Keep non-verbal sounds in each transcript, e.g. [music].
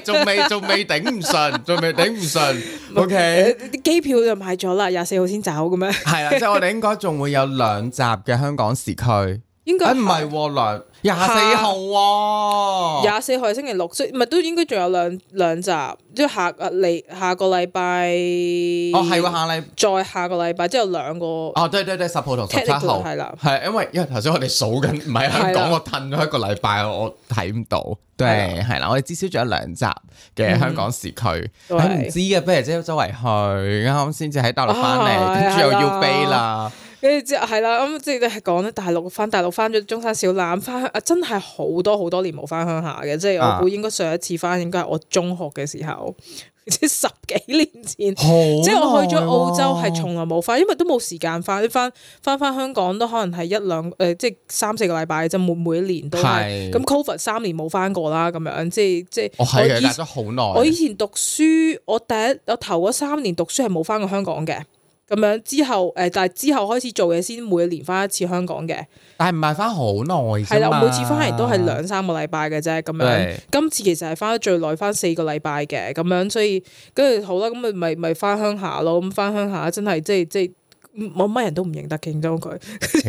仲未仲未頂唔順，仲未頂唔順。 [laughs] OK，機票就買咗啦，廿四號先走嘅咩？係 [laughs] 啊，即係我哋應該仲會有兩集嘅香港時區。應該唔係喎，兩。廿四號啊！廿四號係星期六，即唔係都應該仲有兩兩集，即下啊嚟下個禮拜。哦，係喎，下禮再下個禮拜，即有兩個。哦，對對對，十號同十七號係啦。係、嗯、因為因為頭先我哋數緊，唔係香港了我褪咗一個禮拜，我睇唔到。對係啦，我哋至少仲有兩集嘅香港時區。唔、嗯嗯、知嘅，不如即周圍去。啱啱先至喺大陸翻嚟，跟住、嗯嗯、又要飛啦。跟住之係啦，咁即係講咧大陸翻大陸翻咗，中山小欖翻，真係好多好多年冇翻鄉下嘅。即係、啊、我估應該上一次翻應該係我中學嘅時候，即十幾年前。啊、即係我去咗澳洲係、啊、從來冇翻，因為都冇時間翻翻翻翻香港都可能係一兩誒，即係三四個禮拜啫。每每一年都咁 COVID 三年冇翻過啦，咁樣即係即係我係我以前讀書，我第一我頭嗰三年讀書係冇翻過香港嘅。咁樣之後，誒、呃，但係之後開始做嘢先，每年翻一次香港嘅。但係唔係翻好耐先係啦，每次翻嚟都係兩三個禮拜嘅啫。咁樣，係啦，今次其實係翻得最耐，翻四個禮拜嘅。咁樣，所以跟住好啦，咁咪咪翻鄉下咯。咁翻鄉下真係，即係即係。我乜人都唔認得，認到佢。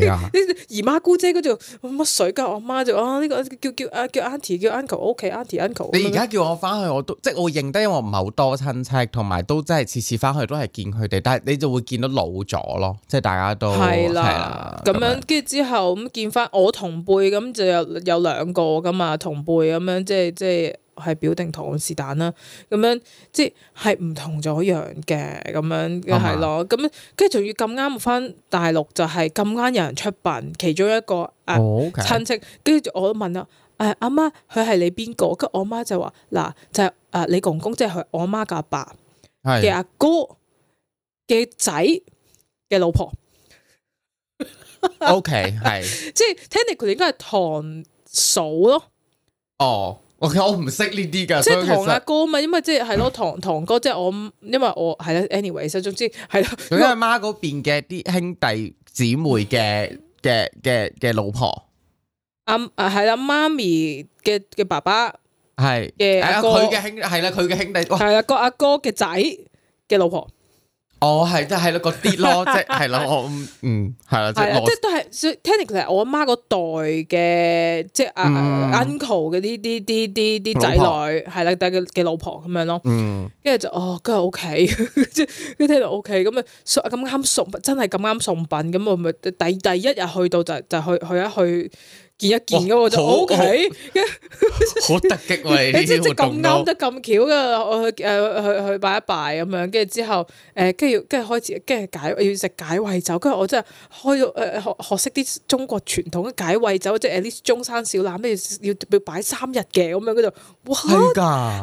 麼 [laughs] 姨媽姑姐嗰度乜水噶？我媽,媽就啊呢、這個叫叫啊叫 aunty 叫 uncle，屋企 aunty uncle。你而家叫我翻去，我都即係我認得，因為我唔係好多親戚，同埋都真係次次翻去都係見佢哋，但係你就會見到老咗咯，即係大家都係啦。咁啦樣跟住之後咁見翻我同輩咁就有有兩個噶嘛同輩咁樣即係即係。係表定堂，是但啦，咁樣即係唔同咗樣嘅，咁樣嘅係咯，咁跟住仲要咁啱返大陸，就係咁啱有人出殯，其中一個，誒親戚，跟、啊、住、哦 okay、我問啦，誒阿媽佢係你邊個？跟住我媽就話嗱、啊、就係、是、誒、啊、你公公，即、就、係、是、我阿媽嘅阿爸嘅阿哥嘅仔嘅老婆。O K 係， [laughs] 嗯、okay, 即係 technically 佢哋應該係堂嫂咯。哦。我唔識呢啲噶，即係堂阿哥哥嘛，因為即係係咯，堂 [laughs] 堂哥即係我，因為我係啦，anyway，實總之係咯，總之係媽嗰邊嘅啲兄弟姊妹嘅嘅嘅嘅老婆，阿係啦，媽、啊、咪嘅嘅爸爸係嘅阿哥嘅兄係啦，佢嘅兄弟，係啦個阿哥嘅仔嘅老婆。哦，係、嗯嗯，即係咯，啲跌咯，即係係咯，我嗯，係啦，即係即都係，所以 technically 我阿媽嗰代嘅，即係啊 uncle 嘅啲啲啲啲啲仔女，係啦，但係嘅嘅老婆咁樣咯，跟住、嗯、就哦，跟住 OK，即係跟住聽到 OK，咁啊送咁啱送，真係咁啱送品，咁我咪第第一日去到就就去去一去。去去見一件見嘅我就 OK，好突擊喎！你即即咁啱得咁巧嘅，我去誒去去拜一拜咁樣，跟住之後誒，跟住跟住開始跟住解要食解穢酒，跟住我真係開咗誒學學識啲中國傳統嘅解穢酒，即係誒呢中山小欖咩要要擺三日嘅咁樣嗰度，哇！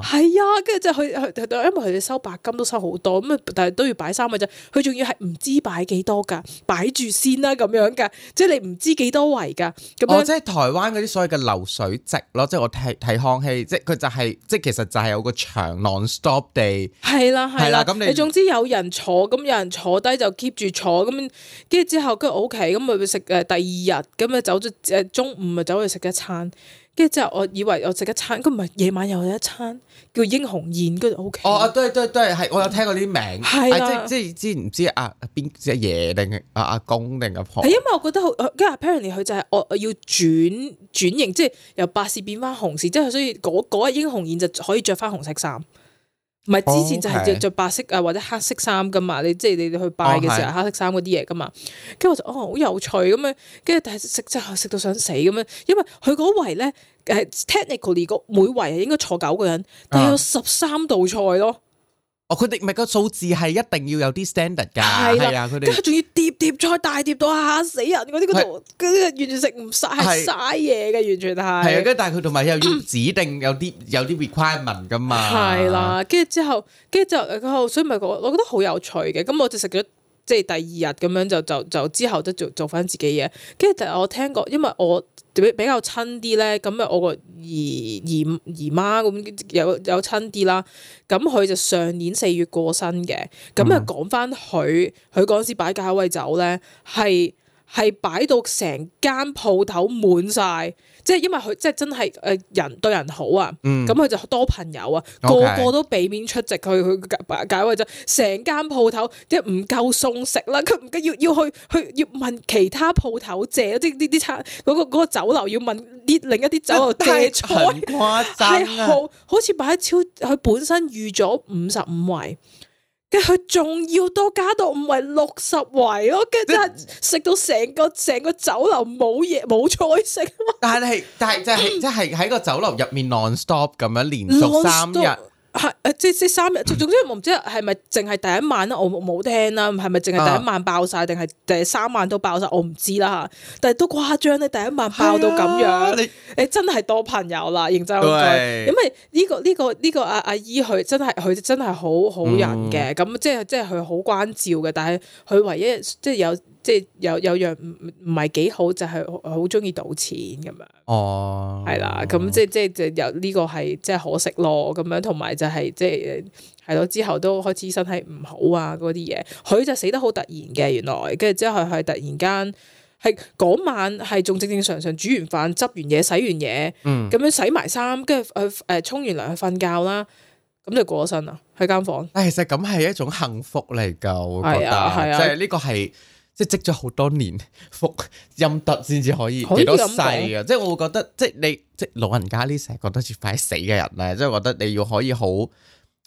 係㗎，啊！跟住即係佢佢因為佢哋收白金都收好多，咁但係都要擺三日啫，佢仲要係唔知擺幾多㗎，擺住先啦咁樣㗎，即係你唔知幾多圍㗎咁樣。台灣嗰啲所謂嘅流水席咯，即係我睇睇康熙，即係佢就係、是、即係其實就係有個長廊、啊啊。stop 地，係啦係啦，咁你總之有人坐，咁有人坐低就 keep 住坐，咁跟住之後佢 OK，咁咪食誒第二日，咁咪走咗誒中午咪走去食一餐。跟住之後，我以為我食一餐，佢唔係夜晚又有一餐叫英雄宴，跟住 O K。哦，對對對，係我有聽過啲名，係、嗯啊啊、即即知唔知阿邊隻嘢定阿阿公定阿婆？係因為我覺得好，跟住 apparently 佢就係我要轉轉型，即係由白事變翻紅事，即係所以嗰嗰、嗰日、英雄宴就可以着翻紅色衫。唔係之前就係著白色啊或者黑色衫噶嘛，Okay. 即你即係你去拜嘅時候、oh, 黑色衫嗰啲嘢噶嘛，跟住是我就哦，好有趣咁樣，跟住但係食真係食到想死咁樣，因為佢嗰圍咧誒 technically 個每圍應該坐九個人，但係有十三道菜咯。Uh. 哦，佢哋唔係個數字係一定要有啲 standard 噶係啦、啊，佢哋、啊，即係仲要疊疊再大疊到吓死人嗰啲，嗰、那、度、個，啲是完全食唔晒嘥嘢嘅，完全係。係啊，跟但係佢同埋又要指定有啲 [coughs] 有啲 requirement 噶嘛、啊。係啦，跟住之後，跟住之後，所以咪我我覺得好有趣嘅。咁我就食咗，即係第二日咁樣，就就就之後都做做翻自己嘢。跟住就我聽過，因為我。比比較親啲咧，咁啊我個姨姨姨媽咁有有親啲啦。咁佢就上年四月過身嘅，咁啊講返佢佢嗰時擺嫁女酒咧，係係擺到成間鋪頭滿晒。即係因為佢即係真係誒人對人好啊，咁佢、嗯、就多朋友啊，Okay. 個個都避免出席去去解解圍啫。成間鋪頭即係唔夠餸食啦，佢唔緊要要去去要問其他鋪頭借即係呢啲餐，嗰、嗰個嗰個酒樓要問啲另一啲酒樓借菜，係、啊、好好似擺喺超，佢本身預咗五十五位。佢仲要多加到五圍六十圍咯，跟住食到成個成個酒樓冇嘢冇菜食。但係是 [laughs] 但係即係即係喺個酒樓入面 non stop 咁樣連續三日。係、啊，即即三日，總之我唔知係咪淨係第一晚啦，我冇聽啦，係咪淨係第一晚爆晒，定係第三晚都爆晒，我唔知啦吓。但係都誇張咧，第一晚爆到咁樣，啊、你你、欸、真係多朋友啦，認真。後對 因為呢、這個呢、這個呢、這個阿阿姨佢真係佢真係好好人嘅，咁、嗯、即係即係佢好關照嘅，但係佢唯一即係有。即係有有樣唔唔係幾好，就係好中意賭錢咁樣。哦，係啦，咁即即即有呢個係即係可惜咯咁樣，同埋就係、是、即係係咯，之後都開始身體唔好啊嗰啲嘢。佢就死得好突然嘅，原來跟住之後佢突然間係嗰晚係仲正正常常煮完飯、執完嘢、洗完嘢，嗯，咁樣洗埋衫，跟住去誒沖完涼去瞓覺啦，咁就過咗身啦，去間房。其實咁係一種幸福嚟㗎，我覺得。係啊，係啊。即係呢個係。即係積咗好多年福陰德先至可以幾多世噶，即係我會覺得，即係你即係老人家呢，成日覺得似快死嘅人咧，即係覺得你要可以好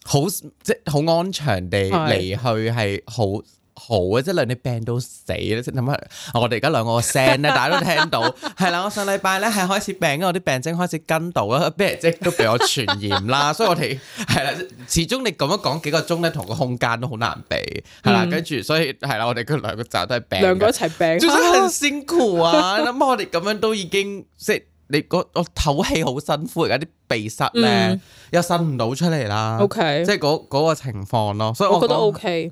好即係好安詳地離去係好。好啊！即係你，你病到死即咧，諗下我哋而家兩個聲咧，大家都聽到係啦。 [laughs] 我上禮拜咧係開始病，因為我啲病徵開始跟到啦，即病都俾我傳染啦。 [laughs] 所以我哋係啦，始終你咁樣講幾個鐘咧，同個空間都好難比係啦。跟住所以係啦，我哋兩個集都係病，兩個一齊病，仲使咁辛苦啊！咁 [laughs] 我哋咁樣都已經即係你嗰我透氣好辛苦，而家啲鼻塞咧、嗯、又吸唔到出嚟啦。O Okay . K，即係嗰嗰個情況咯。所以我覺得 O K 說。Okay.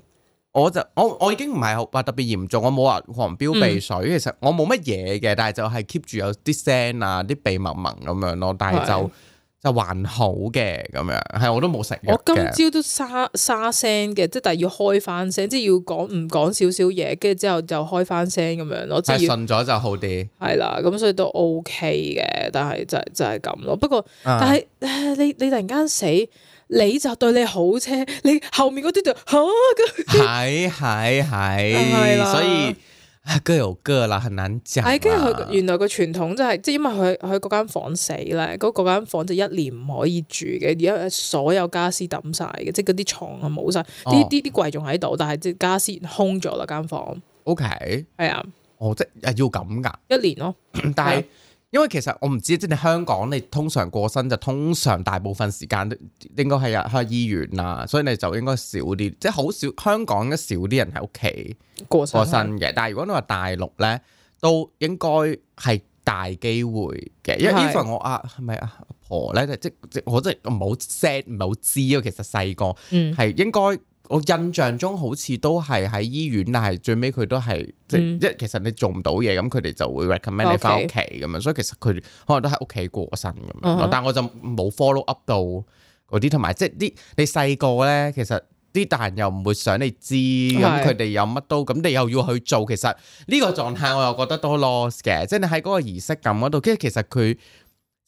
我就我我已經唔係話特別嚴重，我冇話狂飆鼻水，嗯、其實我冇乜嘢嘅，但係就係 keep 住有啲聲啊，啲鼻膜紋咁樣咯，但係就是就還好嘅咁樣，係我都冇食。我今朝都沙沙聲嘅，即係但係要開翻聲，即係要講唔講少少嘢，跟住之後就開翻聲咁樣咯。係順咗就好啲。係啦，咁所以都 OK 嘅，但係就就係咁咯。不過但係、啊、你你突然間死。你就對你好車，你後面嗰啲就嚇咁。係係係，係啦，所以各有各啦，很難講、哎。係跟住佢原來個傳統就係、是，即係因為佢佢嗰間房死啦，嗰間房就一年唔可以住嘅，而家所有家私抌晒嘅，即係嗰啲床啊冇晒。啲啲啲櫃仲喺度，但係即係家私空咗啦間房間。OK，係啊，哦，即係要咁噶，一年咯，但係。 [coughs] but 因為其實我唔知，即係香港你通常過身，就通常大部分時間都應該係入去醫院啦，所以你就應該少啲，即係好少香港應該少啲人喺屋企過身嘅。過但係如果你話大陸咧，都應該係大機會嘅，因為呢份我阿係咪阿婆咧，即即我真係唔好 set 唔係好知啊，其實細個係應該。我印象中好似都係喺醫院，但係最尾佢都係即係，嗯、其實你做唔到嘢，咁佢哋就會 recommend 你返屋企咁樣。Okay. 所以其實佢可能都喺屋企過身咁樣。Uh huh. 但我就冇 follow up 到嗰啲，同埋即係啲你細個咧，其實啲大人又唔會想你知，咁佢哋有乜都，咁你又要去做，其實呢個狀態我又覺得多 loss 嘅，即係你喺嗰個儀式感嗰度，跟住其實佢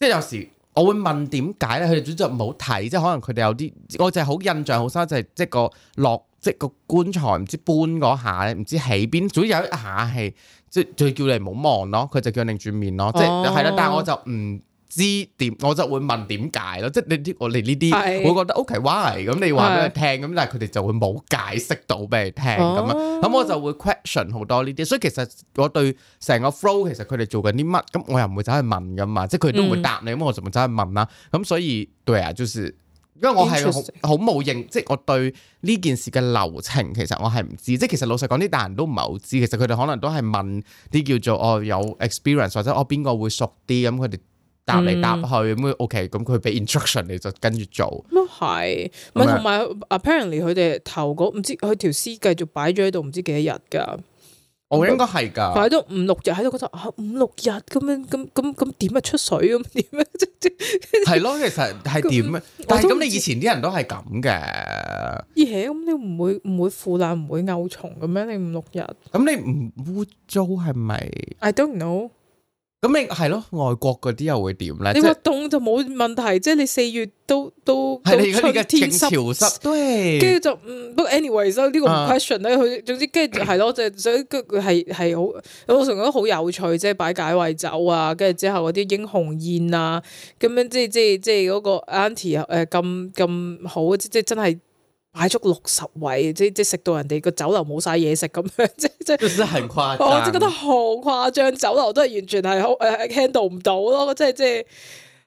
即係有時。我會問點解咧？佢哋總之就唔好睇，即係可能佢哋有啲，我就好印象好深，就係即係個落，即係個棺材唔知搬嗰下咧，唔知起邊。總之有一下係即係就叫你唔好望咯，佢就叫你轉面咯，即係係啦。哦、但係我就唔知點我就會問點解咯，即係呢啲我哋呢啲，我覺得 OK，why 咁你話俾佢聽咁，但係佢哋就會冇解釋到俾你聽咁樣，咁我就會 question 好多呢啲，所以其實我對成個 flow 其實佢哋做緊啲乜，咁我又唔會走去問㗎嘛，即係佢哋都唔會答你，咁我就唔會走去問啦。咁所以對啊，就是因為我係好冇認，即係我對呢件事嘅流程其實我係唔知，即係其實老實講啲大人都唔係好知，其實佢哋可能都係問啲叫做哦有 experience 或者哦邊個會熟啲咁，佢哋。搭嚟搭去咁，O K，咁佢俾 instruction，你就跟住做。咁係、嗯，咪同埋 apparently 佢哋頭嗰唔、嗯、知佢條屍繼續擺咗喺度唔知幾多日噶。我應該係噶。擺咗五六日喺度覺得五六日咁樣，咁咁咁點啊出水咁點啊？係咯，其實係點啊？但係咁你以前啲人都係咁嘅。嘢咁、嗯、你唔會唔會腐爛唔會漚蟲嘅咩？你五六日。咁你唔污糟係咪？I don't know. 咁你係咯，外國嗰啲又會點咧？你話凍就冇問題，即係你四月都都嘅天潮濕，對。跟住就，ways, 不過 anyway，呢個 question 咧，佢總之跟住係咯，就想佢係好，我成日覺得好有趣，即係擺解穢酒啊，跟住之後嗰啲英雄宴啊，咁樣即係即係即係嗰個 Auntie 誒咁咁好，即即真係。擺足六十位，即即食到人哋個酒樓冇晒嘢食咁樣，即即，真係好誇張。我真覺得好誇張，酒樓都係完全係好，誒 handle 唔到咯，即係即係，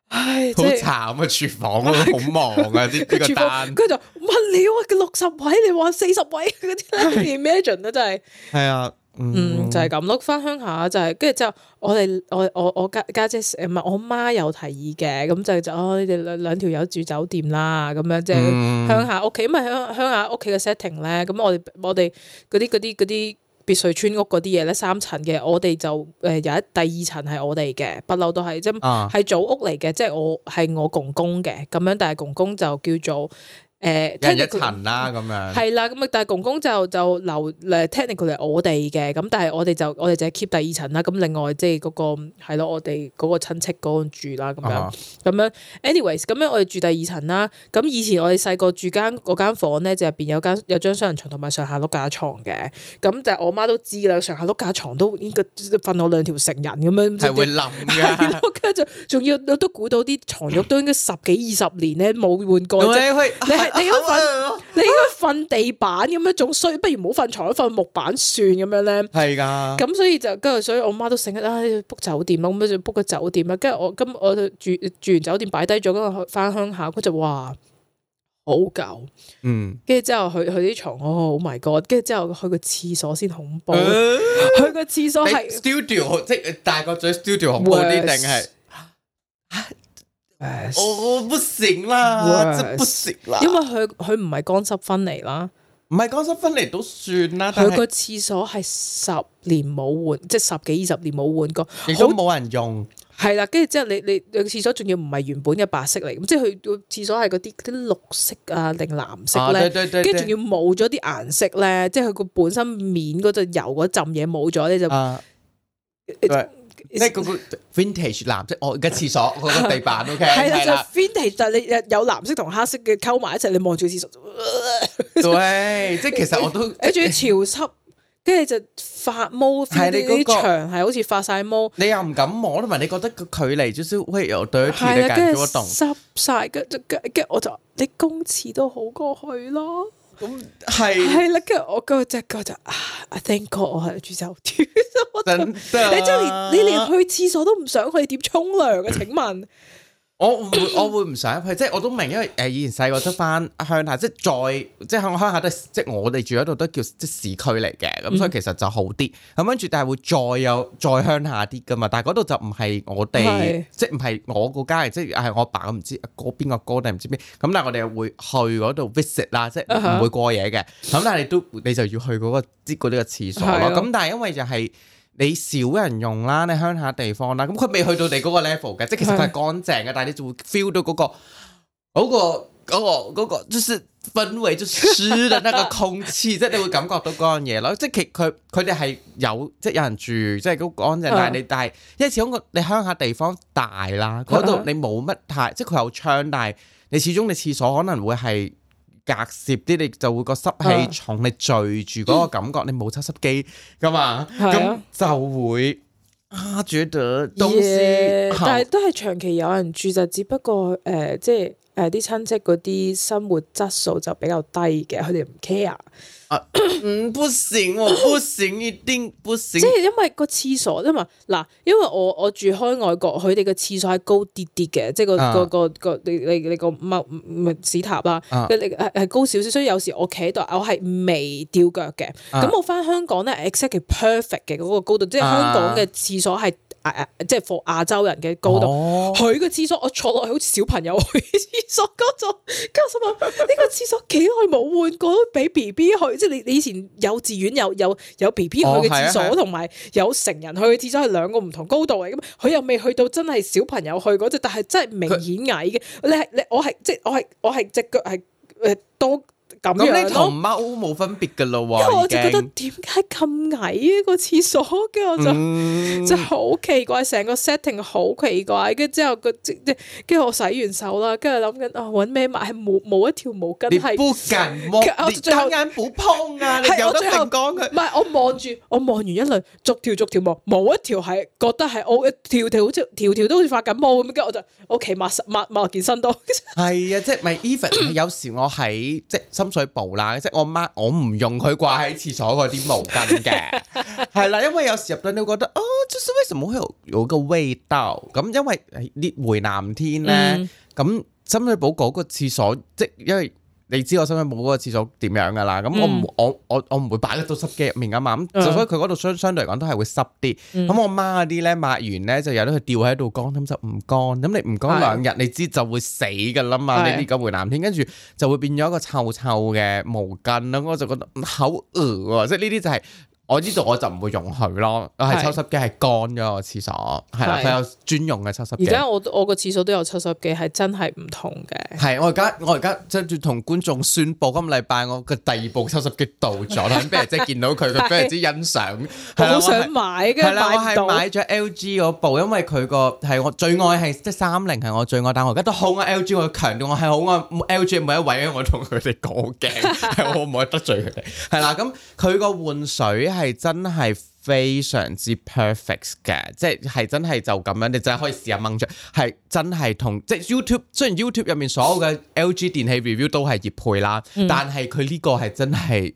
唉，好慘慘即啊！廚房都好 [laughs] 他忙啊，啲 [laughs] 他個單，跟住就乜料啊，你話六十位，你話四十位，嗰啲 imagine 啦，真係。係啊。嗯，就係咁咯。返鄉下就係跟住之後，我哋我我我家家姐唔係我媽有提議嘅，咁就就、哦、你哋兩兩條友住酒店啦，咁樣即係、嗯、鄉下屋企，因為鄉鄉下屋企嘅 setting 咧，咁我哋我哋嗰啲嗰啲嗰啲別墅村屋嗰啲嘢咧，三層嘅，我哋就誒有一第二層係我哋嘅，不嬲都係即係係祖屋嚟嘅，即係我係我公公嘅咁樣，但係公公就叫做。誒一層 [music] 啦咁樣，係啦咁啊，但係公公就就留誒 technical 嚟我哋嘅，咁但係我哋就我哋就係 keep 第二層、那個、啦，咁另外即係嗰個係咯，我哋嗰個親戚嗰度住啦咁樣，咁、哦、哈 樣 anyways 咁樣我哋住第二層啦，咁以前我哋細個住間嗰間房咧，就入邊有間有張雙人床同埋上下碌架床嘅，咁就我媽都知啦，上下碌架床，床都應該瞓到兩條成人咁樣，係會冧軟嘅， [laughs] 跟住仲要我都估到啲床褥都應該十幾二十年咧冇換過，你應該瞓，你應該瞓地板咁樣，仲衰， [laughs] 不如唔好瞓床，瞓木板算咁樣咧。係噶，咁所以就跟住，所以我媽都醒，唉、哎、，book 酒店啦，咁樣就 book 個酒店啦。跟住我今我住住完酒店擺低咗，咁我翻鄉下，佢就哇好舊，嗯。跟住之後去去啲床，哦，my god！跟住之後去個廁所先恐怖，去個、呃、廁所係 studio，、呃、即係大個嘴 studio 恐怖啲定係？呃是 [laughs] 誒，我我、uh, 不行啦，我真 worse. 不行啦。因為佢佢唔係乾濕分離啦，唔係乾濕分離都算啦。佢個廁所係十年冇換，即係十幾二十年冇換過，亦都冇人用。係啦，跟住之後你你個廁所仲要唔係原本嘅白色嚟，咁即係佢個廁所係嗰啲嗰啲綠色啊定藍色咧，跟住仲要冇咗啲顏色咧，即係佢個本身面嗰隻油嗰浸嘢冇咗咧就。啊即係嗰個 vintage 藍色，哦，我而家廁所嗰、嗰個地板，OK 係啦就是，vintage，但係你的有藍色同黑色嘅溝埋一齊，你望住個廁所，喂、呃，對 [laughs] 即係其實我都誒仲要潮濕，跟住就發毛，係你嗰啲牆係好似發晒毛，你又唔敢摸，同埋你覺得個距離少少，喂又對住你隔咗一檔，濕晒，跟住跟我就你公廁都好過去咯。咁係係啦，跟住、嗯、我嗰隻腳就啊，thank god [laughs] 我係住手，你真係的你連去廁所都唔想，我哋點沖涼啊？請問？ [coughs] 我唔我會唔想去，即係我都明，因為誒以前細個出翻，鄉下，即係再即係我鄉下都即係我哋住喺度都叫即係市區嚟嘅，咁、嗯、所以，其實就好啲。咁跟住但係會再有再鄉下啲噶嘛，但係嗰度就唔係我哋是，即係唔係我個家，即係我阿爸唔知哥邊個哥定唔知咩。咁但係我哋會去嗰度 visit 啦，即係唔會過夜嘅。咁、啊、哈但係都你就要去嗰、嗰個即係嗰啲個廁所咯。咁的但係因為就係、是。你少人用啦，你鄉下地方啦，咁佢未去到你嗰個 level 嘅，即係其實佢係乾淨嘅，是但係你就會 feel 到嗰個嗰個嗰個嗰個，那個那個那個、就是氛圍就是濕嘅那個空氣，即係 [laughs] 你會感覺到嗰樣嘢咯。即係佢佢哋係有即係有人住，即係好乾淨，啊、但係你但係因為始終個你鄉下地方大啦，嗰度你冇乜太即係佢有窗，但係你始終你廁所可能會係。隔蝕啲你就會個濕氣重，你、啊、聚住嗰個感覺，嗯、你冇抽濕機噶、嗯、嘛，咁、啊、就會啊住一啲東西，但係都係長期有人住就，只不過誒、呃、即係。誒啲親戚嗰啲生活質素就比較低嘅，佢哋唔 care。啊， [coughs] 唔不行喎，不 [coughs] 行，一定不行。 [coughs] 即係因為個廁所，因為嗱，因為我我住開外國，佢哋嘅廁所係高啲啲嘅，即係、那個、啊那個你、那個你你你個貓咪屎塔啦，佢哋係係高少少，所以有時我企喺度，我係未吊腳嘅。咁、啊、我翻香港咧，exactly perfect 嘅嗰個高度完完，啊、即係香港嘅廁所係。即係服亞洲人嘅高度，佢個廁所我坐落去好似小朋友去廁所嗰種。佢話呢個廁所幾耐冇換過俾 B B 去，即係你你以前幼稚園有有有 B B 去嘅廁所，同埋、啊啊、有成人去嘅廁所係兩個唔同高度嘅。咁佢又未去到真係小朋友去嗰隻，但係真係明顯矮嘅。他。你係你我係即係我係我係隻腳係誒多。咁你同貓冇分別㗎咯喎，因為我覺得點解咁矮啊個廁所嘅，我就就好奇怪，成個 setting 好奇怪，跟之後個即即跟住我洗完手啦，跟住諗緊啊揾咩買，冇冇一條毛巾係緊㓥，你夠眼苦碰啊，你有得淨乾佢？唔係我望住，我望完一輪，逐條逐條望，冇一條係覺得係我一條條好似條條都好似發緊毛咁，跟住我就 O.K. 抹十抹抹件身度。係啊，即係咪 even 有時我喺即係心水埗啦，即係我媽，我唔用佢掛喺廁所嗰啲毛巾嘅，係啦，因為有時入到你會覺得，哦，就是為什麼會有有個味道、like？咁因為呢回南天呢，咁深水埗嗰個廁所，即因為。你知我新婚冇嗰個廁所點樣噶啦？咁、嗯、我唔我我我唔會擺喺度濕機入面噶嘛。咁、嗯、所以佢嗰度相相對嚟講都係會濕啲。咁、嗯嗯、我媽啲咧抹完咧就有得佢掉喺度乾，咁就唔乾。咁你唔乾兩日，你知就會死噶啦嘛。呢啲咁回南天，跟住就會變咗一個臭臭嘅毛巾。咁我就覺得好惡啊！即係呢啲就係、是。我知道我就唔會用佢咯，係抽濕機係乾咗個廁所，係啦的，佢有專用嘅抽濕機。而家我我個廁所都有抽濕機，係真係唔同嘅。係我而家我而家即係同觀眾宣布，今個禮拜我嘅第二部抽濕機到咗啦，等俾人即係見到佢，佢非常之欣賞。好 [laughs] 的想買嘅。但係，我係買咗 LG 嗰部，因為佢個係我最愛係、嗯、即係三菱係我最愛，但我，G，我而家都好愛 LG。我強調我係好愛 LG 每一位，我同佢哋講嘅係我唔可以得罪佢哋。係啦， [laughs] [laughs] 咁佢個換水係真係非常之 perfect 嘅，即、就、係、是、真係就咁樣，你就係可以試下掹出，係真係同即係 YouTube。就是、YouTube, 雖然 YouTube 入面所有嘅 LG 電器 review 都係熱配啦，嗯、但係佢呢個係真係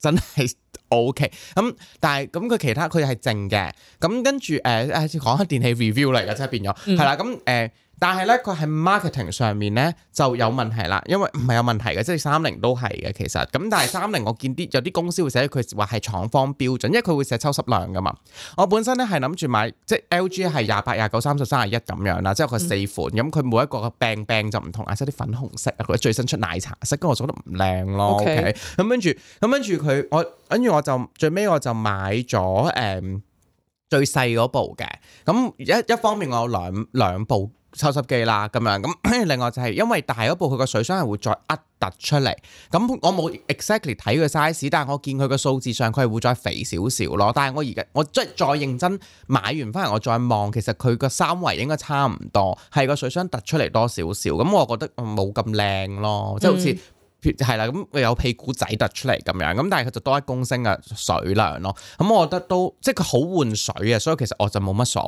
真係 OK 咁、嗯。但係咁佢其他佢係正嘅，咁、嗯、跟住誒誒講下電器 review 嚟噶，即係變咗係啦。咁誒、嗯。但係咧，佢喺 marketing 上面咧就有問題啦，因為唔係有問題嘅，即係三菱都係嘅其實。咁但係三菱，我見啲有啲公司會寫佢話係廠方標準，因為佢會寫抽濕量噶嘛。我本身咧係諗住買，即係 LG 係廿八、廿九、三十、三十一咁樣啦，即係佢四款。咁佢、嗯、每一個嘅病病就唔同，有、啊、啲粉紅色啊，或者最新出奶茶色，咁我做得唔靚咯。OK，咁跟住，咁跟住佢，我跟住我就最尾我就買咗誒、嗯、最細嗰部嘅。咁一一方面我有兩兩部。抽濕機啦，咁樣咁。另外就係因為大嗰部佢個水箱係會再凸突出嚟，咁我冇 exactly 睇個 size，但係我見佢個數字上佢係會再肥少少咯。但係我而家我即係再認真買完翻嚟我再望，其實佢個三圍應該差唔多，係個水箱突出嚟多少少，咁我覺得冇咁靚咯，即係好似，嗯。係啦，咁佢有屁股仔凸出嚟咁樣，咁但係佢就多一公升嘅水量咯。咁、嗯、我覺得都即係佢好換水嘅，所以其實我就冇乜所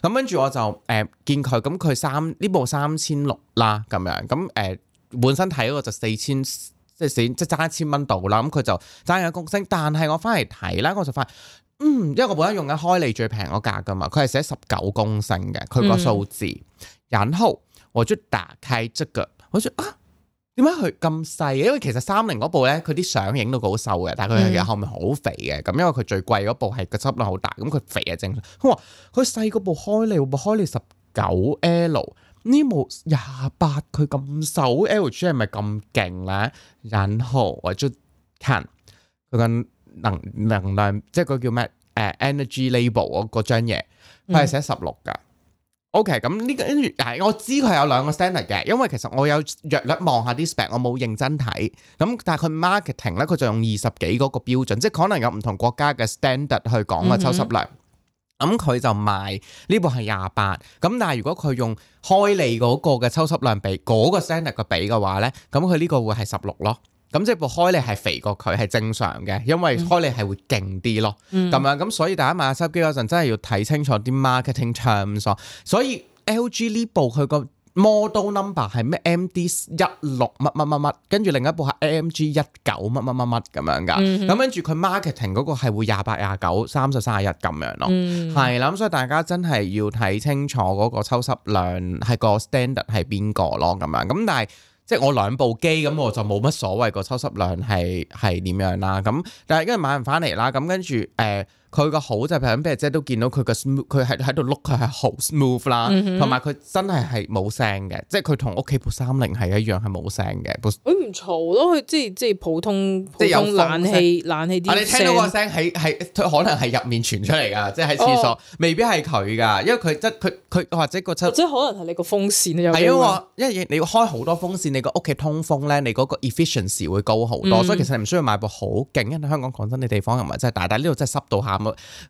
謂。咁跟住我就誒、呃、見佢，咁佢三呢部三千六啦咁樣，咁、呃、誒本身睇嗰個就四千，即係四即係爭一千蚊到啦。咁佢就爭一公升，但係我翻嚟睇啦，我就發，嗯，因為我本身用緊開利最平嗰格噶嘛，佢係寫十九公升嘅，佢個數字。嗯、然後我就打開這個，我就啊。點解佢咁細？因為其實三菱嗰部咧，佢啲相影到佢好瘦嘅，但佢其實後面好肥嘅。咁因為佢最貴嗰部係個濕量好大，咁佢肥係正常。佢話佢細嗰部開你會唔會開你十九 L，呢部廿八佢咁瘦 L G 係咪咁勁咧？引後或者看佢個能能量，即係佢叫咩？誒、啊、Energy Label 嗰嗰張嘢，佢係寫十六㗎。嗯。OK，咁呢個跟住，我知佢有兩個 standard 嘅，因為其實我有略略望下啲 spec，我冇認真睇。咁、嗯、但係佢 marketing 咧，佢就用二十幾嗰個標準，即係可能有唔同國家嘅 standard 去講個抽濕量。咁、嗯、佢、嗯嗯、就賣呢部係廿八。咁但係如果佢用開利嗰個嘅抽濕量比嗰、嗰個 standard 去比嘅話咧，咁佢呢個會係十六咯。咁即係部開利係肥過佢係正常嘅，因為開利係會勁啲咯，咁、嗯、樣咁所以大家買濕機嗰陣真係要睇清楚啲 marketing terms。所以 LG 呢部佢個 model number 係咩 MD 一六乜乜乜乜，跟住另一部係 AMG 一九乜乜乜乜咁樣噶，咁跟住佢 marketing 嗰個係會廿八、廿九、三十、三十一咁樣咯，係啦，所以大家真係要睇清楚嗰個抽濕量係個 standard 係邊個咯，咁樣咁但係。即係我兩部機咁，我就冇乜所謂個抽濕量係係點樣啦。咁但係因為買完翻嚟啦，咁跟住誒。呃佢個好就係譬如即係、嗯哼，都見到佢個 smooth，佢係喺度碌，佢係好 smooth 啦，同埋佢真係係冇聲嘅，即係佢同屋企部三菱係一樣，係冇聲嘅。佢唔嘈咯，即係即係普通，即係有冷氣有冷氣啲。啊，你聽到個聲係佢可能係入面傳出嚟噶，即係喺廁所，哦、未必係佢噶，因為佢真佢佢或者個出。即係可能係你個風扇啊又。係因為你要開好多風扇，你個屋企通風咧，你嗰個 efficiency 會高好多，嗯、所以其實唔需要買部好勁。因為香港講真，你地方又唔係真係大，但呢度真係濕到下。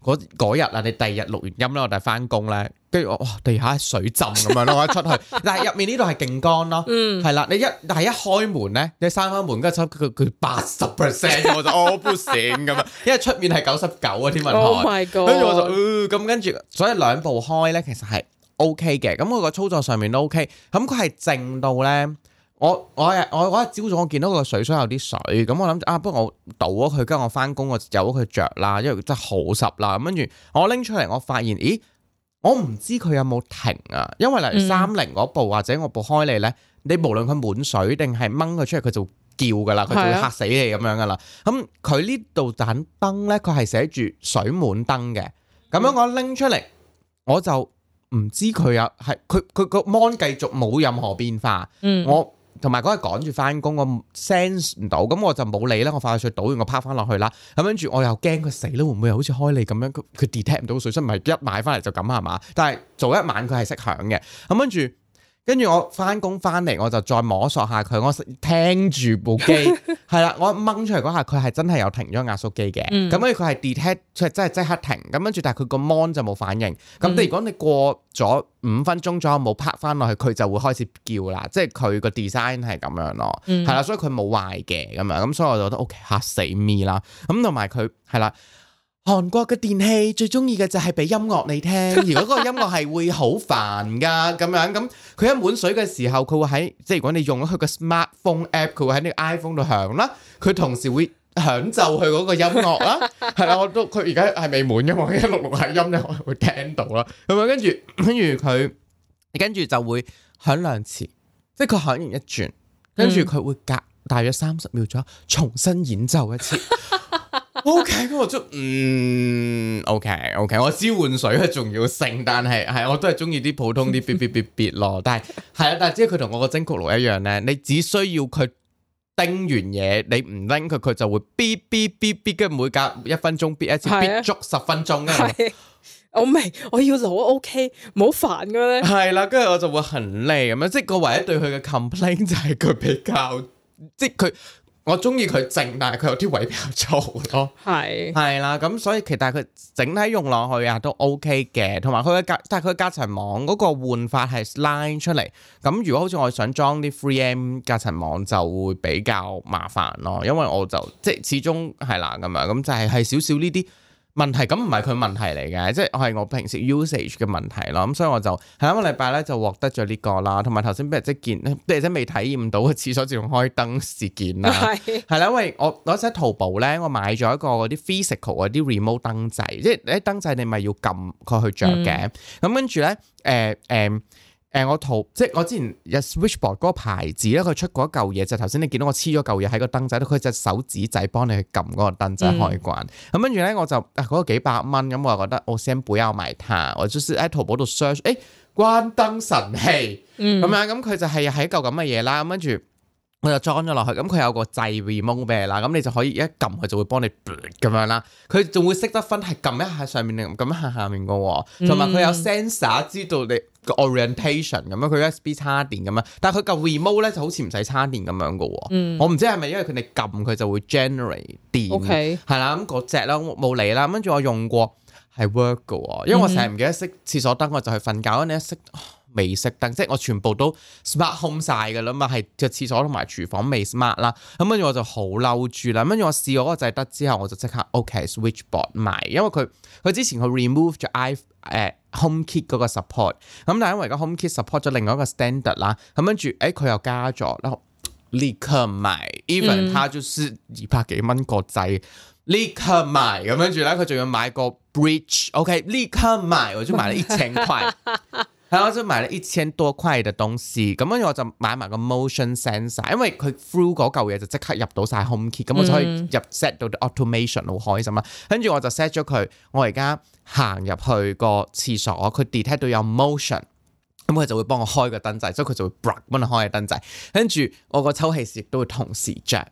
嗰日啊，你第二日錄完音咧，我就翻工咧，跟住我哇、哦、地下水浸咁樣咯，我一出去，但係入面呢度係勁乾咯，係啦， [laughs] 你一但係一開門咧，你閂翻門跟住出佢佢八十 percent 我就哦不醒咁啊，因為出面係九十九啊天文台、oh 呃，跟住我就咁跟住，所以兩步開咧其實係 ok 嘅，咁佢個操作上面都 ok，咁佢係正到咧。我一我啊我嗰日朝早我見到個水箱有啲水，咁我諗住啊，不過我倒咗佢，跟我翻工我有咗佢着啦，因為真係好濕啦。咁跟住我拎出嚟，我發現咦，我唔知佢有冇停啊？因為例如三零嗰部、嗯、部或者我部開嚟咧，你無論佢滿水定係掹佢出嚟，佢就叫噶啦，佢就會嚇死你咁、啊、樣噶啦。咁佢呢度盞燈咧，佢係寫住水滿燈嘅。咁樣我拎出嚟，嗯、我就唔知佢有係佢佢個芒繼續冇任何變化。嗯、我。同埋嗰日趕住翻工，我 sense 唔到，咁我就冇理啦。我快快脆脆倒完，我趴翻落去啦。咁跟住我又驚佢死啦，會唔會好似開你咁樣？佢佢 detect 唔到水聲，唔係一買翻嚟就咁係嘛？但係早一晚佢係識響嘅。咁跟住。跟住我翻工翻嚟，我就再摸索下佢，我聽住部機，係啦， [laughs] 我掹出嚟嗰下佢係真係有停咗壓縮機嘅，咁跟住、嗯、佢係 detect 即係即即刻停，咁跟住但係佢個 mon 就冇反應，咁你如果你過咗五分鐘左右冇拍翻落去，佢就會開始叫啦，即係佢個 design 係咁樣咯，係啦、嗯，所以佢冇壞嘅咁樣，咁所以我就覺得 OK 嚇死 me 啦，咁同埋佢係啦。韓國嘅電器最中意嘅就係俾音樂你聽，如果嗰個音樂係會好煩噶咁 [laughs] 樣，咁佢一滿水嘅時候，佢會喺即係如果你用咗佢嘅 smartphone app，佢會喺你 iPhone 度響啦，佢同時會響奏佢嗰個音樂啦，係啦， [laughs] 我都佢而家係未滿嘅嘛，錄錄下音咧可能會聽到啦，係咪？跟住跟住佢跟住就會響兩次，即係佢響完一轉，跟住佢會隔大約三十秒左右，重新演奏一次。 [laughs] O K，咁我就嗯 O K O K，我知換水係重要性，但係係我都係中意啲普通啲 bi bi bi bi 咯。但係係啊，但係即係佢同我個蒸焗爐一樣咧，你只需要佢叮完嘢，你唔拎佢，佢就會 bi bi bi bi，跟住每隔一分鐘 bi 一次，bi 足十分鐘嘅。我明，我要攞 O K，唔好煩嘅咧。係啦，跟住我就會很累咁樣，即係個唯一對佢嘅 complain 就係佢比較，即係佢。我中意佢靜，但係佢有啲位比較粗咯。係係啦，咁 [laughs] 所以其實佢整體用落去啊都 OK 嘅，同埋佢嘅隔，但係佢隔塵網嗰個換法係拉出嚟。咁如果好似我想裝啲 3M 隔塵網就會比較麻煩咯，因為我就即係始終係啦咁啊，咁就係係少少呢啲。問題，咁唔係佢問題嚟嘅，即係係我平時 usage 嘅問題咯。咁所以我就係一個禮拜咧就獲得咗呢、呢個啦，同埋頭先俾人即見，即真未體驗到嘅廁所自動開燈事件啦。係係啦，因為我我喺、嗰時、淘寶咧，我買咗一個嗰啲 physical 嗰啲 remote 燈仔，即係啲燈仔你咪要撳佢去着嘅。咁跟住咧，誒誒。呃呃誒、呃，我淘即係我之前有 Switchboard 嗰個牌子咧，佢出過一舊嘢，就頭先你見到我黐咗舊嘢喺個燈仔度，佢隻手指仔幫你去撳嗰個燈仔開關。咁跟住咧，我就嗰、啊那個幾百蚊，咁我就覺得我先背下埋攤。我就是喺淘寶度 search，誒，關燈神器，咁啊、嗯，咁佢就係喺舊咁嘅嘢啦。咁跟住我就裝咗落去，咁佢有個掣 remote 俾你啦，咁你就可以一撳佢就會幫你咁樣啦。佢仲會識得分係撳一下上面定撳一下下面噶，同埋佢有，有 sensor、嗯、知道你。個 orientation 咁樣，佢 USB 插電咁樣，但係佢個 remove 咧就好似唔使插電咁樣噶喎。嗯、我唔知係咪因為佢哋撳佢就會 generate 電 OK，係啦。咁嗰隻咧冇理啦。跟住我用過係 work 噶喎，因為我成日唔記得熄廁所燈，我就去瞓覺。我呢一熄未熄燈，即係我全部都 smart home 曬㗎啦嘛，係個廁所同埋廚房未 smart 啦。咁跟住我就好嬲住啦。跟住我試我嗰個掣得之後，我就即刻 OK switch bot 埋，因為佢佢之前佢 remove 咗 I 誒、呃。HomeKit 嗰個 support，咁但係因為而家 HomeKit support 咗另外一個 standard 啦，咁跟住，誒佢又加咗，立刻買，even 他就是二百幾蚊國際，立刻買，咁跟住咧，佢仲要買個 Bridge，OK，立刻買，我就買咗一千塊。係，我就買咗一千多塊嘅東西，咁跟住我就買埋個 motion sensor，因為佢 through 嗰嚿嘢就即刻入到晒 home key，咁我就可以入 set 到 automation，好開心啦。跟住我就 set 咗佢，我而家行入去個廁所，佢 detect 到有 motion，咁佢就會幫我開個燈仔，所以佢就會 black 幫我開個燈仔。跟住我個抽氣扇亦都會同時着。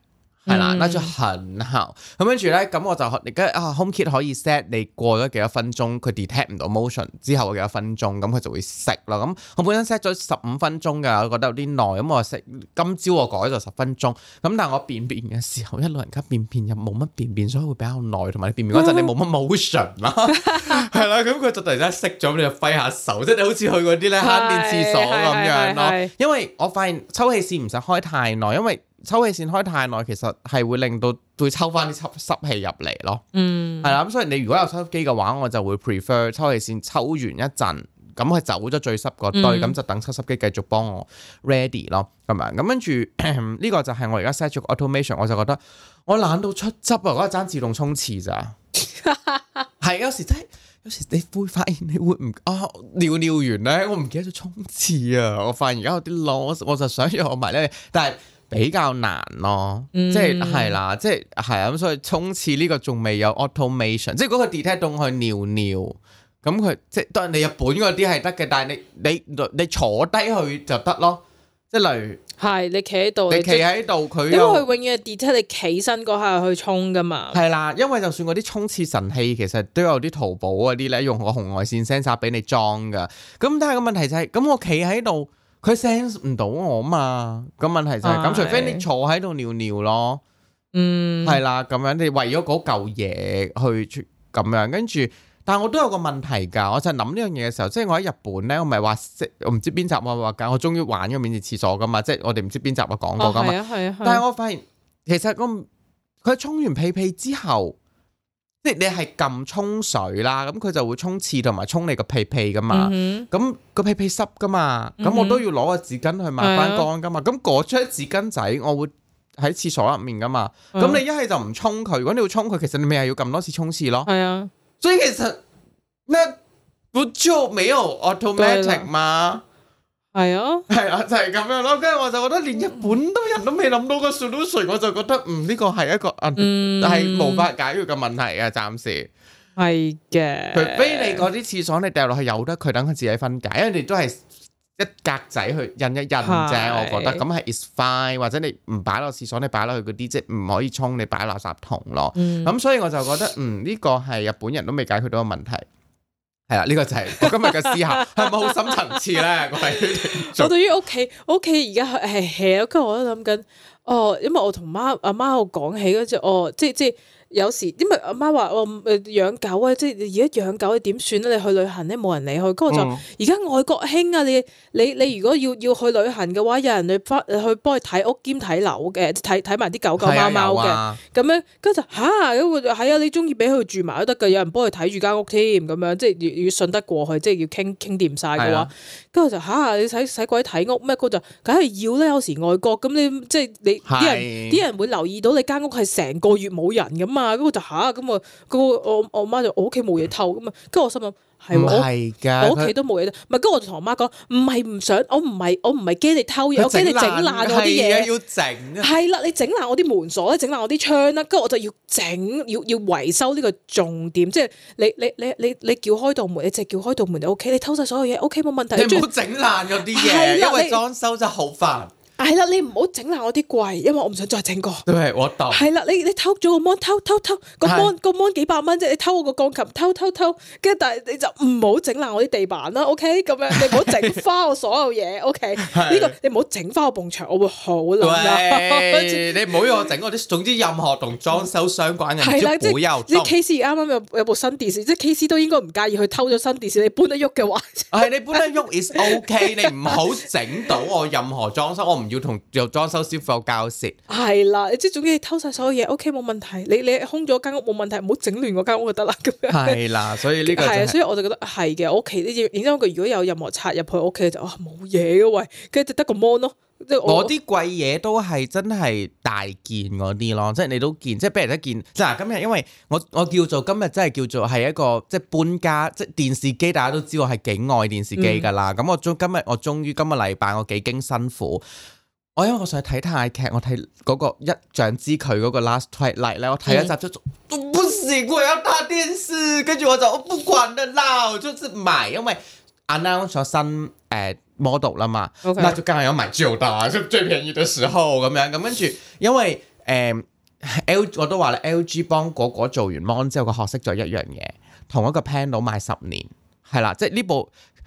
係啦，拉咗、啊、很效咁跟住咧，咁我就而家啊 HomeKit 可以 set 你過咗幾多分鐘佢 detect 唔到 motion 之後幾多分鐘，咁佢就會熄啦。咁我本身 set 咗十五分鐘㗎，我覺得有啲耐，咁我就熄。今朝我改咗十分鐘，咁但係我便便嘅時候，一老人家便便又冇乜便便，所以會比較耐。同埋你便便嗰陣你冇乜 motion 啦，係啦、 [laughs] [laughs] 啊，咁佢就突然之間熄咗，你就揮下手，即你好似去嗰啲咧慳電廁所咁樣咯。 因為我發現抽氣扇唔使開太耐，因為抽氣扇開太耐，其實係會令到會抽翻啲濕濕氣入嚟咯。嗯，係啦。咁所以你如果有抽濕機嘅話，我就會 prefer 抽氣扇抽完一陣，咁佢走咗最濕嗰堆，咁、嗯、就等抽濕機繼續幫我 ready 咯。咁樣，咁跟住呢個就係我而家 set 咗個 automation，我就覺得我懶到出汁啊！我係爭自動沖廁咋？係 [laughs] 有時真係，有時你會發現你會唔啊、哦、尿尿完咧，我唔記得咗沖廁啊！我發現而家有啲 loss 我就想要用埋咧，但係。比較難咯，嗯、即係係啦，即係係啊，咁所以沖廁呢個仲未有 automation，即係嗰個 detect 到去尿尿，咁佢即係當你日本嗰啲係得嘅，但係你你你坐低去就得咯，即係例如係你企喺度，你企喺度佢，因為佢永遠係 detect 你企身嗰下去沖噶嘛。係啦，因為就算嗰啲沖廁神器其實都有啲淘寶嗰啲咧，用個紅外線 sensor 俾你裝噶，咁但係個問題就係、是，咁我企喺度。佢 sense 唔到我嘛？個問題就係、是、咁，哎、除非你坐喺度尿尿咯，嗯，係啦，咁樣你為咗嗰嚿嘢去咁樣，跟住，但係我都有個問題㗎，我就諗呢樣嘢嘅時候，即係我喺日本咧，我咪話識，我唔知邊集我話緊，我，我終於玩咗免治廁所㗎嘛，即係我哋唔知邊集我講過㗎嘛，哦、係啊、係啊、係啊、係啊、但係我發現其實個佢沖完屁屁之後。即你係撳沖水啦，咁佢就會沖廁同埋沖你屁、mm hmm. 個屁屁噶嘛，咁個屁屁濕噶嘛，咁、hmm. 我都要攞個紙巾去抹返乾噶嘛，咁攞、mm hmm. 出紙巾仔，我會喺廁所入面噶嘛，咁、mm hmm. 你一係就唔沖佢，如果你要沖佢，其實你咪係要撳多次沖廁咯。係啊、mm，hmm. 所以其實咪本身就冇 automatic 嘛？係啊，係啦、啊，就係、是、咁樣咯。跟住我就覺得連日本都人都未諗到個 solution，我就覺得嗯呢個係一個誒係、嗯嗯、無法解決嘅問題啊。暫時係嘅，除非的你嗰啲廁所你掉落去有得佢等佢自己分解，因為你都係一格仔去印一印啫。是我覺得咁係 is fine，或者你唔擺落廁所，你擺落去嗰啲即唔可以沖，你擺垃圾桶咯。咁、嗯、所以我就覺得嗯呢、這個係日本人都未解決到嘅問題。係啦，呢個就係我今日嘅思考，係咪好深層次咧？各位，我對於屋企，我屋企而家係，我今日我都諗緊，哦，因為我同媽阿媽我講起嗰隻，哦，即係即係。有時因為阿媽話我誒養狗啊，即係而家養狗你點算咧？你去旅行咧，冇人理佢。咁我就而家外國興啊！你你你如果要要去旅行嘅話，有人去翻去幫佢睇屋兼睇樓嘅，睇睇埋啲狗狗貓貓嘅。咁、啊啊、樣跟住就吓，咁、啊、係啊！你中意俾佢住埋都得㗎，有人幫佢睇住間屋添。咁樣即係要要信得過去，即係要傾傾掂晒嘅話。跟住、啊、就吓、啊，你使使鬼睇屋咩？嗰就梗係要啦。有時外國咁，你即係你啲人啲人會留意到你間屋係成個月冇人咁。咁我就吓，咁啊，個我我媽就我屋企冇嘢偷咁嘛。跟住我心諗係喎他，我屋企都冇嘢，咪跟住我就同我媽講，唔係唔想，我唔係我唔係驚你偷嘢，我驚你整爛嗰啲嘢。要整、啊。係啦，你整爛我啲門鎖啦，整爛我啲窗啦，跟住我就要整，要要維修呢個重點，即係你你你你你，你，你叫開道門，你淨係叫開道門就 O、OK, K，你偷晒所有嘢 O K 冇問題，你唔好整爛嗰啲嘢，因為裝修真係好煩。係啦，你唔好整爛我啲櫃，因為我唔想再整過。都係我盜。係啦，你你偷咗個 mon 偷偷偷，個 mon 個 mon 幾百蚊啫，你偷我個鋼琴偷偷偷，跟住但係你就唔好整爛我啲地板啦，OK？咁樣你唔好整花我所有嘢，OK？呢個你唔好整花我埲牆，我會好嬲。跟住，你唔好讓我整我啲，總之任何同裝修相關嘅，唔好即你 KC 啱啱有有部新電視，即係 KC 都應該唔介意去偷咗新電視。你搬得喐嘅話，係你搬得喐，is OK。你唔好整到我任何裝修，我唔。要同又裝修師傅交涉，係啦，即係總之你偷曬所有嘢，OK，冇問題。你你空咗間屋冇問題，唔好整亂個間屋就得啦。咁樣係啦，所以呢個係啊，所以我就覺得係嘅。我屋企呢，然之後如果有任何插入去佢屋企就啊冇嘢嘅喂，跟住就得個 mon 咯。即係攞啲貴嘢都係真係大件嗰啲咯，即係你都見，即係畀人一見嗱今日，因為我我叫做今日真係叫做係一個即係搬家，即係電視機大家都知我係幾愛電視機㗎啦。咁我終今日我終於今日禮拜我幾經辛苦。我因為我想睇泰劇，我睇嗰個一掌之佢嗰個 Last Twilight 嚟咧，我睇一集就，唔好事，我要打電視，跟住我就，我不管得我就是買，因為阿啱我新誒 model 啦嘛，那就當然要買舊的，就最便宜嘅時候咁樣，咁跟住因為誒 L、呃、我都話咧，LG 幫果果做完 mon 之後，佢學識咗一樣嘢，同一個 panel 賣十年，係啦，即係呢部。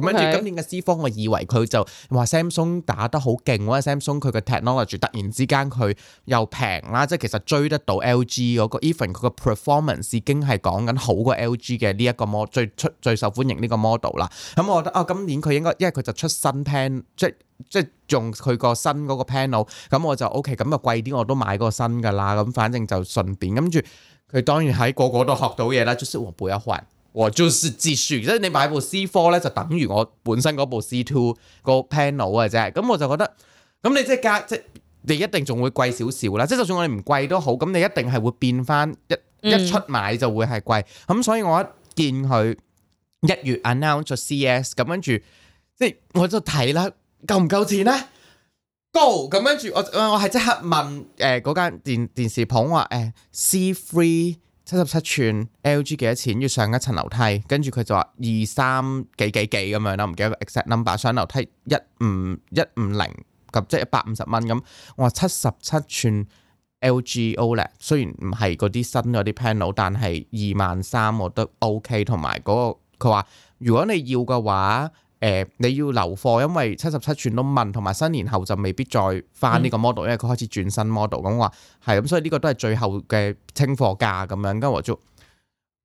咁跟住今年嘅 c 方，我以為佢就話 Samsung 打得好勁喎，Samsung 佢嘅 Technology 突然之間佢又平啦，即係其實追得到 LG 嗰、那個，even 佢個 performance 已經係講緊好過 LG 嘅呢一個 model 最出，最受歡迎呢個 model 啦。咁我覺得啊、哦，今年佢應該因為佢就出新 panel，即即係用佢個新嗰個 panel。咁我就 OK，咁啊貴啲我都買個新㗎啦。咁反正就順便。跟住佢當然喺個個都學到嘢啦，just one 我就係接住，即係你買部 C4 咧，就等於我本身嗰部 C2 個 panel 嘅啫。咁我就覺得，咁你即係價即係，你一定仲會貴少少啦。即係就算我哋唔貴都好，咁你一定係會變翻一一出買就會係貴。咁所以我一見佢一月 announce 咗 CES，咁跟住即係我就睇啦，夠唔夠錢咧？Go 咁跟住我我我係即刻問誒嗰間電電視舖話誒 C3。七十七寸 LG 幾多錢？要上一層樓梯，跟住佢就話二三幾幾幾咁樣啦，唔記得 exact number。上樓梯一五一五零，咁即係一百五十蚊咁。我話七十七寸 LGO 咧，雖然唔係嗰啲新嗰啲 panel，但係二萬三我都 OK，那個。同埋嗰個佢話，如果你要嘅話。誒、呃，你要留貨，因為七十七吋都問，同埋新年後就未必再翻呢個 model，因為佢開始轉新 model。咁話係咁，所以呢個都係最後嘅清貨價咁樣。跟住我就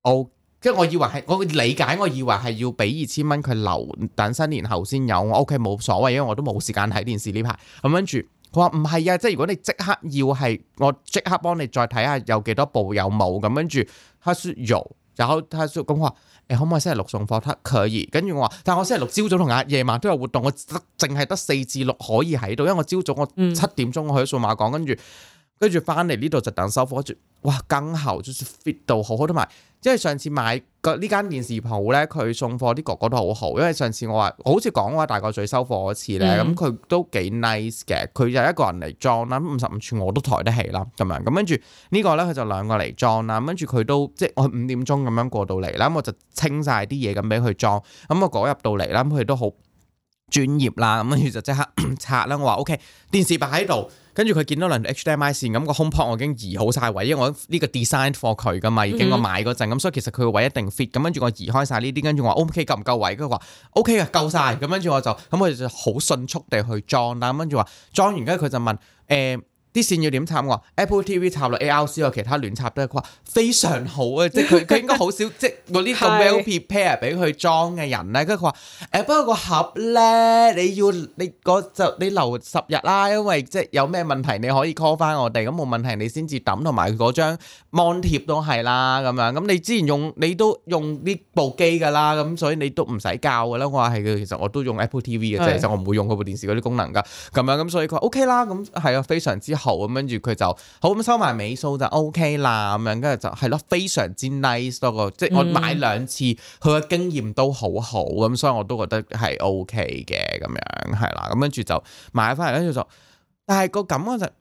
哦，即係我以為係，我理解我以為係要俾二千蚊佢留，等新年後先有。我 OK 冇所謂，因為我都冇時間睇電視呢排。咁跟住，佢話唔係啊，即係如果你即刻要係，我即刻幫你再睇下有幾多部有冇咁。跟住佢有睇下做咁話，你、欸、可唔可以星期六送貨？他可以，跟住我話，但係我星期六朝早同夜晚都有活動，我得淨係得四至六可以喺度，因為我朝早我七點鐘我喺數碼港，跟住跟住翻嚟呢度就等收貨，哇，跟後就 fit 到好好同埋。即係上次買個呢間電視鋪咧，佢送貨啲哥哥都好好。因為上次我，我話，好似講話大個最收貨嗰次咧，咁佢、嗯、都幾 nice 嘅。佢就一個人嚟裝啦，五十五寸我都抬得起啦，咁樣。咁跟住呢個咧，佢就兩個嚟裝啦。跟住佢都即係我五點鐘咁樣過到嚟啦，我就清晒啲嘢咁俾佢裝。咁我講入到嚟啦，佢都好。專業啦，咁跟住就即刻 [coughs] 拆啦。我話 OK，電視擺喺度，跟住佢見到兩 HDMI 線，咁個空 port 我已經移好晒位，因為我呢個 design for 佢㗎嘛，已經我買嗰陣，咁所以其實佢個位一定 fit。咁跟住我移開晒呢啲，跟住我話 OK 夠唔夠位？跟住佢話 OK 嘅夠晒。咁跟住我就，咁我就好迅速地去裝啦。咁跟住話裝完，跟住佢就問誒。欸啲線要點插我？Apple TV 插落 ARC 或其他亂插都係佢話非常好啊！ [laughs] 即係佢佢應該好少 [laughs] 即係嗰啲咁 well prepared 俾佢裝嘅人咧，跟住佢話誒，不、欸、過個盒咧，你要你嗰就你留十日啦，因為即係有咩問題你可以 call 翻我哋，咁冇問題你先至抌，同埋佢嗰張 mon 貼都係啦咁樣。咁你之前用你都用呢部機㗎啦，咁所以你都唔使教㗎啦。我話係嘅，其實我都用 Apple TV 嘅啫，就是我唔會用佢部電視嗰啲功能㗎。咁樣咁所以佢話 OK 啦，咁係啊，非常之。好，咁跟住佢就好，咁收埋尾數就 OK 啦，咁樣，跟住就係咯，非常之 nice 多個，即係我買兩次佢嘅、嗯、經驗都好好，咁，所以我都覺得係 OK 嘅咁樣，係啦，咁跟住就買翻嚟，跟住就，但係個感覺就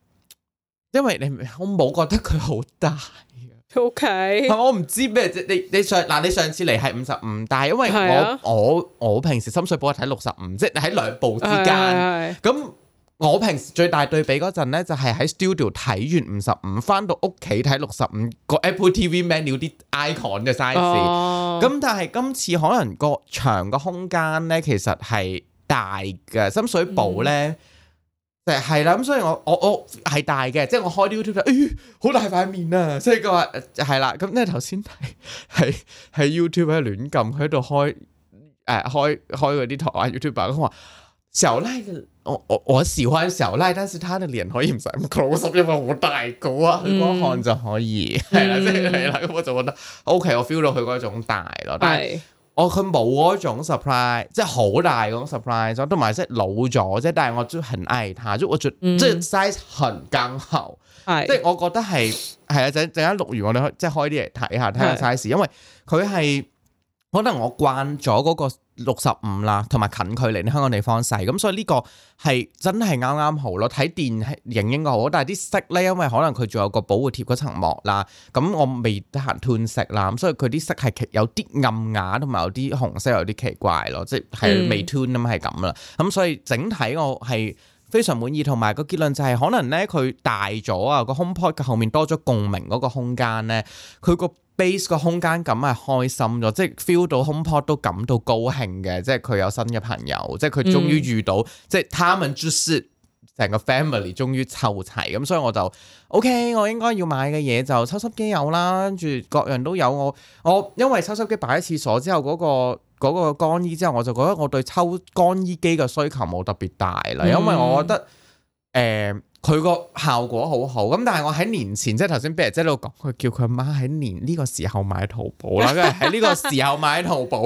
因為你我冇覺得佢好大 O Okay . K，我唔知咩，你你上嗱你上次嚟係五十五，但係因為我、啊、我我，我平時深水埗係睇六十五，即係你喺兩部之間咁。那我平時最大對比嗰陣咧，就係喺 studio 睇完五十五，翻到屋企睇六十五個 Apple TV menu 啲 icon 嘅 size。咁、啊、但係今次可能個牆個空間咧，其實係大嘅。深水埗咧，誒係啦，咁所以我我我係大嘅，即係我開啲 YouTube，哎，好大塊面啊！即係佢話係啦，咁咧頭先睇係喺 YouTube 喺度亂撳，喺度開誒開開嗰啲台灣 YouTuber 咁話。小賴嘅，我我我喜歡小賴，但是他嘅臉可以唔使咁 close up，因為好大個啊，佢光看就可以，係啦、嗯，即係啦，咁我就覺得，OK，我 feel 到佢嗰種大咯，但係我佢冇嗰種 surprise，即係好大嗰種 surprise，同埋即係老咗，即係，但係我都很愛他，即係我最，即係、嗯、size 很剛好，係、嗯，即係我覺得係，係啊的，陣間 [laughs] 錄完我哋即係開啲嚟睇下，睇下 size，因為佢係。可能我慣咗嗰個六十五啦，同埋近距離香港地方細，咁所以呢個係真係啱啱好咯。睇電影應該好，但係啲色咧，因為可能佢仲有個保護貼嗰層膜啦，咁我未得閒褪色啦，咁所以佢啲色係有啲暗啞，同埋有啲紅色有啲奇怪咯，即係呵呵 未褪啊嘛，係咁啦。咁所以整體我係。非常滿意，同埋個結論就係可能呢，佢大咗啊，個 HomePod 嘅後面多咗共鳴嗰個空間呢，佢個 base 個空間感係開心咗，即係 feel 到 HomePod 都感到高興嘅，即係佢有新嘅朋友，即係佢終於遇到，嗯、即係他們 just Eat，成個 family 終於湊齊咁，所以我就 OK，我應該要買嘅嘢就抽濕機有啦，跟住各樣都有我，我因為抽濕機擺喺廁所之後嗰、那個。嗰個乾衣之後，我就覺得我對抽乾衣機嘅需求冇特別大啦，因為我覺得誒佢個效果好好。咁但係我喺年前，即係頭先 Bella 姐喺度講，佢叫佢媽喺年呢個時候買淘寶啦，跟住喺呢個時候買淘寶，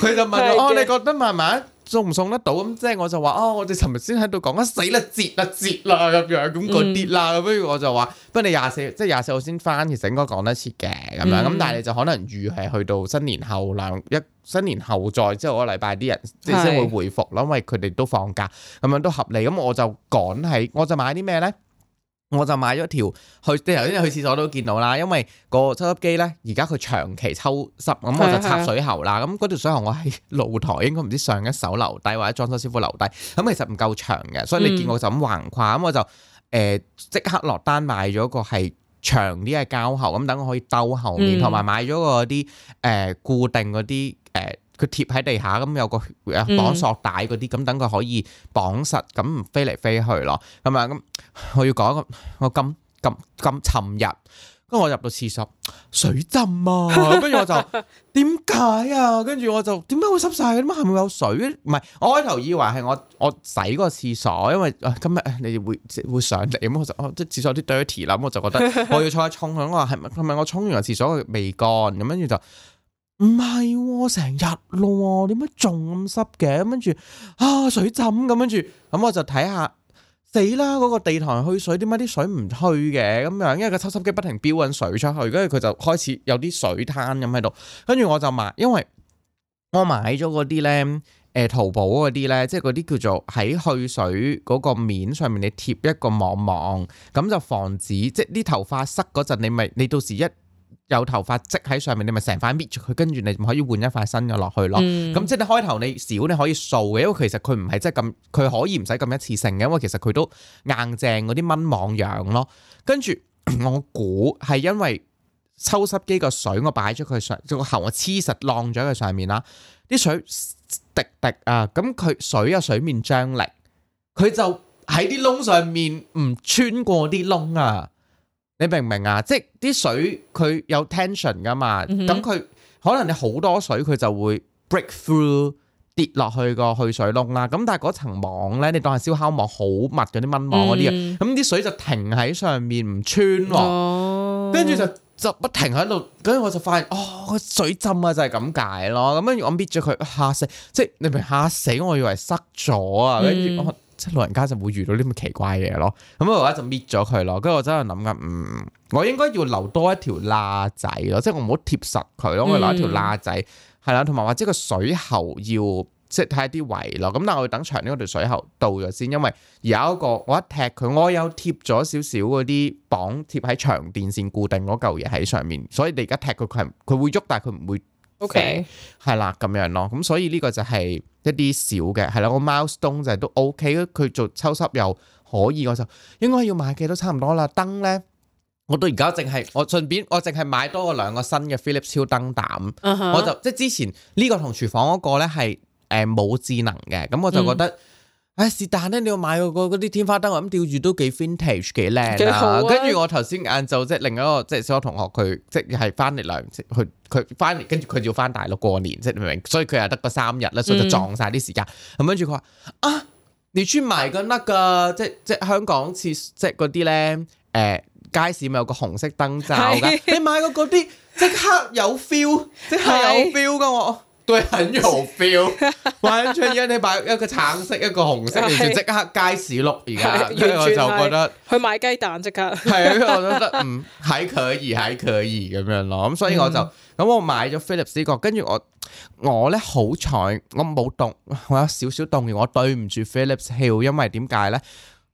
佢 [laughs] 就問我：哦，你覺得買唔買？」送唔送得到咁，即係我就話哦，我哋尋日先喺度講啊，死啦，折啦，折啦咁樣，咁個跌啦，嗯、不如我就話，不如你廿四，即係廿四號先返，其實應該講得切嘅咁樣，咁但係你就可能預係去到新年後兩一新年後再之後嗰個禮拜啲人即係先會回復咯，是因為佢哋都放假，咁樣都合理。咁我就趕喺，我就買啲咩咧？我就買咗一條去，你頭先去廁所都見到啦。因為個抽濕機咧，而家佢長期抽濕，咁我就插水喉啦。咁嗰是是 條水喉我喺露台，應該唔知上一手留低或者裝修師傅留低，咁其實唔夠長嘅，所以你見、嗯、我就咁橫跨，咁我就誒即刻落單買咗個係長啲嘅膠喉，咁等我可以兜後面，同埋、嗯、買咗個啲誒固定嗰啲誒。呃佢貼喺地下咁有個綁索帶嗰啲咁，等佢可以綁實咁飛嚟飛去咯。咁啊咁，我要講一個我咁今今尋日，跟住我入到廁所水浸啊！跟住我就點解啊？跟住我就點解會濕晒？點解係咪有水？唔係我開頭以為係我我洗嗰個廁所，因為今日、哎、你哋會會上嚟咁，我就即係廁所啲 dirty 啦，咁我就覺得我要坐喺沖佢。我話係咪咪我沖完個廁所未乾咁，跟住就。唔係，成日、哦、咯，點解仲咁濕嘅？咁跟住啊，水浸咁跟住，咁我就睇下，死啦！嗰、那個地台去水，點解啲水唔去嘅？咁樣，因為個抽濕機不停飆緊水出去，跟住佢就開始有啲水攤咁喺度。跟住我就買，因為我買咗嗰啲咧，誒、呃，淘寶嗰啲咧，即係嗰啲叫做喺去水嗰個面上面，你貼一個網網，咁就防止，即係啲頭髮塞嗰陣，你咪你到時一。有頭髮積喺上面，你咪成塊搣住佢，跟住你咪可以換一塊新嘅落去咯。咁即係你開頭你少你可以掃嘅，因為其實佢唔係即係咁，佢可以唔使咁一次性嘅，因為其實佢都硬淨嗰啲蚊網樣咯。跟住我估係因為抽濕機個水我擺咗佢上，個喉我黐實晾咗佢上面啦，啲水滴滴啊，咁佢水呀水面張力，佢就喺啲窿上面唔穿過啲窿啊。你明唔明啊？即係啲水佢有 tension 噶嘛，咁佢、mm hmm. 可能你好多水佢就會 break through 跌落去個去水窿啦。咁但係嗰層網咧，你當係燒烤網好密嗰啲蚊網嗰啲啊。咁啲、mm hmm. 水就停喺上面唔穿，喎，跟住就就不停喺度。跟住我就發現哦，個水浸啊，就係咁解咯。咁樣我搣咗佢吓死，即係你明吓死，我以為塞咗啊，跟住、mm。Hmm. 即係老人家就會遇到啲咁奇怪嘢咯，咁我而家就搣咗佢咯。跟住我真係諗緊，嗯，我應該要留多一條罅仔咯，即係我唔好貼實佢咯，我留一條罅仔係啦，同埋或者個水喉要即係睇下啲位咯。咁但係我等長呢條水喉到咗先，因為有一個我一踢佢，我有貼咗少少嗰啲綁貼喺長電線固定嗰嚿嘢喺上面，所以你而家踢佢佢係佢會喐，但係佢唔會。O K，係啦咁樣咯，咁所以呢個就係一啲少嘅，係啦個 mouse 燈就係都 O K，佢做抽濕又可以，我就應該要買嘅都差唔多啦。燈呢，我到而家淨係我順便我淨係買多個兩個新嘅 Philips 超燈膽，uh huh. 我就即係之前呢個同廚房嗰個呢係誒冇智能嘅，咁我就覺得。嗯哎，是但咧，你要買個嗰啲天花燈，我諗吊住都幾 vintage 幾靚，跟住我頭先晏晝即係另一個即係小學同學，佢即係翻嚟兩，即佢佢翻，跟住佢要翻大陸過年，即係明唔明？所以佢又得個三日啦，所以就撞晒啲時間。咁、嗯、跟住佢話：啊，你穿埋緊乜噶？是即即香港設即係嗰啲咧，誒、呃、街市咪有個紅色燈罩噶？是你買個嗰啲即刻有 feel，即刻有 feel 噶我。是對很有 feel， [laughs] 完全因你擺一個橙色，一個紅色，連住即刻街市碌而家，跟住我就覺得去買雞蛋即刻。係 [laughs] 啊，我覺得，嗯，喺佢而喺佢而咁樣咯。咁所以我就咁、嗯，這個，我買咗 Philips 呢個，跟住我我咧好彩，我冇動，我有少少動，而我對唔住 Philips Hill，因為點解咧？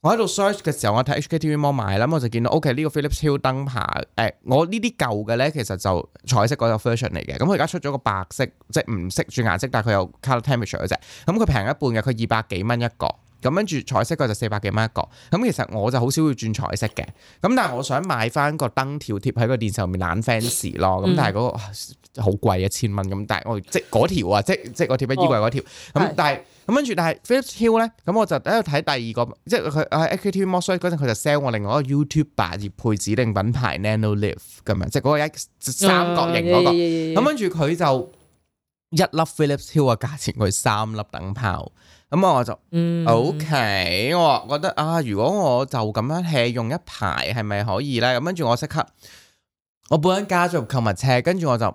我喺度 search 嘅時候，我睇 HKTV Mall 啦，咁我就見到 OK 呢個 Philips Hue 燈牌。誒、欸，我呢啲舊嘅咧，其實就彩色嗰個 version 嚟嘅。咁佢而家出咗個白色，即係唔識轉顏色，但係佢有 colour temperature 嗰隻。咁佢平一半嘅，佢二百幾蚊一個。咁跟住彩色佢就四百幾蚊一個。咁、嗯、其實我就好少會轉彩色嘅。咁、嗯、但係我想買翻個燈條貼喺個電視面懶 fans 咯。咁但係嗰、那個。嗯好貴一千蚊咁，但係我即嗰條啊，即即嗰條衣櫃嗰條咁，但係咁跟住，但係 Philips Hue 咧，咁我就喺度睇第二個，即佢喺 a c t Monitor 嗰陣，佢就 sell 我另外一個 YouTube 百葉配指定品牌 Nano Leaf 咁樣，即嗰個一三角形嗰、嗰個，咁跟住佢就的一粒 Philips Hue 嘅價錢佢三粒燈泡。咁啊我就、嗯、，o、OK, K，我覺得啊，如果我就咁樣係用一排，係咪可以咧？咁跟住我即刻，我本身加咗入購物車，跟住我,我,我就。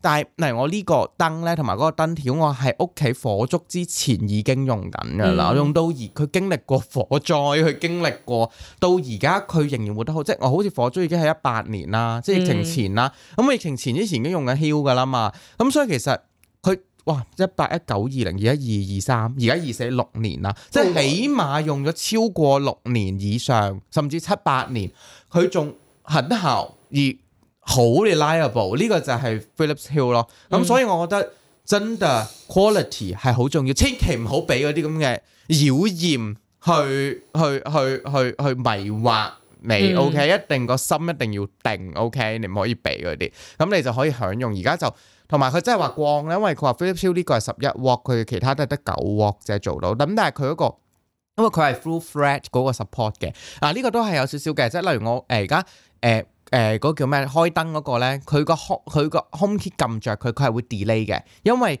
但係，嚟我呢個燈咧，同埋嗰個燈條，我喺屋企火燭之前已經用緊㗎啦，嗯、用到而佢經歷過火災，佢經歷過到而家佢仍然活得好，即係我好似火燭已經係一八年啦，即係疫情前啦，咁、嗯、疫情前之前已經用緊蠟㗎啦嘛，咁、嗯、所以其實佢哇，一八一九二零二一二二三而家二四六年啦，即係起碼用咗超過六年以上，甚至七八年，佢仲很效熱。好 reliable 呢個就係 Philips Hill 咯，咁所以我覺得真係 quality 係好重要，千祈唔好俾嗰啲咁嘅謠言去去去去去迷惑你。OK，一定個心一定要定。OK，你唔可以俾嗰啲，咁你就可以享用而家就同埋佢真係話光咧，因為佢話 Philips Hill 呢個係十一 W，佢其他都係得九 W 啫做到。咁但係佢嗰個因為佢係 full flat 嗰個 support 嘅，嗱呢個都係有少少嘅，即係例如我誒而家誒。誒嗰、呃那個、叫咩？開燈嗰個咧，佢個空佢個 home key 撳着佢，佢係會 delay 嘅，因為。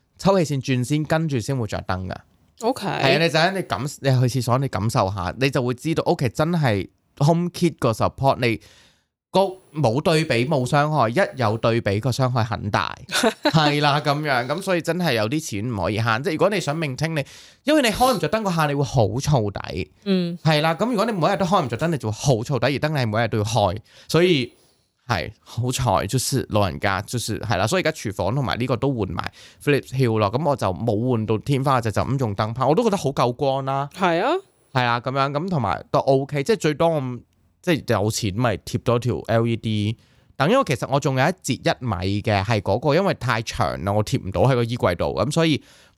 抽氣線轉先，跟住先會著燈㗎。OK，係啊，你就喺你感，你去廁所你感受下，你就會知道，OK，真係 home kit 個 support 你個，冇對比冇傷害，一有對比個傷害很大，係啦咁樣。咁所以真係有啲錢唔可以慳。即係如果你想明清你，因為你開唔著燈個下，你會好燥底。嗯，係啦。咁如果你每一日都開唔著燈，你就好燥底；而燈你每日都要開，所以。係好彩，就是老人家，就是係啦，所以而家廚房同埋呢個都換埋 Philips Hue 啦。咁我就冇換到天花，就就咁用燈泡，我都覺得好夠光啦。係啊，係啊的，咁樣咁同埋都 OK 即。即係最多咁，即係有錢咪貼多條 LED。但因為其實我仲有一截一米嘅係嗰個，因為太長啦，我貼唔到喺個衣櫃度，咁所以。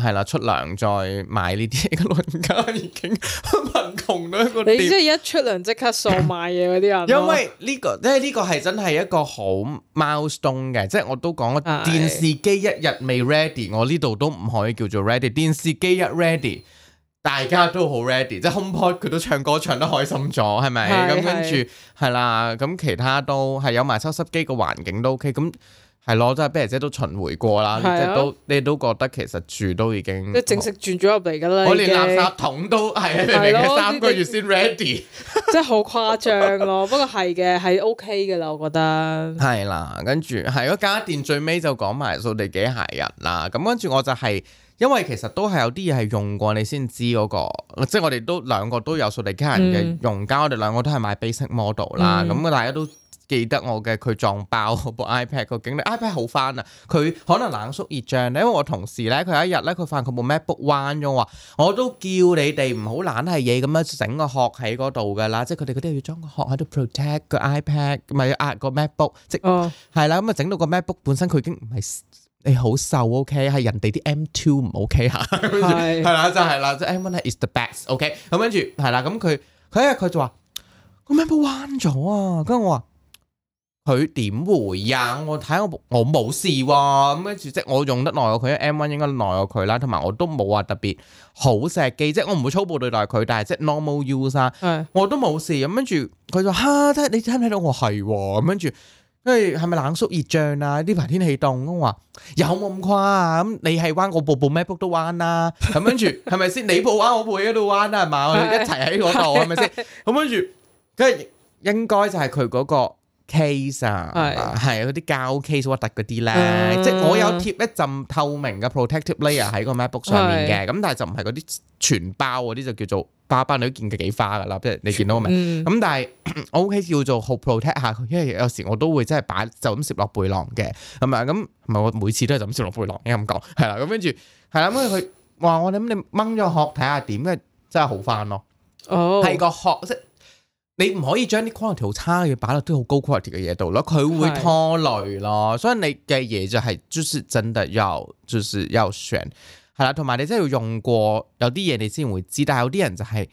係啦，出糧再買呢啲嘢，老人家已經貧窮啦，你即係一出糧即刻掃賣嘢嗰啲人 [laughs] 因、這個。因為呢個，即係呢個係真係一個好 milestone 嘅，即、就、係、是、我都講，是電視機一日未 ready，我呢度都唔可以叫做 ready。電視機一 ready，大家都好 ready，即係是 HomePod 佢都唱歌唱得開心咗，係咪？咁是跟住係啦，咁其他都係有埋抽濕機，個環境都 ok 咁。係咯，即係 bear 姐都巡迴過啦，的即係都你都覺得其實住都已經，你正式轉咗入嚟噶啦，我連垃圾桶都係啊，明，明三個月先 ready，即係好誇張咯。 [laughs] 不過係嘅，係 OK 嘅啦，我覺得。係啦，跟住係嗰家電最尾就講埋掃地機械人啦。咁跟住我就係，因為其實都係有啲嘢係用過你先知嗰、嗰個，即係我哋都兩個都有掃地機械人嘅用家，嗯、我哋兩個都係買 basic model 啦、嗯。咁大家都。記得我嘅佢撞爆部 ip iPad 個鏡嚟，iPad 好翻啊！佢可能冷縮熱漲咧，因為我同事咧，佢有一日咧，佢發現佢部 MacBook 彎咗，我話，我都叫你哋唔好懶係嘢咁樣整個殼喺嗰度㗎啦，即係佢哋嗰啲要裝個殼喺度 protect 個 iPad，咪要壓個 MacBook，即係係啦，咁啊整到個 MacBook 本身佢已經唔係你好瘦，OK，係人哋啲 M2 唔 OK 嚇，係啦是的就係啦，即係 M1 is the best，OK，、OK？咁跟住係啦，咁佢佢一日佢就話、個 MacBook 彎咗啊，跟住我話。佢點回呀？我睇我我冇事喎、啊，咁跟住即係我用得耐過佢，M1 應該耐過佢啦，同埋我都冇話特別好惜機，即係我唔會粗暴對待佢，但係即係 normal use 啊是，我都冇事。咁跟住佢就吓，即係你聽唔聽到我係咁跟住，即係咪冷縮熱脹啊？呢排天氣凍，我話有冇咁誇啊？咁、嗯、你係玩我部部 MacBook 都玩啦、啊，咁跟住係咪先？你部玩我部喺度玩啦，係嘛？我一齊喺嗰度，係咪先？咁跟住，即係是應該就係佢嗰個 case 啊，係嗰啲膠 case，核突嗰啲咧，即係我有貼一浸透明嘅 protective layer 喺個 MacBook 上面嘅，咁是但係就唔係嗰啲全包嗰啲，就叫做爸爸女都見佢幾花㗎喇，即係你見到未？咁、 [laughs] 嗯、但係我屋企叫做好 protect 下佢，因為有時我都會真係擺就咁攝落背囊嘅，咁咪咁？唔係我每次都係咁攝落背囊，咁講係啦，咁跟住係啦，咁佢話我諗你掹咗殼睇下點嘅，真係好翻咯，係個殼即係。你唔可以將啲 quality 好差嘅擺落啲好高 quality 嘅嘢度咯，佢會拖累咯。的所以你嘅嘢就係，就是真的要，就是要選，係啦，同埋你真係要用過，有啲嘢你先會知道。但係有啲人就係、是。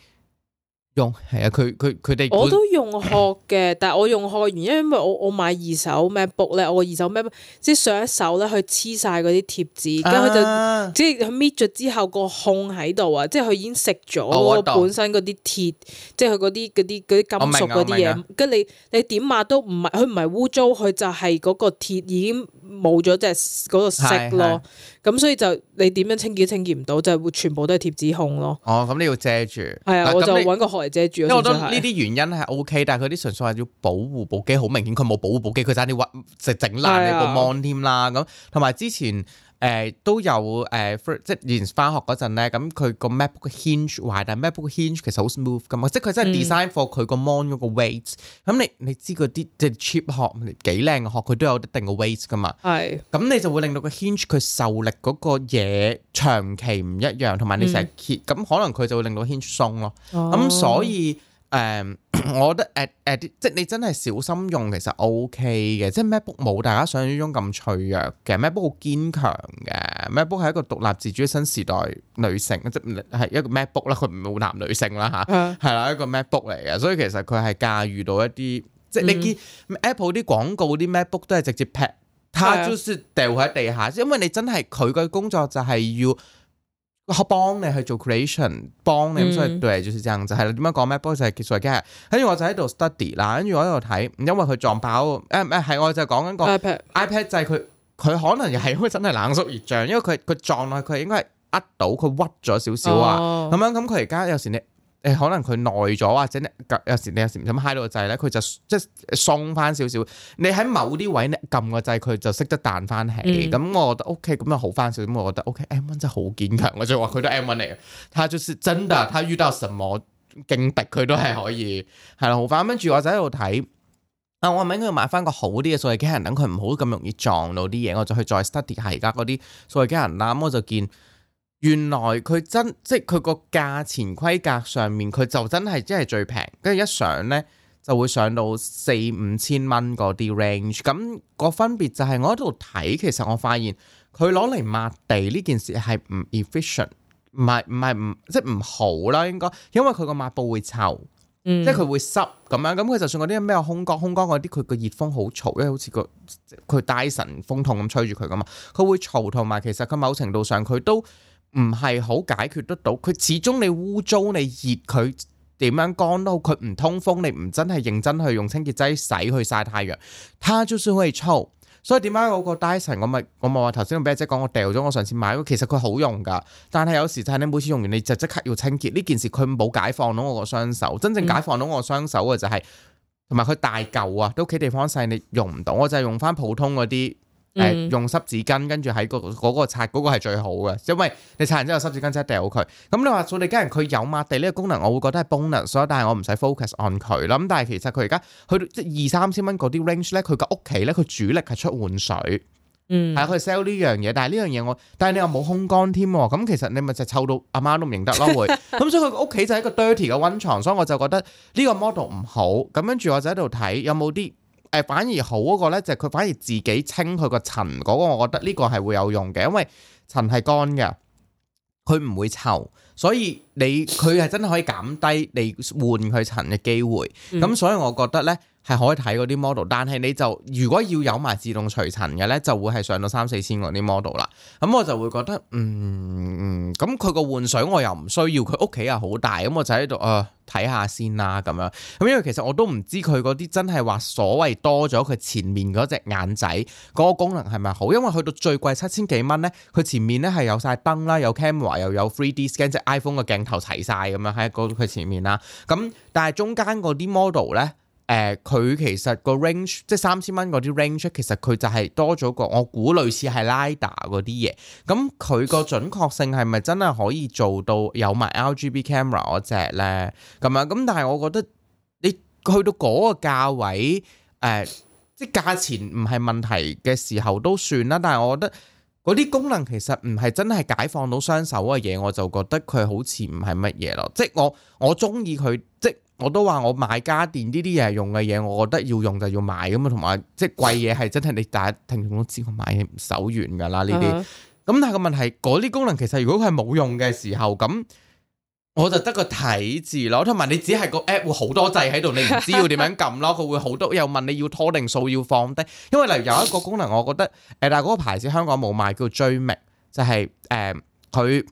用係啊，佢佢佢哋我都用殼嘅，但係我用殼原因，因為我我買二手 MacBook，我買二手 MacBook 咧，我二手 MacBook 即係上一手咧，佢黐晒嗰啲貼紙，跟佢、啊、就即係佢搣咗之後，個孔喺度啊，即係佢已經食咗、哦、本身嗰啲鐵，即係佢嗰啲嗰啲嗰啲金屬嗰啲嘢，跟住你你點抹都唔係，佢唔係污糟，佢就係嗰個鐵已經冇咗隻嗰個色咯。咁所以就你點樣清潔清潔唔到，就係會全部都係貼紙控咯。哦，咁你要遮住。係啊的，那我就搵個殼嚟遮住。呢啲你原因係 O K，但係佢啲純粹係要保護部機，好明顯佢冇保護部機，佢差啲屈，就整爛你個 mon 添啦。咁同埋之前。誒、呃、都有誒、呃，即係以前返學嗰陣咧，咁佢個 MacBook 嘅 hinge 壞，但係 MacBook hinge 其實好 smooth 噶嘛，即係佢真係 design for 佢個 mon 嗰個 weight、嗯。咁你你知嗰啲即係 cheap 殼幾靚嘅殼，佢都有一定嘅 weight 嘅嘛。係是。咁你就會令到個 hinge 佢受力嗰個嘢長期唔一樣，同埋你成日揭，咁、嗯、可能佢就會令到 hinge 鬆咯。咁、哦、所以。誒、um, [coughs] 我覺得誒誒、呃呃、即係你真係小心用，其實 OK 嘅。即係 MacBook 冇大家想象中咁脆弱嘅，MacBook 好堅強嘅。MacBook 係一個獨立自主嘅新時代女性，即係一個 MacBook 啦，佢唔好男女性啦吓，係、啊、啦、啊、一個 MacBook 嚟嘅，所以其實佢係駕馭到一啲，即係你見 Apple 啲廣告啲 MacBook 都係直接劈，佢就掉喺地下，因為你真係佢嘅工作就係要。我幫你去做 creation，幫你咁、嗯、所以對住是這樣 le, 就係啦。點樣講咩？不過就係結束嘅，跟住我就喺度 study 啦，跟住我喺度睇，因為佢撞爆誒，唔、哎、係我就講緊、那個 iPad，iPad iPad 就係佢佢可能係真係冷縮熱脹，因為佢佢撞落去佢應該係壓到佢屈咗少少啊，咁、哦、樣咁佢而家有時你。誒可能佢耐咗，或者有時你有時唔想嗨到個掣咧，佢就即係鬆翻少少。你喺某啲位咧撳個掣，佢就識得彈翻起。咁、嗯、我覺得 OK，咁又好翻少。咁我覺得 OK，M1、OK，真係好堅強，我即係話佢都 M1 嚟嘅。他就是真的，他遇到什麼勁敵，佢都係可以係啦，好翻。跟住我就喺度睇啊，我係咪應該要買翻個好啲嘅掃機器人，等佢唔好咁容易撞到啲嘢，我就去再 study 下，而家嗰啲掃機器人，咁我就見。原來佢真即係佢個價錢規格上面，佢就真係即係最平，跟住一上呢，就會上到四五千蚊嗰啲 range。咁個分別就係我喺度睇，其實我發現佢攞嚟抹地呢件事係唔 efficient，唔係唔係唔即係唔好啦，應該因為佢個抹布會臭，嗯、即係佢會濕咁樣。咁佢就算嗰啲咩空乾空乾嗰啲，佢個熱風好嘈，因為，好似個佢大神風筒咁吹住佢噶嘛，佢會嘈，同埋其實佢某程度上佢都。唔係好解決得到，佢始終你污糟你熱佢點樣乾都好，佢唔通風，你唔真係認真去用清潔劑洗去晒太陽，它就算可以粗，所以點解我個 Dyson 我咪我咪話頭先俾阿姐講，我，我，我掉咗我上次買，其實佢好用噶，但係有時就係你每次用完你就即刻要清潔呢件事，佢冇解放到我個雙手，真正解放到我雙手嘅就係同埋佢大舊啊，都屋企地方細你用唔到，我就係用返普通嗰啲。誒，嗯、用濕紙巾跟住喺嗰嗰個擦，嗰個係最好嘅，因為你擦完之後濕紙巾即係掉佢。咁你話掃地機器人佢有抹地呢個功能，我會覺得係 bonus，但係我唔使 focus on 佢啦。咁但係其實佢而家去到即二三千蚊嗰啲 range 咧，佢個屋企咧，佢主力係出換水，嗯，啊，佢 sell 呢樣嘢。但係呢樣嘢我，但係你又冇空乾添喎。咁其實你咪就臭到阿媽都唔認得咯。會咁 [laughs] 所以佢個屋企就係一個 dirty 嘅溫床，所以我就覺得呢個 model 唔好。咁跟住我就喺度睇有冇啲。誒反而好嗰個咧，就係、是、佢反而自己清佢個塵嗰、那個，我覺得呢個係會有用嘅，因為塵係乾嘅，佢唔會臭，所以你佢係真係可以減低你換佢塵嘅機會，咁所以我覺得咧。係可以睇嗰啲 model，但係你就如果要有埋自動除塵嘅呢，就會係上到三四千嗰啲 model 啦。咁、嗯、我就會覺得，嗯，咁佢個換水我又唔需要，佢屋企又好大，咁、嗯、我就喺度啊睇下先啦咁樣。咁、嗯、因為其實我都唔知佢嗰啲真係話所謂多咗佢前面嗰隻眼仔嗰、嗰個功能係咪好，因為去到最貴七千幾蚊呢，佢前面呢係有晒燈啦，有 camera 又有 3D scan，即係 iPhone 嘅鏡頭齊晒。咁樣喺佢前面啦。咁、嗯、但係中間嗰啲 model 咧。誒佢、呃、其實個 range 即係三千蚊嗰啲 range，其實佢就係多咗個我估類似係 Lidar 嗰啲嘢。咁佢個準確性係咪真係可以做到有埋 RGB camera 嗰隻咧？咁啊咁，但係我覺得你去到嗰個價位，誒、呃、即係價錢唔係問題嘅時候都算啦。但係我覺得嗰啲功能其實唔係真係解放到雙手嘅嘢，我就覺得佢好似唔係乜嘢咯。即係我我中意佢即我都話我買家電呢啲嘢用嘅嘢，我覺得要用就要買㗎嘛。同埋即係貴嘢係真係你大家聽眾都知道我買手軟㗎喇呢啲。咁但係個問題，嗰啲功能其實如果佢係冇用嘅時候，咁我就得個體字咯，同埋你只係個 app 會好多掣喺度，你唔知要點樣撳咯，佢 [laughs] 會好多又問你要拖定數要放低。因為例如有一個功能，我覺得誒，但係嗰個牌子香港冇賣，叫追覓，就係誒佢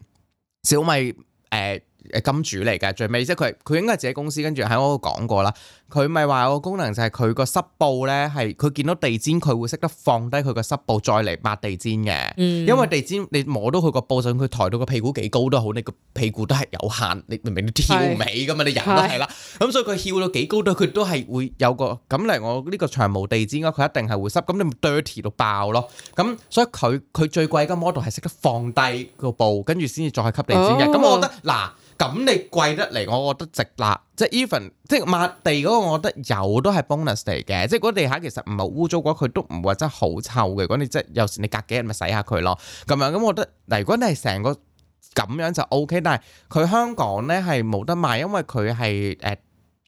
小米誒。呃金主嚟嘅，最尾即係佢，佢應該係自己公司，跟住喺我嗰度講過啦。佢咪話個功能就係佢個濕布咧，係佢見到地氈，佢會識得放低佢個濕布，再嚟抹地氈嘅。嗯，因為地氈你摸到佢個布，上佢抬到個屁股幾高都好，你個屁股都係有限，你明唔明？跳尾咁嘛，是 你人都係啦。咁是 所以佢跳到幾高都，佢都係會有個咁嚟。我呢個長毛地氈咯，佢一定係會濕。咁你 dirty 到爆咯。咁所以佢佢最貴嘅 model 係識得放低個布，跟住先至再去吸地氈嘅。咁、哦、我覺得嗱。咁你貴得嚟，我覺得值啦。即係 even，即係抹地嗰個，我覺得有都係 bonus 嚟嘅。即係嗰地下其實唔係污糟嘅話，佢都唔會真係好臭嘅。如果你即係有時你隔幾日咪洗下佢咯。咁樣咁，我覺得嗱，如果你係成個咁樣就 OK。但係佢香港咧係冇得買，因為佢係誒。呃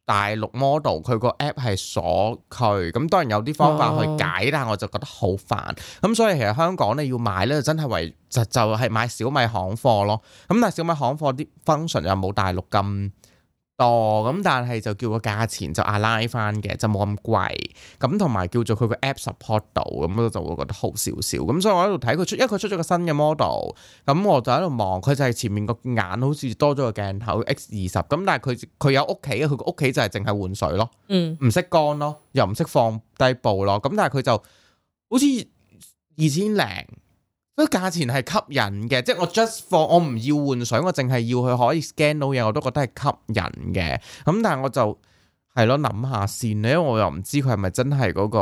大陸 model 佢個 app 係鎖佢，咁當然有啲方法去解，但係、哦、我就覺得好煩。咁所以其實香港咧要買咧，真係為就就係、是、買小米行貨咯。咁但係小米行貨啲 function 又冇大陸咁。哦，咁，但係就叫個價錢就阿拉翻嘅，就冇咁貴。咁同埋叫做佢個 app support 度，咁我就會覺得好少少。咁所以我喺度睇佢出，因為佢出咗個新嘅 model。咁我就喺度望，佢就係前面眼個眼好似多咗個鏡頭 X 二十。咁但係佢佢有屋企，佢個屋企就係淨係換水咯，唔識乾咯，又唔識放低布咯。咁但係佢就好似二千零。嗰價錢係吸引嘅，即係我 just 放我唔要換水，我淨係要佢可以 scan 到嘢，我都覺得係吸引嘅。咁但係我就係咯，諗下先，因為我又唔知佢係咪真係嗰、嗰個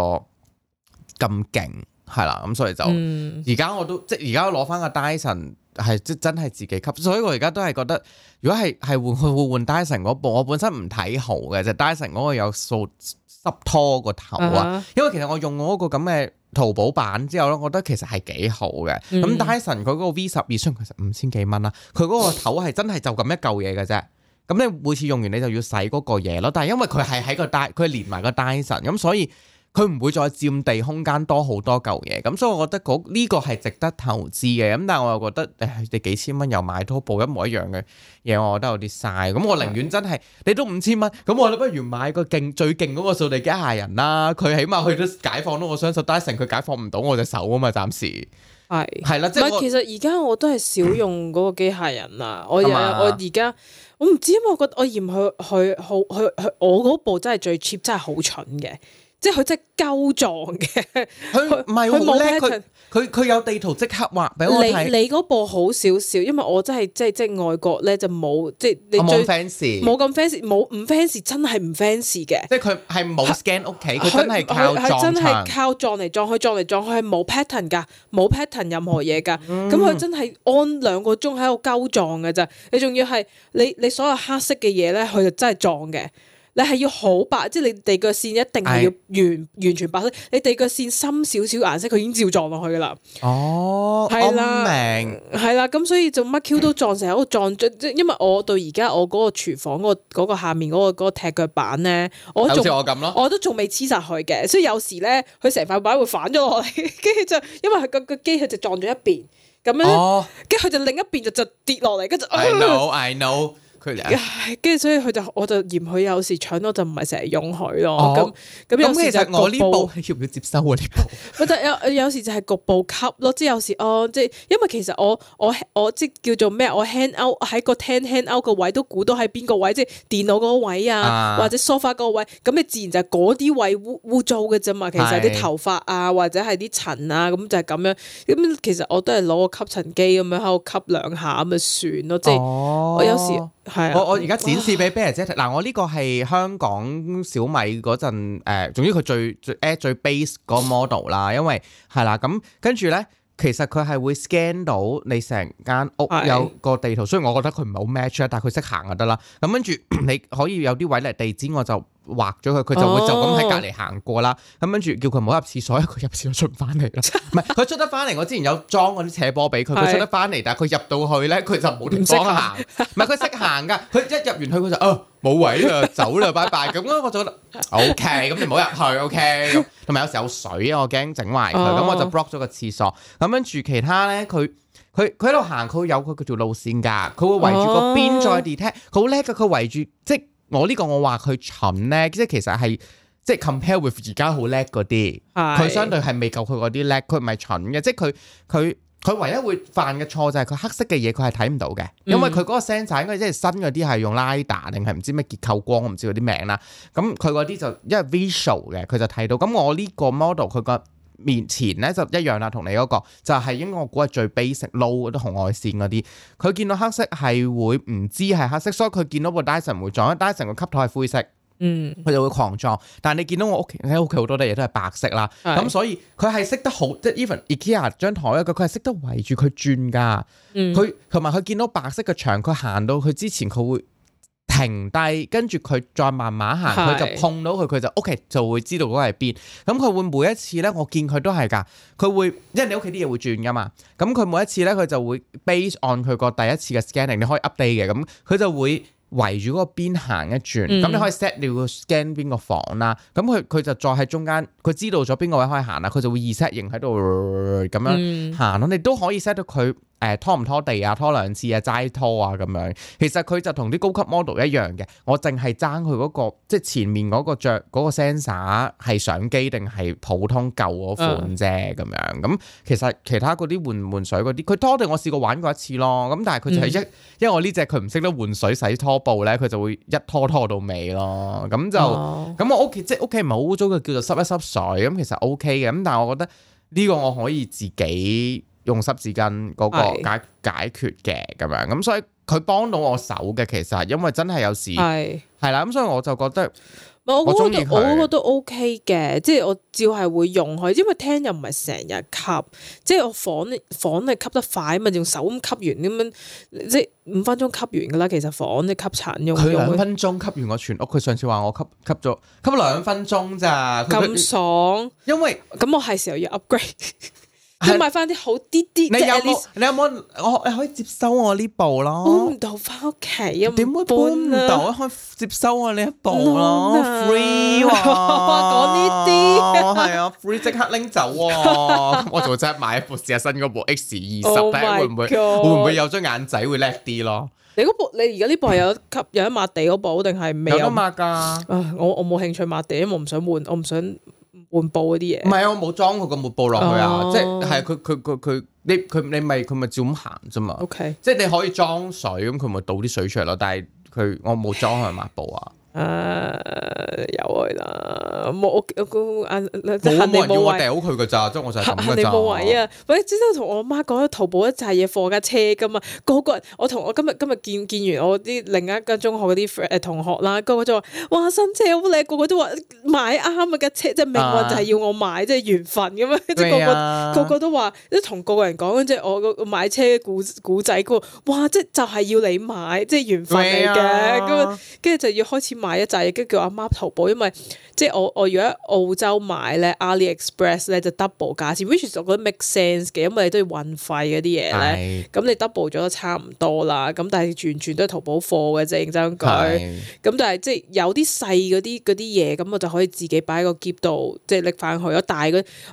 咁勁，係啦。咁所以就而家、嗯、我都即係而家攞翻個 Dyson，係即係真係自己吸。所以我而家都係覺得，如果係係換會換換 Dyson 嗰部，我本身唔睇好嘅，就是、d y Dyson 嗰個有數濕拖個頭啊。Uh huh. 因為其實我用我嗰個咁嘅。淘寶版之後咧，我覺得其實係幾好嘅。咁、嗯、Dyson 佢嗰個 V 十二雖然其實五千幾蚊啦，佢嗰個頭係真係就咁一嚿嘢嘅啫。咁你每次用完你就要洗嗰個嘢咯。但係因為佢係喺個戴，佢連埋個 Dyson 咁，所以。佢唔會再佔地空間多好多嚿嘢，咁所以我覺得呢個係值得投資嘅。咁但係我又覺得誒，你幾千蚊又買多一部一模一樣嘅嘢，我覺得有啲嘥。咁我寧願真係的你都五千蚊，咁我都不如買個勁最勁嗰個掃地機械人啦。佢起碼去到解放到我雙手，我相信 Dyson 佢解放唔到我隻手啊嘛。暫時係係啦，即係其實而家我都係少用嗰個機械人啦、啊嗯。我我而家我唔知，因為我覺得我嫌佢佢好佢佢我嗰部真係最 cheap，真係好蠢嘅。即係佢真係鳩撞嘅，佢唔係好叻，佢佢佢有地圖即刻畫俾我睇。你嗰部好少少，因為我真係即係即係外國咧就冇即係你最冇 fans，冇咁 fans，冇唔 fans 真係唔 fans 嘅。即係佢係冇 scan 屋企，佢、okay, 真係靠,靠撞。真係靠撞嚟撞去，撞嚟撞去，係冇 pattern 噶，冇 pattern 任何嘢噶。咁佢、嗯、真係安兩個鐘喺度鳩撞噶咋？你仲要係你你所有黑色嘅嘢咧，佢就真係撞嘅。你係要好白，即係你地腳線一定係要完、哎、完全白色。你地腳線深少少顏色，佢已經照撞落去㗎啦。哦，我明，係啦、嗯。咁所以就乜 Q 都撞成，我撞即因為我到而家我嗰個廚房嗰、嗰個下面嗰、嗰個嗰個踢腳板咧，好似我咁咯，我都仲未黐實佢嘅，所以有時咧佢成塊板會反咗落嚟，跟住就因為個個機佢就撞咗一邊咁樣，跟住佢就另一邊就就跌落嚟，跟住。I know, I know. 跟住所以佢就我就嫌佢有時搶到就唔係成日用佢咯。咁咁、哦、有時就其實我呢部要唔要接收啊？呢部我就有有時就係局部吸咯，即係有時哦，即係因為其實我我我即叫做咩？我 hand out 喺個 hand out 個位都估到喺邊個位，即係電腦個位啊，啊或者梳化個位。咁你自然就係嗰啲位污污糟嘅啫嘛。其實啲頭髮啊，或者係啲塵啊，咁就係、是、咁樣。咁其實我都係攞個吸塵機咁樣喺度吸兩下咁就算咯。即係、哦、我有時。啊、我我而家展示俾 Bear 姐嗱。哇我呢個係香港小米嗰陣誒，總之佢最最 at 最 base 嗰 model 啦，因為係啦。咁，跟住咧其實佢係會 scan 到你成間屋有個地圖，雖然是我覺得佢唔係好 match 啊，但係佢識行就得啦。咁跟住你可以有啲位嚟地址，我就。畫咗佢，佢就會就咁喺隔離行過啦。咁跟住叫佢唔好入廁所，佢入廁所出唔翻嚟啦。唔係佢出得翻嚟，我之前有裝嗰啲斜坡俾佢，佢 [laughs] 出得翻嚟。但係佢入到去咧，佢就冇地方行。唔係佢識行㗎，佢一入完去佢就哦，冇位啦，走啦，拜拜咁咯。 [laughs] 我就 OK，咁就唔好入去。OK，同埋有時有水啊，我驚整壞佢，咁、oh. 我就 block 咗個廁所。咁跟住其他咧，佢佢佢喺度行，佢有佢嗰條路線㗎，佢會圍住個邊再地鐵，佢好叻㗎，佢圍住即。我呢個我話佢蠢咧，即係其實係即係 compare with 而家好叻嗰啲，佢是相對係未夠佢嗰啲叻，佢唔係蠢嘅，即係佢佢佢唯一會犯嘅錯就係佢黑色嘅嘢佢係睇唔到嘅，因為佢嗰個 sensor 應該即係新嗰啲係用 LiDAR 定係唔知咩結構光，我唔知道啲名啦。咁佢嗰啲就因為 visual 嘅，佢就睇到。咁我呢個 model 佢個。面前咧就一樣啦，同你嗰、那個就係應該我估係最 basic low 嗰啲紅外線嗰啲，佢見到黑色係會唔知係黑色，所以佢見到個戴森會撞，dyson 個吸台係灰色，嗯，佢就會狂撞。但係你見到我屋企，喺屋企好多啲嘢都係白色啦，咁是所以佢係識得好，即係 even IKEA 張台一個，佢係識得圍住佢轉㗎，佢同埋佢見到白色嘅牆，佢行到佢之前佢會停低，跟住佢再慢慢行，佢是就碰到佢，佢就 OK，就會知道嗰係邊。咁佢會每一次咧，我見佢都係㗎。佢會，因為你屋企啲嘢會轉噶嘛。咁佢每一次咧，佢就會 base on 佢個第一次嘅 scanning，你可以 update 嘅。咁佢就會圍住嗰個邊行一轉。咁、嗯、你可以 set 你個 scan 邊個房啦。咁佢佢就再喺中間，佢知道咗邊個位可以行啦，佢就會 reset 型喺度咁樣行咯。嗯、你都可以 set 到佢。誒拖唔拖地啊，拖兩次啊，齋拖啊咁樣，其實佢就同啲高級 model 一樣嘅，我淨係爭佢嗰個即係前面嗰個著嗰個 sensor 係相機定係普通舊嗰款啫咁樣。咁其實其他嗰啲換唔換水嗰啲，佢拖地我試過玩過一次咯。咁但係佢就係一、嗯、因為我呢隻佢唔識得換水洗拖布咧，佢就會一拖拖到尾咯。咁就咁、哦、我屋企即係屋企唔係好污糟嘅，叫做濕一濕水咁，其實 OK 嘅。咁但係我覺得呢個我可以自己。用濕紙巾嗰個解解決嘅咁樣，咁所以佢幫到我手嘅，其實係因為真係有時係啦，咁的所以我就覺得，我覺得我，我覺得都 OK 嘅、OK，即係我照係會用佢，因為聽又唔係成日吸，即係我房房係吸得快，咪用手咁吸完咁樣，即係五分鐘吸完噶啦。其實房係吸塵用佢兩分鐘吸完我全屋，佢上次話我吸吸咗吸咗兩分鐘咋，咁爽因為因，因為咁我係時候要 upgrade。 [laughs] 去買翻啲好啲啲。你有冇？你有冇？我你可以接收我呢部咯。搬唔到翻屋企啊？點會搬唔到啊？可以接收我呢一部咯，啊啊。Free 喎，啊，講呢啲。哦，係啊，Free 即刻拎走。我仲真係買一副試下新嗰部 X 二十，睇下，oh，會唔會會唔會有張眼仔會叻啲咯。你嗰部，你而家呢部係有吸，有抹地嗰部，定係未有一抹噶？我我冇興趣抹地，因為我唔想換，我唔想。換布嗰啲嘢，唔係啊，我冇裝佢個抹布落去啊，oh。即係，係佢佢佢佢，你佢你咪佢咪照咁行啫嘛。OK，即係你可以裝水咁，佢咪倒啲水出嚟咯。但係佢我冇裝佢抹布啊。誒有愛啦，冇我佢嘅咋，即我就你咁嘅咋。冇位啊！只我之前同我媽講，淘寶一扎嘢貨架車噶嘛，個個我同我今日今日見見完我啲另一間中學嗰啲同學啦，個個就話：哇新車好靚，個個都話買啱啊架車，即係命運就係要我買，即係緣分咁樣。個個個個都話，即同個個人講、啊、嗰陣，我個買車古古仔嘅喎，哇！即就係、係、要你買，即係緣分嚟嘅。咁跟住就要開始買。買一扎，亦都叫阿媽淘寶，因為即係我我如果喺澳洲買咧，AliExpress 咧就 double 價錢的，which 我覺得 make sense 嘅，因為你都要運費嗰啲嘢咧，咁的你 double 咗都差唔多啦。咁但係完全都係淘寶貨嘅，正認真講。咁的但係即係有啲細嗰啲嗰啲嘢，咁我就可以自己擺喺個喼度，即係拎翻去。咁大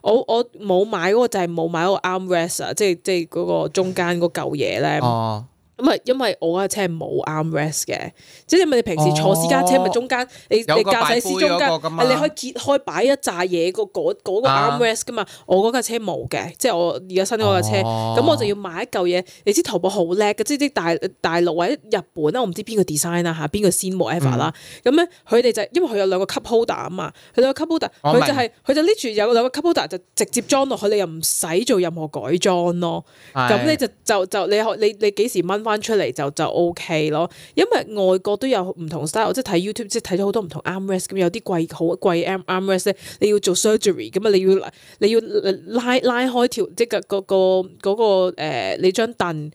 我我冇買嗰個就係冇買嗰個 armrest，即係即係嗰個中間嗰嚿嘢咧。哦。唔係，因為我架車冇 armrest 嘅，即係咪你平時坐私家車咪、哦、中間，你你駕駛師中間，你可以揭開擺一紮嘢、嗰個嗰嗰個 armrest 噶嘛？我架車冇嘅，即係我而家新嗰架車，咁、哦嗯、我就要買一嚿嘢。你知淘寶好叻嘅，即係啲大大陸或者日本啦，我唔知邊個 design 啦吓邊個先冇 ever 啦。咁咧佢哋就因為佢有兩個 cup holder 啊嘛，佢、兩個、有 cup holder，佢就係佢就拎住有兩個 cup holder 就直接裝落去，你又唔使做任何改裝咯。咁咧是就就就你你你幾時掹？翻出嚟就就 OK 咯，因為外國都有唔同 style，即係睇 YouTube 即係睇咗好多唔同 armrest，咁有啲貴好貴 armrest 咧，你要做 surgery 咁啊，你要你要拉拉開條即係個個個嗰個誒你張凳。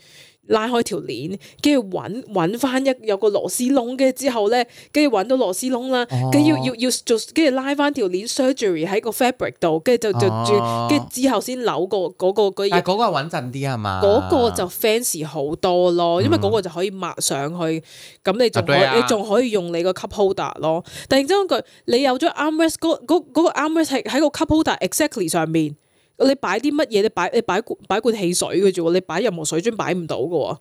拉開條鏈，跟住揾揾翻一有個螺絲窿。跟住之後咧，跟住揾到螺絲窿啦，跟住、哦、要要要做，跟住拉翻條鏈 surgery 喺個 fabric 度，跟住就就住，跟住、哦、之後先扭過、嗰個嗰個嗰。但係嗰個穩陣啲係嘛？嗰個就 fancy 好多咯，嗯、因為嗰個就可以抹上去，咁你仲可以、啊、你仲可，可以用你個 cup holder 咯。突然之間嗰句，你有咗 armrest 嗰、嗰個 armrest 喺個 cup holder exactly 上面。你擺啲乜嘢？你擺你擺罐擺罐汽水嘅啫喎，你擺任何水樽擺唔到嘅喎。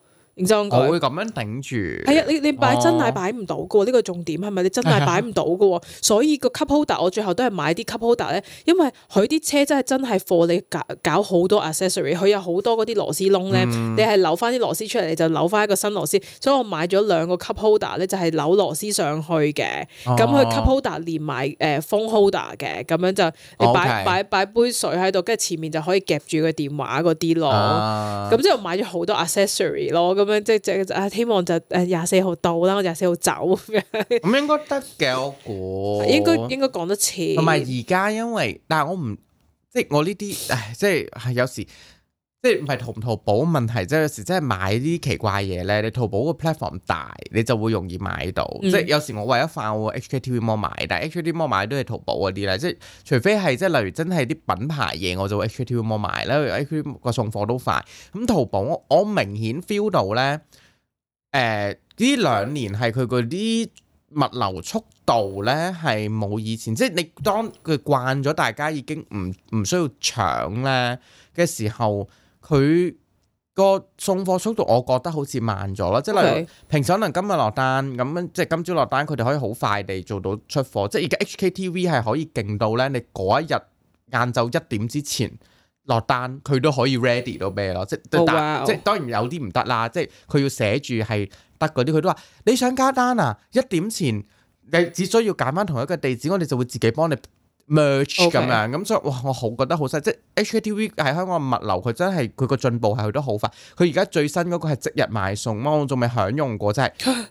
我會咁樣頂住。係啊，你你擺、哦、真係擺唔到嘅喎，呢、呢個重點係咪？你真係擺唔到嘅喎， [laughs] 所以個 cup holder 我最後都係買啲 cup holder 咧，因為佢啲車真係真係貨你搞搞好多 accessory，佢有好多嗰啲螺絲窿咧，嗯、你係扭翻啲螺絲出嚟你就扭翻一個新螺絲，所以我買咗兩個 cup holder 咧就係扭螺絲上去嘅。咁佢、哦、cup holder 連埋誒、呃、phone holder 嘅，咁樣就你擺、哦、okay 擺擺，擺杯水喺度，跟住前面就可以夾住個電話嗰啲咯。咁、啊、之後買咗好多 accessory 咯，咁即係啊，希望就誒廿四號到啦，我廿四號走咁樣。咁 [laughs] 應該得嘅，我估應該應該講得似，同埋而家因為，但係我唔即係我呢啲，唉，即係係有時。即係唔係淘唔淘寶問題，即係有時真係買啲奇怪嘢咧。你淘寶個 platform 大，你就會容易買到。嗯、即係有時我為咗快我會 HKTV Mall 買，但係 HKTV Mall 買都係淘寶嗰啲啦。即係除非係即係例如真係啲品牌嘢，我就 HKTV Mall 買啦。HKTV 個送貨都快。咁淘寶我明顯 feel 到咧，誒呢兩年係佢嗰啲物流速度咧係冇以前。即係你當佢慣咗，大家已經唔唔需要搶咧嘅時候，佢個送貨速度我覺得好似慢咗囉，即係例如平時可能今日落單咁樣，即係今朝落單佢哋可以好快地做到出貨。即係而家 HKTV 係可以勁到咧，你嗰一日晏晝一點之前落單，佢都可以 ready 到咩咯？即係、oh, wow. 即係當然有啲唔得啦，即係佢要寫住係得嗰啲，佢都話你想加單啊，一點前你只需要揀翻同一個地址，我哋就會自己幫你 merge 咁 Okay. 樣，咁所以哇，我好覺得好犀，即係 HKTV 喺香港物流，佢真係佢個進步係去得好快。佢而家最新嗰個係即日買餸，我仲未享用過，即係。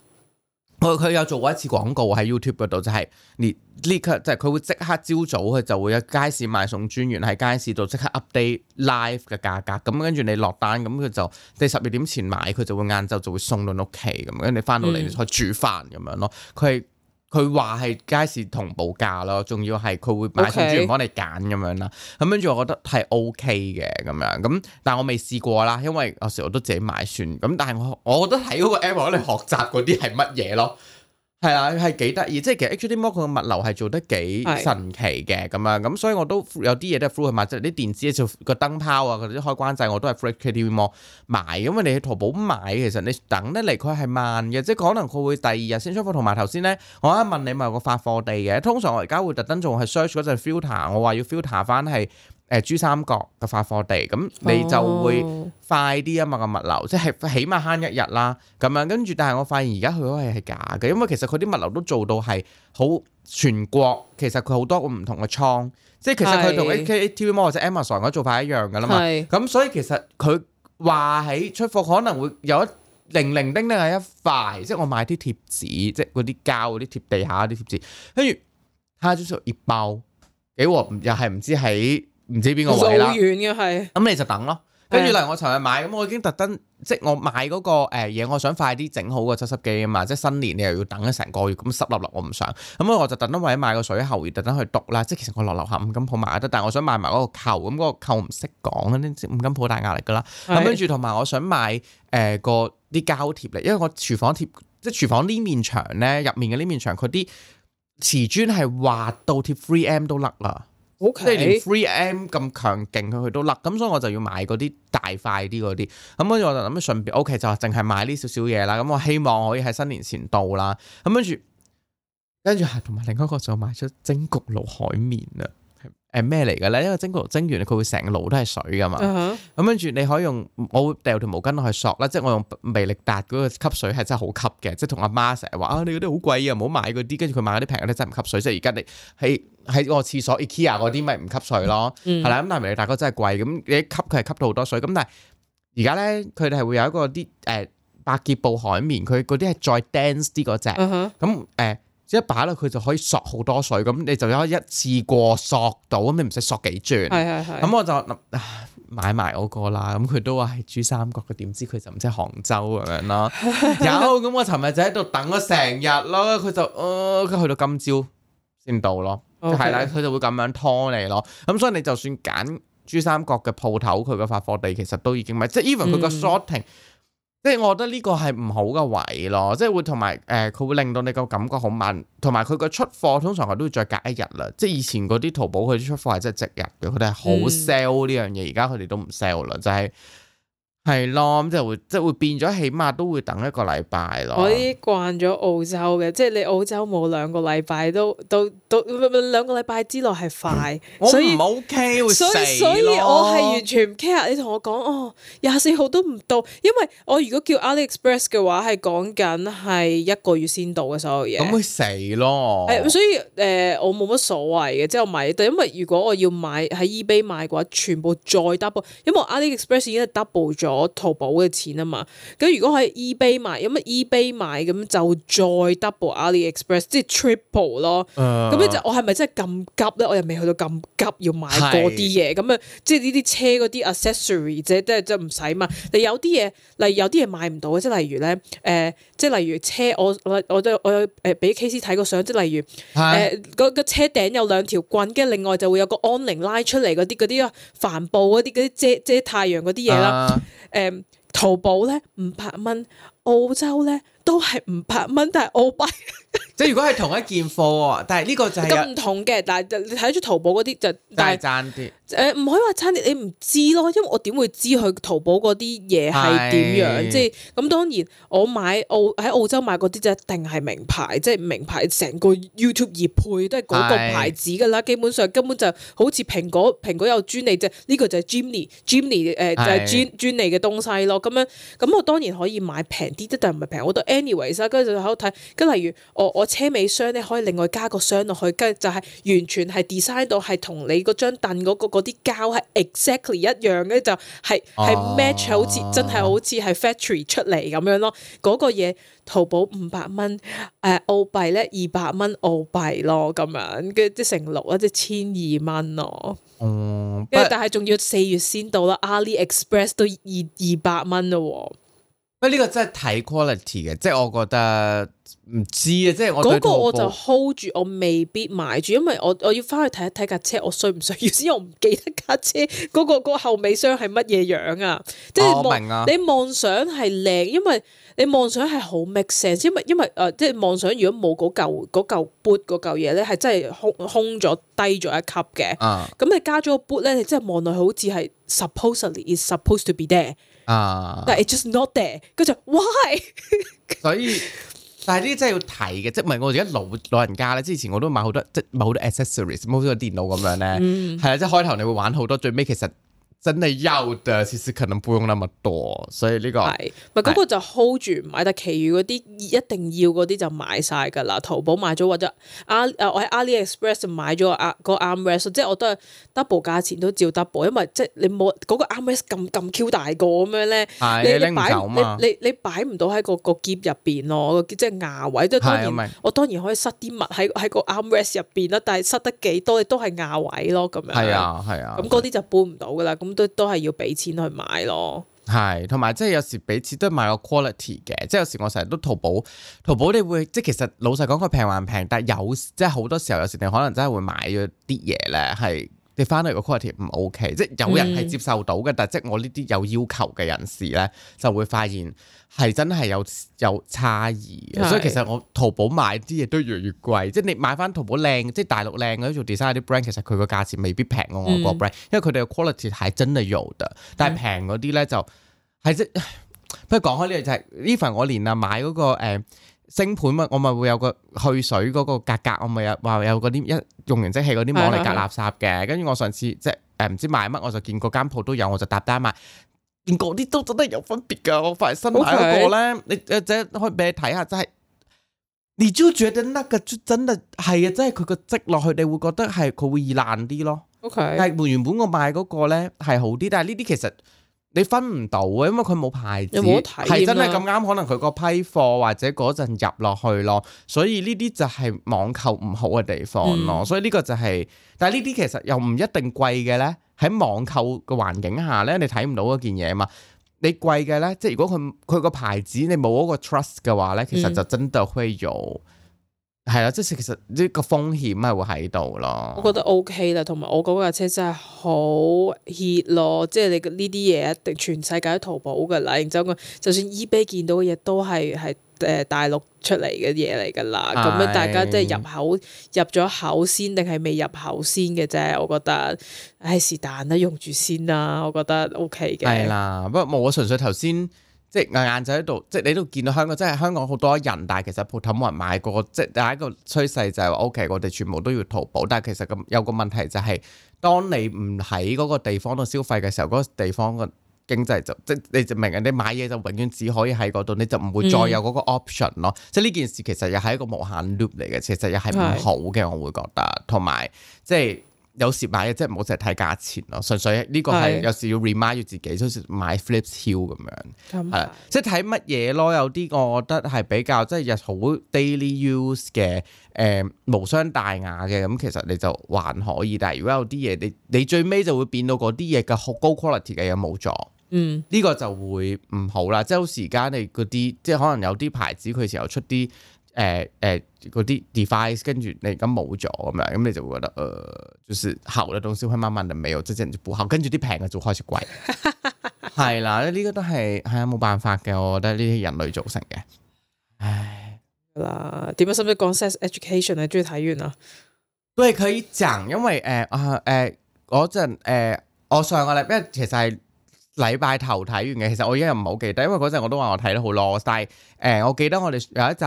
我佢 [coughs] 有做過一次廣告喺 YouTube 度，就係你，即係係佢會即刻朝早佢就會有街市買餸專員喺街市度即刻 update live 嘅價格，咁跟住你落單，咁佢就你十二點前買，佢就會晏晝就會送到屋企，咁跟住你翻到嚟，你，你，你煮飯咁樣咯。佢係。佢話係街市同步價咯，仲要係佢會買鮮豬，唔幫你揀咁樣啦。咁跟住我覺得係 OK 嘅咁樣，咁但係我未試過啦，因為有時我都自己買算。咁但係我我覺得喺嗰個 App 喺度學習嗰啲係乜嘢咯。係啊，係幾得意，即係其實 HKTVmall 佢物流係做得幾神奇嘅咁啊，咁的所以我都有啲嘢都係 full 去買，即係啲電子啊、個燈泡啊、嗰啲開關掣我都係喺 HKTVmall 買，因為你喺淘寶買其實你等得嚟佢係慢嘅。即係可能佢會第二日先出貨，同埋頭先咧，我啱問你咪有個發貨地嘅，通常我而家會特登仲係 search 嗰陣 filter，我話要 filter 翻係。誒珠三角嘅發貨地，咁你就會快啲啊嘛，個物流，即係起碼慳一日啦。咁樣跟住，但係我發現而家佢嗰個係假嘅，因為其實佢啲物流都做到係好全國。其實佢好多個唔同嘅倉，即係其實佢同 HKTVmall 或者 Amazon 嗰做法一樣噶啦嘛。咁所以其實佢話喺出貨可能會有一零零丁丁係一塊，即係我買啲貼紙，即係嗰啲膠嗰啲貼地下嗰啲貼紙，跟住他將佢一包俾我，又係唔知喺。唔知邊個買啦？遠嘅係咁，你就等咯。跟住，嚟我尋日買咁，我已經特登即係我買嗰、那個嘢、呃，我想快啲整好個抽濕機啊嘛。即係新年你又要等咗成個月，咁濕立立我唔想。咁、嗯、啊，我就特登為咗買個水喉，而特登去篤啦。即係其實我落樓，樓下五金鋪買得，但係我想買埋嗰個扣，咁、嗯、嗰、那個扣唔識講啊，五金鋪大壓力噶啦。咁跟住同埋我想買誒個啲膠貼嚟，因為我廚房貼即係廚房呢面牆咧，入面嘅呢面牆佢啲瓷磚係滑到貼 3M 都甩啊！Okay. 即係連 3M 咁強勁佢去都甩，咁所以我就要買嗰啲大塊啲嗰啲，咁跟住我就諗住順便，O、okay, K 就淨係買呢少少嘢啦，咁我希望可以喺新年前到啦，咁跟住跟住係同埋另一個就買咗蒸焗爐海綿啦。係咩嚟嘅咧？因為蒸焗爐蒸完佢會成個爐都係水噶嘛。咁跟住你可以用，我會掉條毛巾落去索啦。即係我用微力達嗰個吸水係真係好吸嘅。即係同阿媽成日話啊，你嗰啲好貴啊，唔好買嗰啲。跟住佢買嗰啲平嗰啲真係唔吸水。即係而家你喺喺個廁所 IKEA 嗰啲咪唔吸水咯，係啦、uh。咁、huh. 但係微力達嗰真係貴。咁你吸佢係吸到好多水。咁但係而家咧佢哋係會有一個啲誒百潔布海綿，佢嗰啲係再 dense 啲嗰隻。咁誒、uh。Huh. 即一擺落佢就可以索好多水，咁你就可以一次過索到，咁你唔使索幾轉。係係係。咁我就諗買埋嗰個啦，咁佢都話係珠三角，佢點知佢就唔知杭州咁樣啦。有咁我尋日就喺度等咗成日咯，佢 [laughs] 就，就、呃、去到今朝先到咯，係啦 Okay.，佢就會咁樣拖你咯。咁所以你就算揀珠三角嘅鋪頭，佢嘅發貨地其實都已經咪，即係 even 佢個 Shorting。即係我覺得呢個係唔好嘅位咯，即係會同埋誒，佢、呃、會令到你個感覺好慢，同埋佢個出貨通常佢都要再隔一日啦。即係以前嗰啲淘寶佢啲出貨係真係即日嘅，佢哋係好 sell 呢樣嘢，而家佢哋都唔 sell 啦，就係、是。係咯，咁就即係會變咗，起碼都會等一個禮拜咯。我啲慣咗澳洲嘅，即係你澳洲冇兩個禮拜都都都唔唔兩個禮拜之內係快。所以唔 OK，所以所以我係完全唔 care。你同我講哦，廿四號都唔到，因為我如果叫 AliExpress 嘅話，係講緊係一個月先到嘅所有嘢。咁佢死咯。所以誒，我冇乜所謂嘅，即之後買，但係因為如果我要買喺 eBay 買嘅話，全部再 double，因為 AliExpress 已經係 double 咗。攞淘寶嘅錢啊嘛，咁如果喺 eBay 買有乜 eBay 買咁就再 double AliExpress 即係 triple 咯。咁咧就我係咪真係咁急咧？我又未去到咁急要買嗰啲嘢，咁啊是即係呢啲車嗰啲 accessory 即係即係即係唔使啊嘛。你有啲嘢，例如有啲嘢賣唔到嘅，即係例如咧，誒、呃、即係例如車我我我我誒俾 K 師睇個相，即係例如誒個、啊呃那個車頂有兩條棍，跟住另外就會有個安寧拉出嚟嗰啲嗰帆布啲嗰啲遮遮太陽嗰啲嘢啦。 [laughs] 誒、嗯、淘寶咧五百蚊，澳洲咧都係五百蚊，但係澳幣。 [laughs] [laughs] 即係如果係同一件貨，但係呢個就係咁唔同嘅。但係你睇出，淘寶嗰啲就但係差啲。誒差點、呃，唔可以話差啲，你唔知咯。因為我點會知佢淘寶嗰啲嘢係點樣？是 即係咁，當然我買澳喺澳洲買嗰啲就一定係名牌，即係名牌成個 YouTube 熱配都係嗰個牌子噶啦。是 基本上根本就好似蘋果，蘋果有專利即呢、這個就係 Jimny，Jimny 誒就係專專利嘅東西咯。咁樣咁我當然可以買平啲，但係唔係平。我到 anyways 跟、啊、住就喺度睇，跟例如我車尾箱咧可以另外加個箱落去，跟住就係、是、完全係 design 到係同你嗰張凳嗰個嗰啲膠係 exactly 一樣咧，就係、是、係 match、啊、好似真係好似係 factory 出嚟咁樣咯。嗰、那個嘢淘寶五百蚊，誒、呃、澳幣咧二百蚊澳幣咯，咁樣跟住即成六一即千二蚊咯。哦、嗯，但係仲要四月先到啦，AliExpress 都二二百蚊咯。不呢個真係睇 quality 嘅，即係我覺得唔知啊，即係我嗰個我就 hold 住，我未必買住，因為我我要翻去睇一睇架車，我需唔需要先、 [laughs] 哦？我唔記得架車嗰個個後尾箱係乜嘢樣啊？即係望你望想係靚，因為你望想係好 make sense，因為因為誒、呃，即係望想如果冇嗰嚿 boot 嗰嚿嘢咧，係真係空空咗低咗一級嘅。咁、嗯、你加咗個 boot 咧，你真係望落去好似係 supposedly is supposed to be there。啊！但係 it's just not there，佢就 why？ [laughs] 所以，但係呢啲真係要睇嘅，即係唔係我而家老老人家咧。之前我都買好多，即係買好多 accessories，好個電腦咁樣咧。係啊、mm.，即係開頭你會玩好多，最尾其實。真係要嘅，其實可能不用那麼多，所以呢、呢個係咪嗰個就 hold 住唔買得，但係其餘嗰啲一定要嗰啲就買晒㗎啦。淘寶買咗或者阿、啊、我喺 AliExpress 買咗個阿 armrest，即係我都係 double 價錢都照 double，因為即係你冇嗰個 armrest 咁咁 Q 大個咁樣咧，你你擺唔你你你擺唔到喺、嗰個個夾入邊咯，即係亞位即係當然我，我當然可以塞啲物喺喺個 armrest 入邊啦，但係塞得幾多都係亞位咯咁樣。係啊係啊，咁嗰啲就搬唔到㗎啦咁。都都係要畀錢去買咯，係，同埋即係有時畀錢都係買個 quality 嘅，即係有時我成日都淘寶，淘寶你會即係其實老實講佢平還平，但係有即係好多時候有時你可能真係會買咗啲嘢咧係。你翻嚟個 quality 唔 OK，即係有人係接受到嘅，但係即係我呢啲有要求嘅人士咧，就會發現係真係有有差異嘅。是所以其實我淘寶買啲嘢都越嚟越貴，即係你買翻淘寶靚，即係大陸靚嗰啲做 design 啲 brand，其實佢個價錢未必平過外國 brand，因為佢哋 quality 係真係有嘅。但係平嗰啲咧就係即，不過講開呢樣就係，呢份我連啊買嗰、嗰個、呃星盤乜？我咪會有個去水嗰個格格，我咪有話有嗰啲一用完即棄嗰啲網嚟隔垃圾嘅。跟住我上次即誒唔、呃、知買乜，我就見嗰間鋪都有，我就搭單買。見嗰啲都真係有分別㗎。我發現新買嗰個咧，看你誒即開俾你睇下，真係你主要覺得甩嘅，真係係啊，真係佢個積落去，你會覺得係佢會易爛啲咯。OK，但原本我買嗰個咧係好啲，但係呢啲其實。你分唔到啊，因為佢冇牌子，係真係咁啱，可能佢個批貨或者嗰陣入落去咯，所以呢啲就係網購唔好嘅地方咯。嗯、所以呢個就係、是，但係呢啲其實又唔一定貴嘅咧。喺網購嘅環境下咧，你睇唔到嗰件嘢嘛？你貴嘅咧，即係如果佢佢個牌子你冇嗰個 trust 嘅話咧，其實就真係會有。嗯係啦，即係其實呢個風險係會喺度咯。我覺得 OK 啦，同埋我嗰架車真係好 heat 咯，即係你呢啲嘢一定全世界都淘寶㗎啦。然之後，就算 eBay 見到嘅嘢都係係誒大陸出嚟嘅嘢嚟㗎啦。咁樣大家即係入口入咗口先定係未入口先嘅啫。我覺得，唉，是但啦，用住先啦。我覺得 OK 嘅。係啦，不過我純粹頭先。即硬眼就喺度，即係你都見到香港，即係香港好多人，但係其實鋪頭冇人買過，個即但第一個趨勢就係話 OK，我哋全部都要淘寶，但係其實咁有個問題就係、是、當你唔喺嗰個地方度消費嘅時候，嗰、那個地方個經濟就即你就明，人哋買嘢就永遠只可以喺嗰度，你就唔會再有嗰個 option 咯、嗯。即係呢件事其實又係一個無限 loop 嚟嘅，其實又係唔好嘅，是我會覺得同埋即係。有時買嘢即係唔好成日睇價錢咯，純粹呢個係有時要 remind 要自己，好似是買 Philips Hue 咁樣，係樣即係睇乜嘢咯。有啲我覺得係比較即係日好 daily use 嘅，誒、呃、無傷大雅嘅咁，其實你就還可以。但係如果有啲嘢你，你最尾就會變到嗰啲嘢嘅好高 quality 嘅嘢冇咗，嗯，呢個就會唔好啦。即係好時間你嗰啲即係可能有啲牌子佢時候出啲。誒誒嗰啲 device 跟住你而家冇咗咁樣，咁、嗯、你就會覺得誒、呃，就是好嘅東西會慢慢就未有，即係人就不好，跟住啲平嘅就開始貴。係 [laughs] 啦，呢、這個都係係冇辦法嘅，我覺得呢啲人類造成嘅。唉，嗱，點啊？使唔使講 sex education 啊？中意睇完啦。對，可以講，因為誒啊誒嗰陣誒，我上個禮拜其實係禮拜頭睇完嘅，其實我而家又唔好記得，因為嗰陣我都話我睇得好但曬。誒、呃，我記得我哋有一集。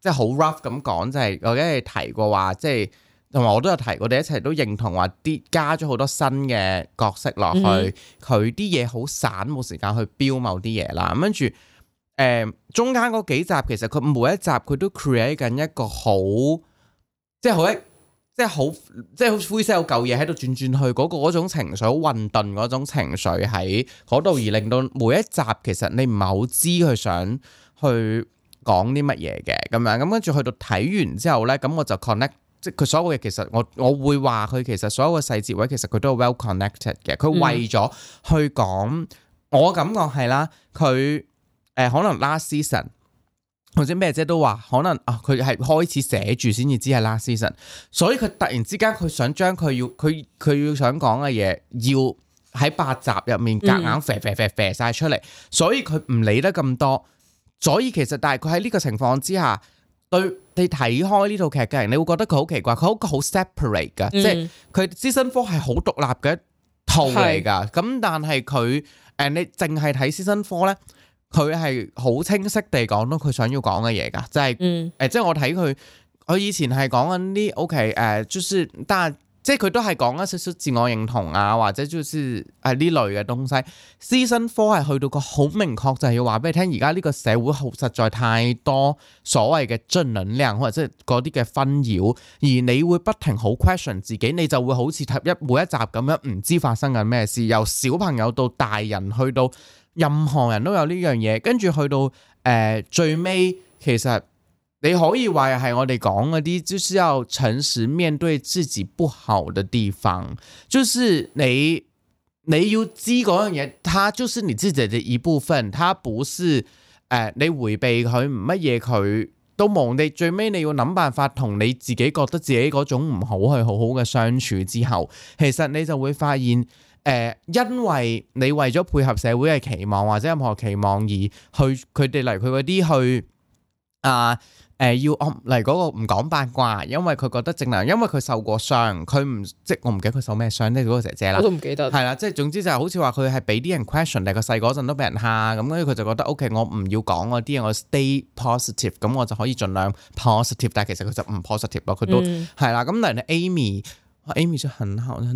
即係好 rough 咁講，就係、是、我已經提過話，即係同埋我都有提過，我哋一齊都認同話啲加咗好多新嘅角色落去，佢啲嘢好散，冇時間去標某啲嘢啦。跟住誒，中間嗰幾集其實佢每一集佢都 create 緊一個好，即係好一，即係好，即係灰色有舊嘢喺度轉轉去嗰、嗰個嗰種情緒，好混濁嗰種情緒喺嗰度，而令到每一集其實你唔係好知佢想去講啲乜嘢嘅咁樣，咁跟住去到睇完之後呢，咁我就 connect，即係佢所有嘅，其實我我會話佢其實所有嘅細節位，其實佢都係 well connected 嘅。佢為咗去講，我感覺係啦，佢誒可能 last season 或者咩啫都話可能啊，佢係開始寫住先至知係 last season，所以佢突然之間佢想將佢要佢佢要想講嘅嘢，要喺八集入面夾硬啡啡啡啡晒出嚟，所以佢唔理得咁多。所以其實，但係佢喺呢個情況之下，對你睇開呢套劇嘅人，你會覺得佢好奇怪，佢好似好 separate 嘅，se 嗯、即係佢 season four 係好獨立嘅一套嚟㗎。咁是但係佢誒，你淨係睇 season four 咧，佢係好清晰地講到佢想要講嘅嘢㗎，就係誒，即係、嗯呃、我睇佢，佢以前係講緊啲 OK 誒、呃，就是但即係佢都係講一少少自我認同啊，或者就是係呢類嘅東西。《私生科》係去到個好明確就，就係要話俾你聽，而家呢個社會好實在太多所謂嘅正能量，或者即係嗰啲嘅紛擾，而你會不停好 question 自己，你就會好似一每一集咁樣，唔知發生緊咩事。由小朋友到大人，去到任何人都有呢樣嘢，跟住去到誒、呃、最尾，其實。你可以話係我哋講嗰啲，就是要誠實面對自己不好的地方。就是你你要知嗰樣嘢，佢就是你自己嘅一部分，佢不是誒你回避佢唔乜嘢，佢都冇。你最尾你要諗辦法同你自己覺得自己嗰種唔好去好好嘅相處之後，其實你就會發現誒、呃，因為你為咗配合社會嘅期望或者任何期望而去，佢哋嚟佢嗰啲去啊。呃誒、呃、要我嚟嗰個唔講八卦，因為佢覺得正能因為佢受過傷，佢唔即係我唔記得佢受咩傷咧嗰、嗰個姐姐啦。我都唔記得。係啦，即係總之就係好似話佢係俾啲人 question，但係佢細嗰陣都俾人蝦咁，跟住佢就覺得、嗯、OK，我唔要講嗰啲嘢，我 stay positive，咁我就可以盡量 positive，但係其實佢就唔 positive 咯，佢都係啦。咁嗱，你 Amy，Amy 就很好，我係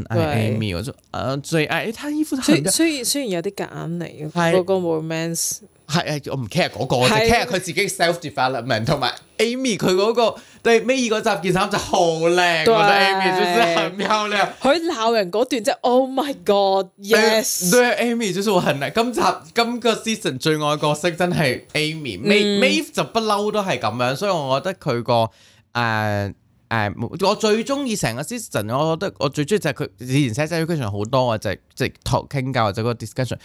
Amy, 對 Amy，我就誒最誒，衣服都所以雖然有啲夾硬嚟嘅嗰係啊，我唔 care 嗰個，我哋 care 佢自己 self development 同埋 Amy 佢嗰個尾二嗰集件衫就好靚，覺得 Amy 真係漂亮。佢鬧對人嗰段真係 Oh my God！Yes，都係 Amy，真係我恨今集今個 season 最愛角色真係 Amy，May、嗯、就不嬲都係咁樣，所以我覺得佢個誒誒，我最中意成個 season，我覺得我最中意就係佢以前寫 discussion 好多啊，就係即係 talking 教或者嗰個 discussion。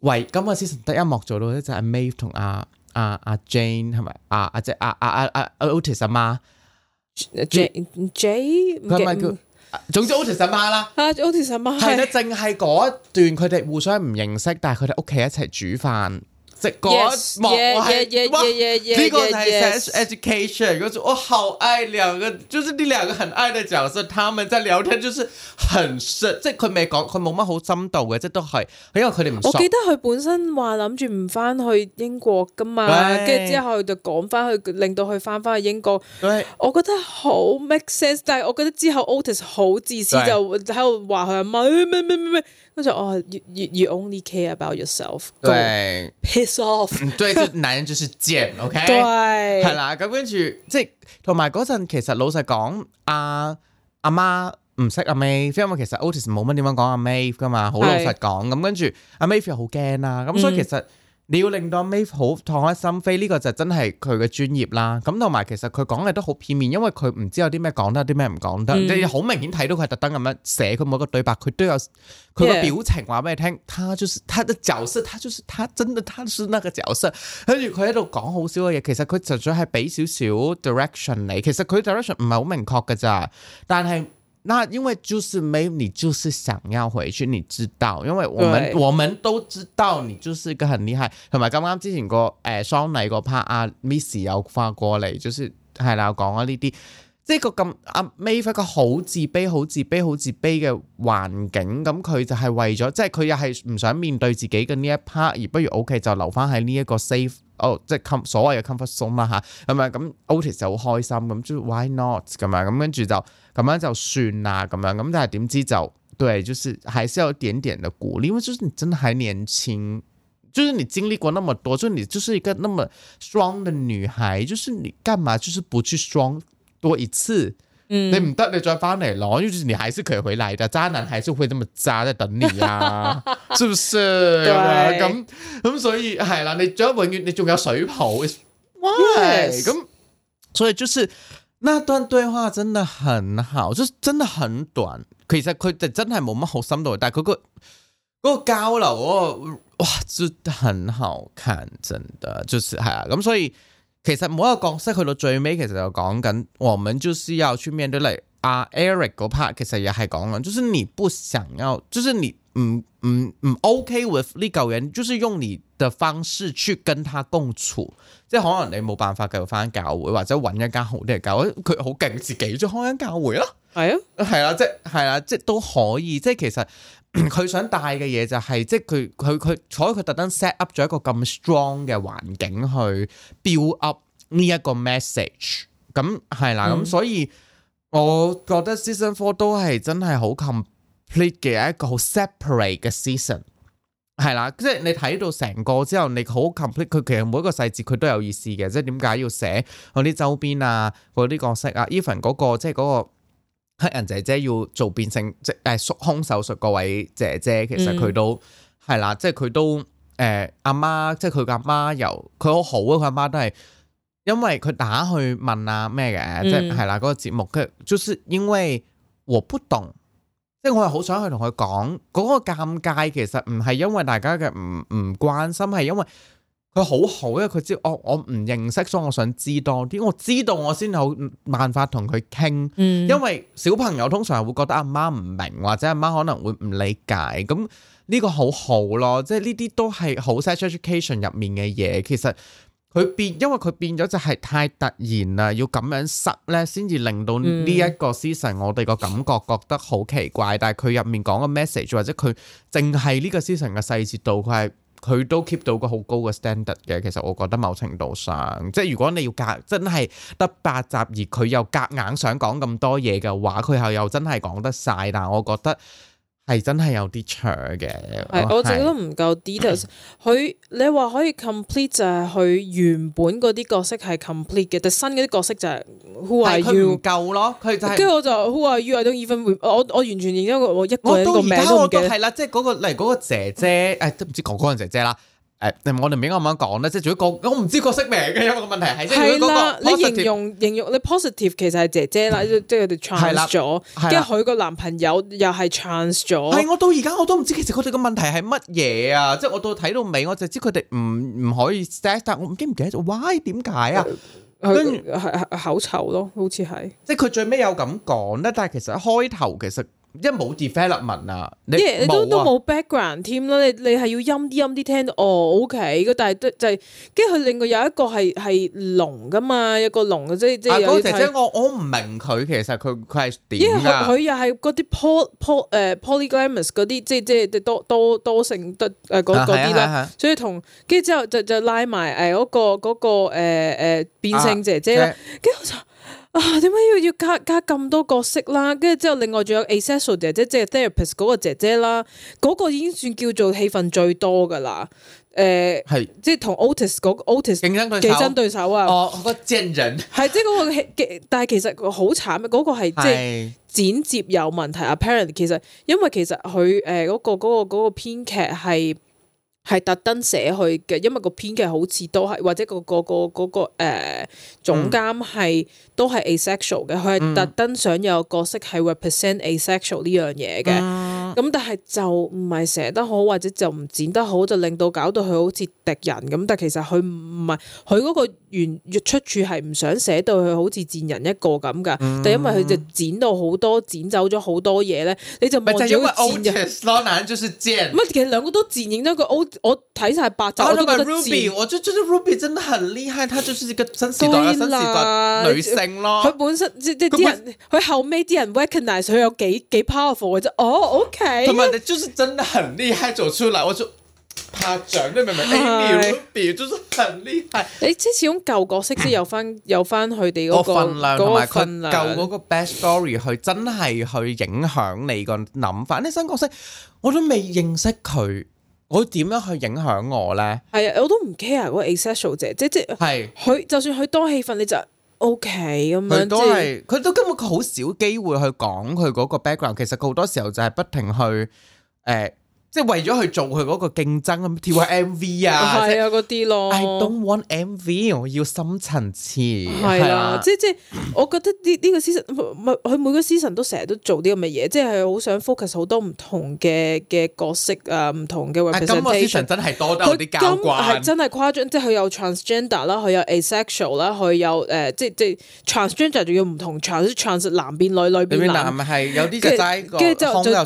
喂，咁啊，先得一幕做到咧，就係 Maeve 同阿阿阿 Jean 係咪？阿阿即係阿阿阿阿 Otis 阿媽 j Jean，佢咪叫，總之 Otis 阿媽啦。阿 Otis 阿媽係啦，淨係嗰一段，佢哋互相唔認識，但係佢哋屋企一齊煮飯。God，我我還哇，Sex Education，我好愛兩個，就是呢兩個很愛嘅角色，他們在聊天就是很深，即係佢未講，佢冇乜好深度嘅，即係都係，因為佢哋唔。我記得佢本身話諗住唔翻去英國噶嘛，跟住之後就講翻去，令到佢翻翻去英國，我覺得好 make sense，但係我覺得之後 Otis 好自私就喺度話佢阿媽。跟住哦，you you only care about yourself，對，piss off，對，男人就是賤，OK，對，係啦，咁跟住即係同埋嗰陣，其實老實講，阿阿媽唔識阿 May，因為其實 Otis 冇乜點樣講阿 May 噶嘛，好老實講，咁跟住阿 May 又好驚啦，咁所以其實。嗯你要令到 May 好痛開心扉，呢、呢個就真係佢嘅專業啦。咁同埋其實佢講嘅都好片面，因為佢唔知有啲咩講得，有啲咩唔講得。你好、嗯、明顯睇到佢特登咁樣寫佢每個對白，佢都有佢個表情話俾你聽。他就是他的角色，他就是他真的他是那個角色。跟住佢喺度講好少嘅嘢，其實佢實在係俾少少 direction 你。其實佢 direction 唔係好明確嘅咋，但係。那因為就是 May，你就是想要回去，你知道，因為我們對我們都知道你就是一個很厲害，同埋剛剛之前個誒，雙尼個 part 啊，Miss 又發過嚟，就是係啦，講啊呢啲。即係、這個咁阿 Maeve 個好自卑、好自卑、好自卑嘅環境，咁、嗯、佢就係為咗，即係佢又係唔想面對自己嘅呢一 part，而不如 O.K. 就留翻喺呢一個 safe，哦，即係 com 所謂嘅 comfort zone 啦吓，咁啊咁 Otis 就好開心，咁就 why not 咁啊，咁跟住就咁樣就算啦，咁樣咁但係點知就對，就是還是有一點點嘅鼓勵，因為就是你真係年輕，就是你經歷過那麼多，就是、你就是一個那麼 strong 嘅女孩，就是你幹嘛就是不去 strong。多一次，嗯、你唔得你再翻嚟咯，因為你還是可以回來的，渣男還是會那麼渣在等你啊， [laughs] 是不是？咁咁 [laughs] 對所以係啦，你仲永遠你仲有水泡，why？Yes .咁所以就是那段對話真的很好，就真的很短，其實佢哋真係冇乜好深度，但係、那、嗰個嗰、那個交流嗰個哇，就很好看，真的，就是係咁，所以。其實每一個角色去到最尾，其實就講緊，我們就是要去面對嚟阿、啊、Eric 嗰 part，其實又係講緊，就是你不想要，就是你唔唔唔 OK with 呢個人，就是用你的方式去跟他共處。即係可能你冇辦法繼續返教會，或者搵一間好啲嘅教會，佢好勁自己，就開間教會咯。係啊、哎呀，係啊，即係啊，即係都可以。即係其實。佢想帶嘅嘢就係、是，即係佢佢佢，所以佢特登 set up 咗一個咁 strong 嘅環境去 build up 呢一個 message。咁係啦，咁、嗯、所以我覺得 season four 都係真係好 complete 嘅一個好 separate 嘅 season。係啦，即係你睇到成個之後，你好 complete。佢其實每一個細節佢都有意思嘅，即係點解要寫嗰啲周邊啊，嗰啲角色啊，even 嗰個即係嗰、嗰個。黑人姐姐要做變性即誒縮胸手術，嗰位姐姐其實佢都係、嗯、啦，即係佢都誒阿、呃、媽，即係佢嘅阿媽又，又佢好好啊，佢阿媽都係，因為佢打去問啊咩嘅，嗯、即係啦嗰、這個節目，佢就是因為我不懂，即係我係好想去同佢講，嗰、那個尷尬其實唔係因為大家嘅唔唔關心，係因為。佢好好，因為佢知我我唔認識，所以我想知多啲。我知道我先有辦法同佢傾，嗯、因為小朋友通常會覺得阿媽唔明或者阿媽可能會唔理解，咁呢個好好咯。即係呢啲都係好 Sex Education 入面嘅嘢。其實佢變，因為佢變咗就係太突然啦，要咁樣塞咧，先至令到呢一個 season 我哋個感覺覺得好奇怪。嗯、但係佢入面講嘅 message 或者佢淨係呢個 season 嘅細節度，佢係。佢都 keep 到個好高嘅 standard 嘅，其實我覺得某程度上，即係如果你要夾，真係得八集而佢又夾硬想講咁多嘢嘅話，佢又又真係講得晒，但係我覺得。係真係有啲長嘅，係是、嗯、我自己都唔夠 detail。佢是你話可以 complete 就係佢原本嗰啲角色係 complete 嘅，但新嗰啲角色就係，係佢唔夠咯，佢就係、是。跟住我就話要係 I don't even，我我完全認咗我一個，一個我名都嘅。係啦，即係嗰個例如嗰個姐姐，誒都唔知哥哥定姐姐啦。誒，我哋唔應該咁樣講咧，即係如果個我唔知角色名嘅，因為個問題係啦即係佢嗰，形容形容你 positive 其實係姐姐、嗯、啦，即係佢哋 trans 咗，跟住佢個男朋友又係 trans 咗。係我到而家我都唔知，其實佢哋個問題係乜嘢啊？即係我到睇到尾，我就知佢哋唔唔可以 stay，但係我唔記唔記得咗，why 點解啊？跟住他後口臭咯，好似係。即係佢最尾有咁講咧，但係其實開頭其實。一冇 development 啊，你冇都冇 background 添啦，你你係要音啲音啲聽哦，O K 但係就係，跟住佢另外有一個係係聾噶嘛，一個聾嘅即係即係。啊，嗰姐姐我我唔明佢其實佢佢係點，因為佢又係嗰啲 p o l y 誒 polygamous 嗰啲，即係即係多多多性啲啦，所以同跟住之後就就拉埋誒嗰個嗰個誒誒變性姐姐啦，啊！點解要要加加咁多角色啦？跟住之後，另外仲有 accessor 姐姐，即係 therapist 嗰個姐姐啦，嗰、那個已經算叫做戲份最多噶啦。誒、呃，係是即係同 Otis 嗰、那個 Otis 競爭對手，對手啊！哦，嗰、那個賤人係即係嗰個，但係其實好慘咩？嗰、那個係即係剪接有問題。是 Apparently 其實因為其實佢誒嗰個嗰、那個嗰、那個編劇係。係特登寫去嘅，因為個編劇好似都係，或者、個、個、個嗰個誒總監係都係 asexual 嘅，佢係特登想有角色係 represent asexual 呢樣嘢嘅。嗯咁但係就唔係寫得好，或者就唔剪得好，就令到搞到佢好似敵人咁。但其實佢唔係佢嗰個原出處係唔想寫到佢好似賤人一個咁噶。嗯、但因為佢就剪到好多，剪走咗好多嘢咧，你就望就係因就是其實兩個都賤，影、哦、得個我睇晒八集，我覺得 Ruby 真係好厲害，她就係一個新時代女性咯。佢本身即即係啲人，佢後尾啲人 recognize 佢有幾幾 powerful 嘅啫。哦，okay 同埋你就係真係很厲害做出來，我就拍掌，你明唔明？秒如比，就是很厲害。你即係始終舊角色先有翻有翻佢哋嗰個分量同埋佢舊嗰個，個 back story，佢真係去影響你個諗法。啲新角色我都未認識佢，我點樣去影響我咧？係啊，我都唔 care 嗰個 accessorial 姐，即係係佢就算佢多戲份，你就。O.K. 咁樣，佢都係，佢都根本佢好少機會去講佢嗰個 background。其實佢好多時候就係不停去誒，呃即係為咗去做佢嗰個競爭咁跳下 MV 啊，係啊嗰啲咯。I don't want MV，我要深層次。係啊，即係即係，我覺得呢呢個司神唔係佢每個司神都成日都做啲咁嘅嘢，即係好想 focus 好多唔同嘅嘅角色啊，唔同嘅 r e p r e s e a t o n 真係多得我啲教慣，真係誇張，即係佢有 transgender 啦，佢有 asexual 啦，佢有誒即即 transgender 仲要唔同 trans，trans 男變女，女變男係有啲就齋個胸又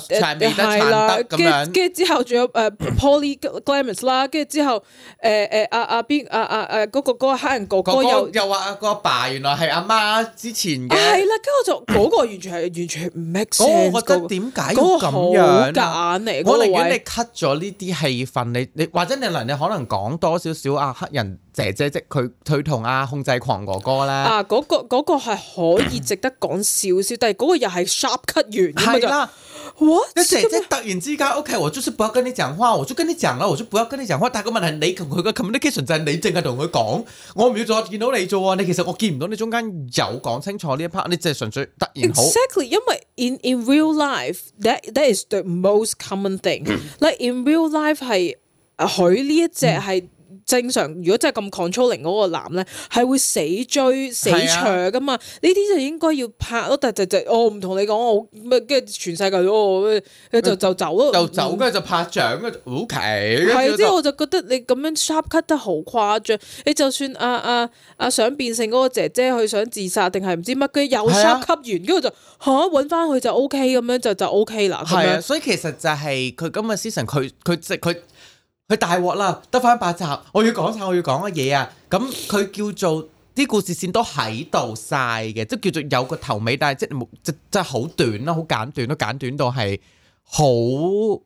之後仲有誒 Polyglamis 啦，跟住之後誒誒阿阿邊阿阿誒嗰個黑人哥哥又又話阿個爸原來係阿媽之前嘅，係啦，跟住我就嗰個完全係完全唔 make sense，我覺得點解要咁樣？我寧願你 cut 咗呢啲戲份，你你或者你能你可能講多少少阿黑人姐姐即佢佢同阿控制狂哥哥咧，啊嗰個嗰個係可以值得講少少，但係嗰個又係 sharp cut 完咁就。我 What 即係突然之間 OK，我就是不要跟你講話，我就跟你講啦，我就不要跟你講話。但個問題係，你同佢嘅 communication 就係你淨係同佢講，我唔要再見到你做。你其實我見唔到你中間有講清楚呢一 part，你淨係純粹突然好。Exactly，因為 in in real life，that is the most common thing。Like in real life，係佢呢一隻係。正常，如果真係咁 controlling 嗰個男咧，係會死追死搶噶嘛？呢啲、啊、就應該要拍咯。但直直我唔同你講，我咩？跟住全世界都我，佢就就走咯，就走跟住就，就拍掌，咁啊好奇。係即係我就覺得你咁樣 sharp cut 得好誇張。你就算阿阿阿想變性嗰個姐姐佢想自殺定係唔知乜，跟又 sharp cut 完，跟住、啊、就嚇揾翻佢就 O K 咁樣就就 O K 啦。係啊，所以其實就係佢今個嘅 season，佢佢即佢。佢大鑊啦，得翻八集，我要講晒，我要講嘅嘢啊！咁佢叫做啲故事線都喺度晒嘅，即係叫做有個頭尾，但係即係冇，即係好短啦，好簡短囉，簡短到係好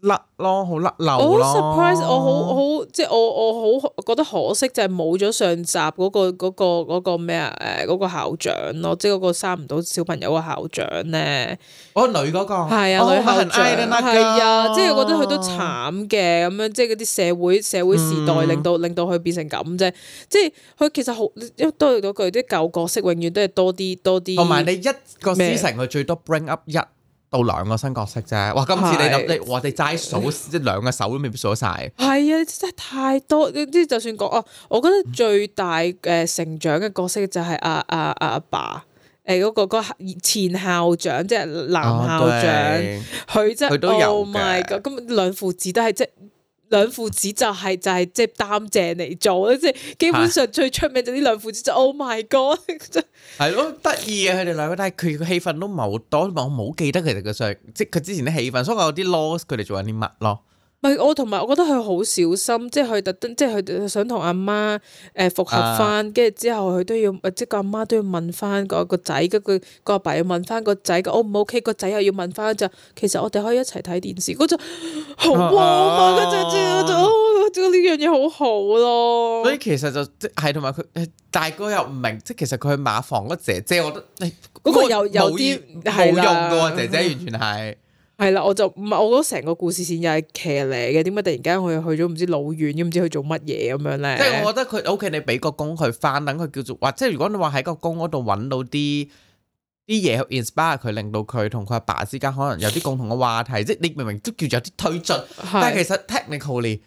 甩咯，好甩漏，好 surprise 我好，好很， [noise] 即係我我好覺得可惜就係冇咗上集嗰、那個嗰、那個、那個咩啊？誒，嗰個校長咯，即係嗰個生唔到小朋友嘅校長咧。我、哦、女嗰、那個係啊，女校長係、哦、啊，啊即係我覺得佢都慘嘅，咁樣即係嗰啲社會社會時代令到、嗯、令到佢變成咁啫。即係佢其實好都係嗰句，啲舊角色永遠都係多啲多啲。同埋你一個事情，佢最多 bring up 一。 [noise] 到兩個新角色啫，哇！今次你咁的你，我哋齋數即兩個手都未必數晒。曬。係啊，真係太多。你即就算講啊，我覺得最大嘅成長嘅角色就係阿阿阿爸，誒、欸、嗰、嗰個前校長即男校長，佢真佢都有嘅。咁、Oh my God、兩父子都係即。兩父子就係、是、就係即係擔正嚟做，即係基本上最出名就呢兩父子就、啊、Oh my God，真係咯，得意啊佢哋兩個，但係佢嘅戲份都唔係好多，我冇記得佢哋嘅相，即係佢之前啲戲份，所以我有啲 lost 佢哋做緊啲乜咯。唔係我同埋，我覺得佢好小心，即係佢特登，即係佢想同阿媽誒復合翻，跟住之後佢都要，即個阿媽都要問翻個仔，跟住個阿爸要問翻個仔嘅 O 唔 O K，個仔又要問翻就，其實我哋可以一齊睇電視，嗰就好啊嘛，嗰就即係覺得呢樣嘢好好咯。所以其實就即係同埋佢，大哥又唔明，即係其實佢去馬房嗰姐姐，我覺得嗰、哎嗰個有有啲冇用噶，姐姐，姐完全係。係啦，我就唔係，我覺得成個故事線又係騎嚟嘅，點解突然間佢去咗唔知老遠，咁唔知去做乜嘢咁樣咧？即係我覺得佢屋企你俾個工佢返，等佢叫做，或者即如果你話喺個工嗰度揾到啲啲嘢去 inspire 佢，令到佢同佢阿爸之間可能有啲共同嘅話題， [laughs] 即係你明明都叫做有啲推進，是但係其實 technically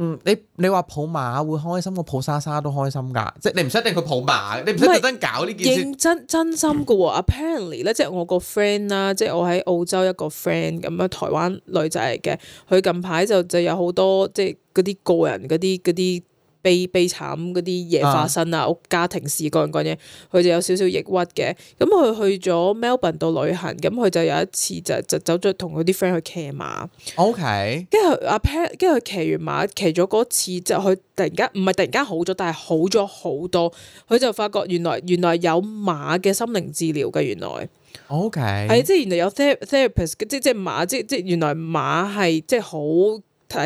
嗯，你你話抱馬會開心，我抱莎莎都開心㗎，即係你唔使定佢抱馬，你唔使特登搞呢件事。認真真心嘅喎，嗯，apparently 咧，即係我個 friend 啦，即係我喺澳洲一個 friend 咁樣，台灣女仔嚟嘅，佢近排就就有好多即係嗰啲個人啲嗰啲，悲悲慘嗰啲嘢發生啊，屋家庭事各樣各樣，佢就有少少抑鬱嘅。咁佢去咗 Melbourne 度旅行，咁佢就有一次就就走咗同佢啲 friend 去騎馬。OK，跟住阿 Pat 跟住佢騎完馬，騎咗嗰次就佢突然間唔係突然間好咗，但係好咗好多。佢就發覺原來原來有馬嘅心靈治療嘅原來。OK，係即係原來有 therapist 即即馬即即原來馬係即係好。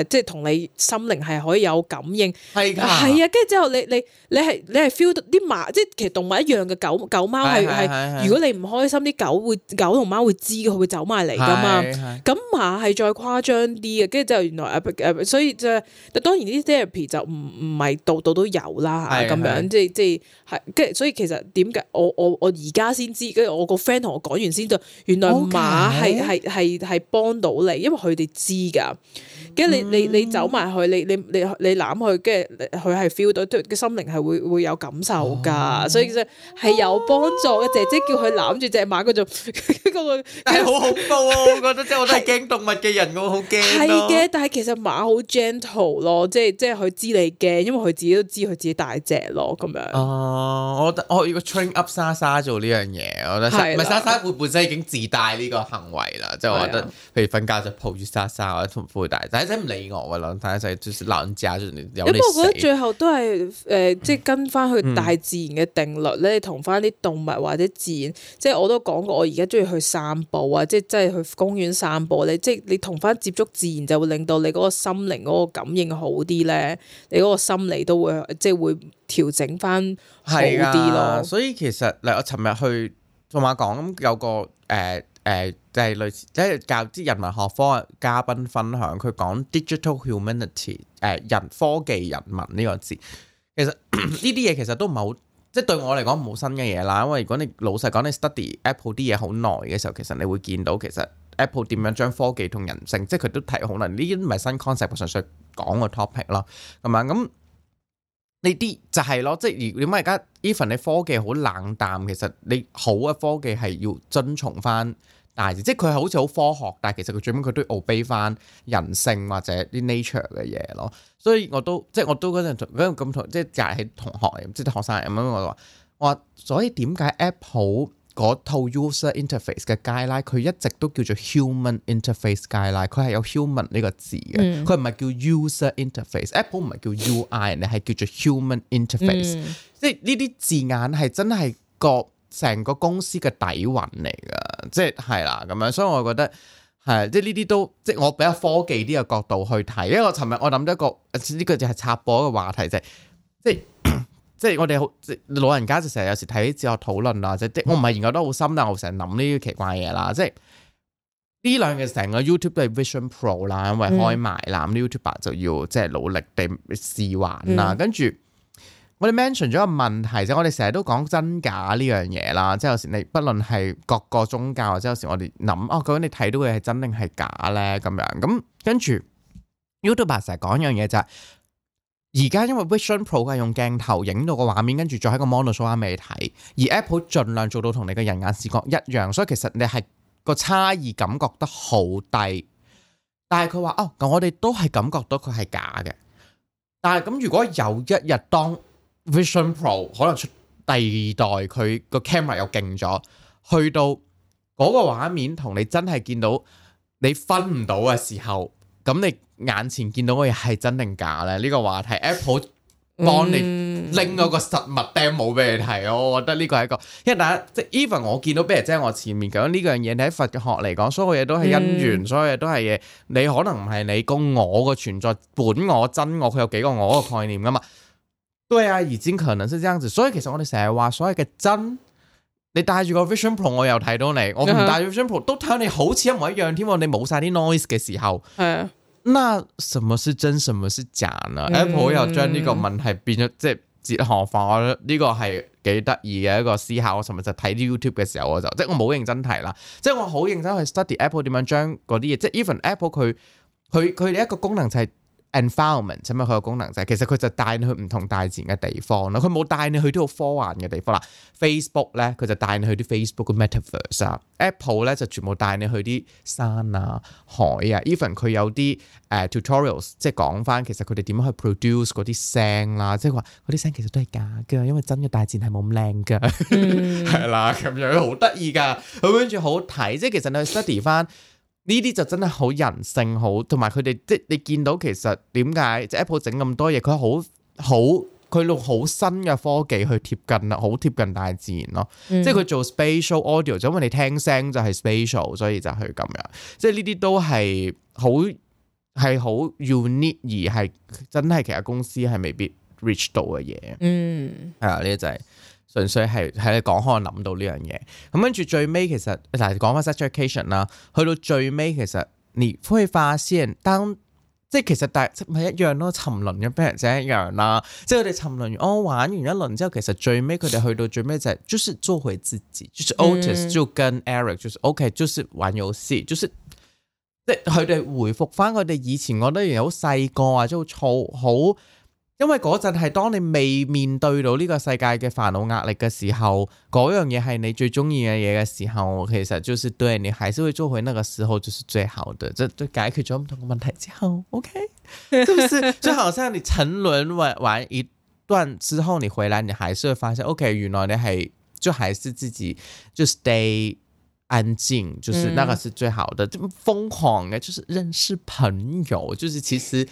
即係同你心靈係可以有感應，係係的啊，啊，跟住之後你你你係你係 feel 到啲馬，即係其實動物一樣嘅狗狗貓係係，是是是如果你唔開心，啲狗會狗同貓會知，佢會走埋嚟噶嘛。咁的馬係再誇張啲嘅，跟住之後就原來、啊、所以就當然啲 therapy 就唔唔係度度都有啦，咁的樣，即係即係係跟住，所以其實點解我我我而家先知，跟住我個 friend 同我講完先就原來馬係係係係幫到你，因為佢哋知㗎。.跟住你你你走埋去，你你你你攬佢，跟住佢係 feel 到，佢嘅心靈係會會有感受噶，所以其實係有幫助嘅。姐姐、啊、叫佢攬住隻馬，佢就嗰個係好恐怖啊！ [laughs] 我覺得真係驚動物嘅人，我好驚，係嘅，但係其實馬好 gentle 咯，即係即係佢知你驚，因為佢自己都知佢自己大隻咯，咁樣哦，我得，我如果 train up 莎莎做呢樣嘢，我覺得唔係莎莎本本身已經自帶呢個行為啦？即係我覺得，譬如瞓覺就抱住莎莎或者同佢抱大。真唔理我喂，兩睇就係鬧人渣住你，有你死。我覺得最後都係誒、呃，即係跟翻去大自然嘅定律咧，同翻啲動物或者自然，即係我都講過，我而家中意去散步啊，即係真係去公園散步咧，即係你同翻接觸自然，就會令到你嗰個心靈嗰個感應好啲咧，你嗰個心理都會即係會調整翻好啲咯、啊。所以其實嗱，我尋日去同阿講咁有個誒。呃誒、呃、就係、是、類似即係、就是、教啲人文學科嘅嘉賓分享，佢講 Digital Humanity 誒、呃、人科技人文呢個字，其實呢啲嘢其實都唔係好即係對我嚟講冇新嘅嘢啦，因為如果你老實講你 study Apple 啲嘢好耐嘅時候，其實你會見到其實 Apple 點樣將科技同人性，即係佢都睇可能呢啲唔係新 concept，純粹講個 topic 咯，咁咪咁？呢啲就係咯，即係你點解而家 even 你科技好冷淡，其實你好嘅科技係要遵從翻大自然，即係佢好似好科學，但係其實佢最尾佢都要 obey 翻人性或者啲 nature 嘅嘢咯。所以我都即係我都嗰陣同咁同即係就喺同學嚟，即係學生咁樣，我都話我所以點解 Apple？嗰套 user interface 嘅 guideline，佢一直都叫做 human interface guideline，佢係有 human 呢個字嘅，佢唔係叫 user interface，Apple、嗯、唔係叫 UI，人哋係叫做 human interface，、嗯、即係呢啲字眼係真係個成個公司嘅底蘊嚟噶，即係，係啦咁樣，所以我覺得係、啊，即係呢啲都即係我比較科技啲嘅角度去睇，因為我尋日我諗到一個，呢、這個就係插播一個話題，就係。即係。即係我哋好，老人家就成日有時睇啲哲學討論啊，即、嗯、我唔係研究得好深，但係我成日諗呢啲奇怪嘢啦。即係呢兩日成個,個 YouTube 都係 Vision Pro 啦，因為開埋啦，咁、嗯、YouTuber 就要即係努力地試玩啦。嗯、跟住我哋 mention 咗個問題啫，就係、我哋成日都講真假呢樣嘢啦。即係有時你，不論係各個宗教，或者有時我哋諗哦，究竟你睇到嘅係真定係假咧？咁樣咁跟住 YouTuber 成日講一樣嘢就係。而家因為 Vision Pro 佢係用鏡頭影到個畫面，跟住再喺個 Monitor 上面睇，而 Apple 盡量做到同你嘅人眼視覺一樣，所以其實你係個差異感覺得好低。但係佢話哦，咁我哋都係感覺到佢係假嘅。但係咁如果有一日當 Vision Pro 可能出第二代，佢個 camera 又勁咗，去到嗰個畫面同你真係見到，你分唔到嘅時候。咁你眼前見到嘅嘢係真定假咧？呢、這個話題，Apple 幫你拎咗個實物 demo 俾你睇，嗯、我覺得呢個係一個，因為大家即係 even 我見到，比如即係我前面講呢個樣嘢，你喺佛學嚟講，所有嘢都係因緣，嗯、所有嘢都係嘢。你可能唔係你供我嘅存在本我真我，佢有幾個我嘅概念噶嘛？對啊，而兼可能是這樣，所以其實我哋成日話所謂嘅真。你戴住個 Vision Pro，我又睇到你。我唔戴住 Vision Pro 都睇到你好似一模一樣添。你冇晒啲 noise 嘅時候，係啊。那什麼是真，什麼是假啊？嗯。Apple 又將呢個問題變咗即係哲學化。我覺得呢個係幾得意嘅一個思考。我尋日就睇啲 YouTube 嘅時候，我就即係我冇認真睇啦。即係我好認真去 study Apple 點樣將嗰啲嘢。即係 even Apple 佢佢佢哋一個功能就係。Environment 咁啊，佢個功能就係、是、其實佢就帶你去唔同大自然嘅地方咯，佢冇帶你去啲好科幻嘅地方啦、啊。Facebook 咧，佢就帶你去啲 Facebook 嘅 Metaverse 啊，Apple 咧就全部帶你去啲山啊、海啊。Even 佢有啲誒、呃、tutorials，即係講翻其實佢哋點樣去 produce 嗰啲聲啦、啊，即係話嗰啲聲其實都係假噶，因為真嘅大自然係冇咁靚噶，係啦、嗯，咁樣 [laughs] 好得意噶，佢跟住好睇即係。其實你去 study 翻。呢啲就真係好人性，好同埋佢哋即係你見到其實點解即 Apple 整咁多嘢，佢好好佢用好新嘅科技去貼近，好貼近大自然咯。嗯、即係佢做 Spatial Audio，就因為你聽聲就係 Spatial，所以就係咁樣。即係呢啲都係好係好 Unique 而係真係其他公司係未必 reach 到嘅嘢。嗯，係啊，呢啲就係。純粹係你講可能諗到呢樣嘢，咁跟住最尾其實，嗱講翻 Education 啦，去到最尾其實你會發現，當即係其實大即一樣咯、啊。沉淪嘅 person 一樣啦、啊，即係佢哋沉淪完，我、哦、玩完一輪之後，其實最尾佢哋去到最尾就係 Just do 回自己，就是 Otis、嗯、就跟 Eric，就是 OK，就是玩遊戲，就是即係佢哋回復翻佢哋以前，我覺得好細個啊，即係好燥好。因為嗰陣係當你未面對到呢個世界嘅煩惱壓力嘅時候，嗰樣嘢係你最中意嘅嘢嘅時候，其實就是對你還是會做回那個時候，就是最好的。就對，解決咗唔同問題之後，OK，是不是？就 [laughs] 好像你沉淪玩玩一段之後，你回來，你還是會發現，OK，原來你係就還是自己就 stay 安靜，就是那個是最好的。就瘋、嗯、狂嘅，就是認識朋友，就是其實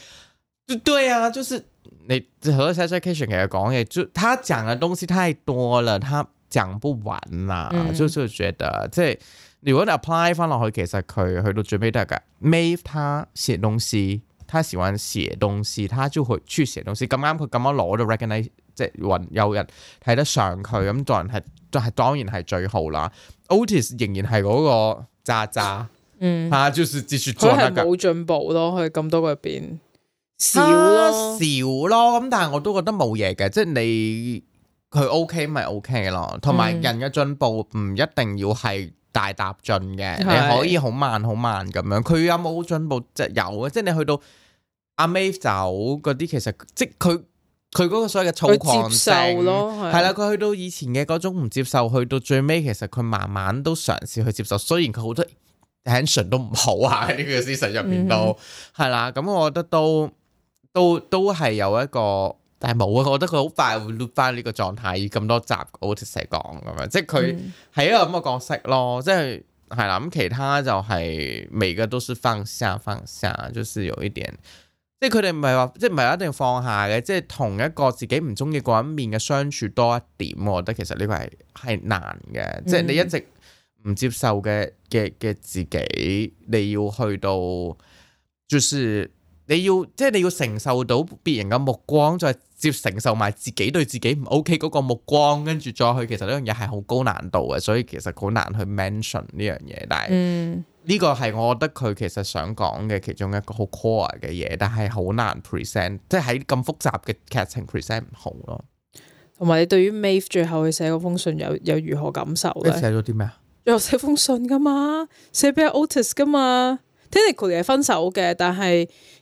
就對啊，就是。你好多 Sex Education 佢講嘢，就講嘅東西太多了，他講不完啦。Mm hmm. 就是覺得即係如果你 apply 翻落去，其實佢去到最尾都係嘅。Maeve 他寫東西，他喜歡寫東西，他就會去寫東西。咁啱佢咁樣攞到 recognize，即係有人睇得上佢，咁當然係，就係當然係最好啦。Otis 仍然係嗰個渣渣，mm hmm. 嗯，他就是繼續做。佢係冇進步咯，佢咁多個變。少少咯，咁、啊、但係我都覺得冇嘢嘅，即係你佢 OK 咪 OK 咯，同埋、OK OK、人嘅進步唔一定要係大踏進嘅，嗯、你可以好慢好慢咁樣。佢是有冇進步？就有啊，即係你去到阿 May 走嗰啲，其實即係佢佢嗰個所謂嘅躁狂症，係啦。佢去到以前嘅嗰種唔接受，去到最尾其實佢慢慢都嘗試去接受，雖然佢好多 ansion 都唔好啊，喺呢個思想入面都係啦。咁、嗯、哼我覺得都。都都係有一個，但係冇啊！我覺得佢好快會 lock 返呢個狀態。咁多集我成日講咁樣，即係佢係一個咁嘅角色咯。即係係啦，咁其他就係未嘅。都是放下放下，就是有一點，即係佢哋唔係話，即係唔係一定要放下嘅。即係同一個自己唔中意嗰一面嘅相處多一點。我覺得其實呢個係係難嘅，嗯、即係你一直唔接受嘅嘅嘅自己，你要去到就是。你要即係你要承受到別人嘅目光，再接承受埋自己對自己唔 OK 嗰個目光，跟住再去，其實呢樣嘢係好高難度嘅，所以其實好難去 mention 呢樣嘢。但係嗯，呢個係我覺得佢其實想講嘅其中一個好 core 嘅嘢，但係好難 present，即係喺咁複雜嘅劇情 present 唔好咯。同埋你對於 Mae 最後去寫嗰封信有有如何感受咧？寫咗啲咩啊？有寫封信㗎嘛？寫俾 Otis 㗎嘛？Technically 佢哋係分手嘅，但係...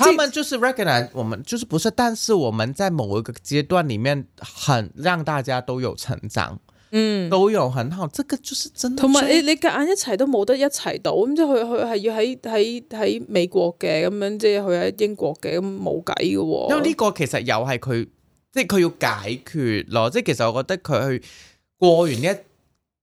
他們就是 recognize 我們就是不是，但是我們在某一個階段裏面，很讓大家都有成長，嗯，都有很好，這個就是真的。同埋、嗯、你你夾硬一齊都冇得一齊到，咁即係佢佢係要喺喺喺美國嘅咁樣，即係佢喺英國嘅咁冇計嘅。因為呢個其實又係佢，即係佢要解決咯。即係其實我覺得佢去過完一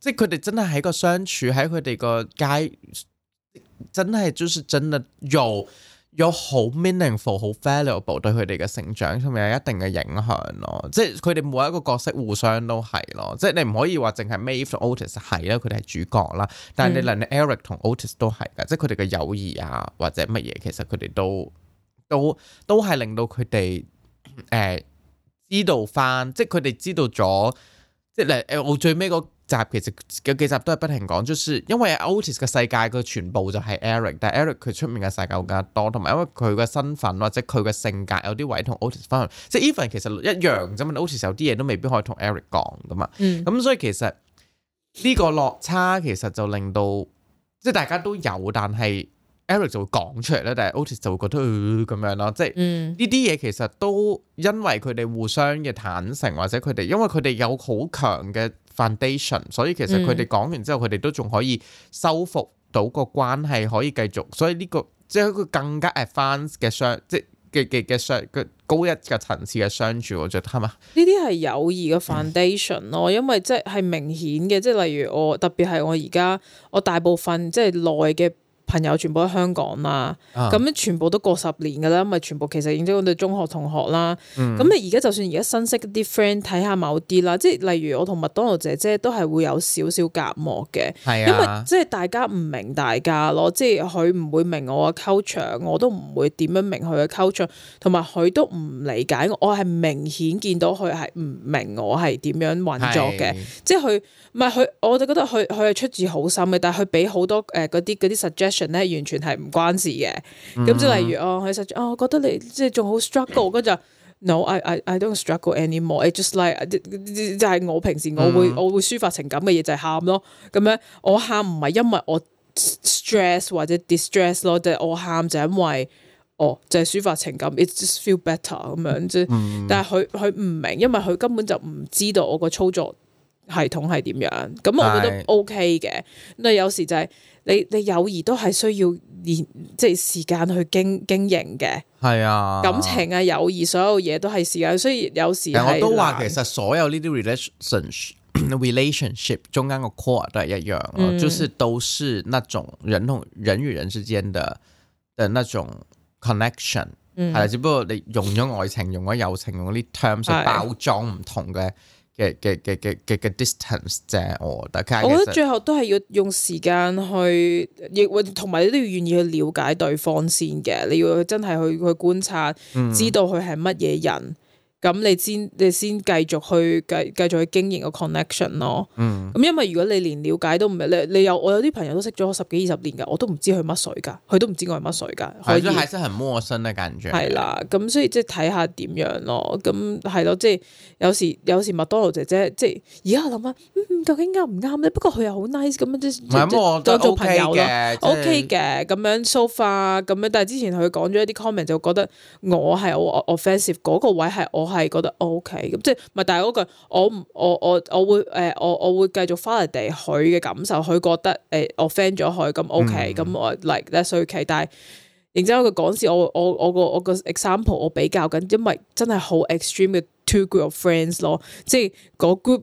即係佢哋真係喺個相處喺佢哋個街，真係就是真係有有好 meaningful、好 valuable 對佢哋嘅成長上面有一定嘅影響咯。即係佢哋每一個角色互相都係咯。即係你唔可以話淨係 Maeve 同 Otis 係啦，佢哋係主角啦。但係你連你 Eric 同 Otis 都係嘅。嗯、即係佢哋嘅友誼啊，或者乜嘢，其實佢哋都都都係令到佢哋誒知道翻，即係佢哋知道咗。即係誒，我最尾嗰集其實有幾集都係不停講，就是因為 Otis 嘅世界佢全部就係 Eric，但係 Eric 佢出面嘅世界更加多，同埋因為佢嘅身份或者佢嘅性格有啲位同 Otis 分，即係 Even 其實一樣啫嘛，Otis 有啲嘢都未必可以同 Eric 講噶嘛，咁、嗯、所以其實呢、呢個落差其實就令到即係大家都有，但係。Eric 就會講出嚟咧，但係 Otis 就會覺得咁、呃、樣咯，即係呢啲嘢其實都因為佢哋互相嘅坦誠，或者佢哋因為佢哋有好強嘅 foundation，所以其實佢哋講完之後，佢哋都仲可以修復到個關係，可以繼續。所以呢、呢個即係一個更加 advanced 嘅相，即嘅嘅嘅相，高一嘅層次嘅相處，我覺得係嘛？呢啲係友誼嘅 foundation 咯，嗯、因為即係係明顯嘅，即係例如我特別係我而家我大部分即係內嘅，朋友全部喺香港啦，咁咧、啊、全部都過十年噶啦，因、就、為、是、全部其實認得我哋中學同學啦。咁你而家就算而家新識啲 friend 睇下某啲啦，即係例如我同麥當勞姐姐都係會有少少隔膜嘅，啊、因為即係大家唔明大家咯，即係佢唔會明我嘅 culture，我都唔會點樣明佢嘅 culture，同埋佢都唔理解我。係明顯見到佢係唔明我係點樣運作嘅，即係佢唔係佢，我就覺得佢佢係出自好心嘅，但係佢俾好多誒嗰啲嗰啲 suggestion。呃咧完全係唔關事嘅，咁即係例如、mm hmm. 哦，佢實哦我覺得你即係仲好 struggle，跟住 no，I I, I, I don't struggle anymore。It just like 就係我平時我會，mm hmm. 我，會我會抒發情感嘅嘢就係喊咯，咁樣我喊唔係因為我 stress 或者 distress 咯，就係我喊就因為哦，就係、是、抒發情感，it just feel better 咁樣啫。Mm hmm. 但係佢佢唔明，因為佢根本就唔知道我個操作。系統係點樣？咁我覺得 OK 嘅。咁的有時就係你你友誼都係需要即係時間去經經營嘅。係啊的，感情啊、友誼，所有嘢都係時間。所以有時，但我都話其實所有呢啲 relationship、relationship 中間個 core 都係一樣，嗯、就是都是那種人同人與人之間嘅的那種 connection、嗯。係啊，只不過你用咗愛情、用咗友情、用啲 terms 去包裝唔同嘅。嘅嘅嘅嘅嘅嘅 distance 啫，我，但我覺得最後都係要用時間去，亦會同埋你都要願意去了解對方先嘅。你要去真係去去觀察，知道佢係乜嘢人。嗯咁你先，你先繼續去繼繼續去經營個 connection 咯。嗯。咁因為如果你連了解都唔，你你有我有啲朋友都識咗十幾二十年㗎，我都唔知佢乜水㗎，佢都唔知我係乜水㗎。始終、嗯、還是很陌生嘅感覺。係啦，咁所以即係睇下點樣咯。咁係咯，即係、就是、有時有時麥當勞姐姐即係而家諗下，究竟啱唔啱咧？不過佢又好 nice 咁樣即係再做朋友咯。O K 嘅，咁、okay、樣 so far 咁樣，但係之前佢講咗一啲 comment 就覺得我係我 offensive 嗰個位係我。係覺得 OK 咁，即係唔係？但係嗰句我唔，我我我會誒、呃，我我會繼續 follow 地佢嘅感受，佢覺得誒、呃、我 friend 咗佢咁 OK，咁、嗯嗯、我 like that OK 但。但係然之後我佢講時，我我我個我個 example，我比較緊，因為真係好 extreme 嘅 two group of friends 咯，即係嗰 group。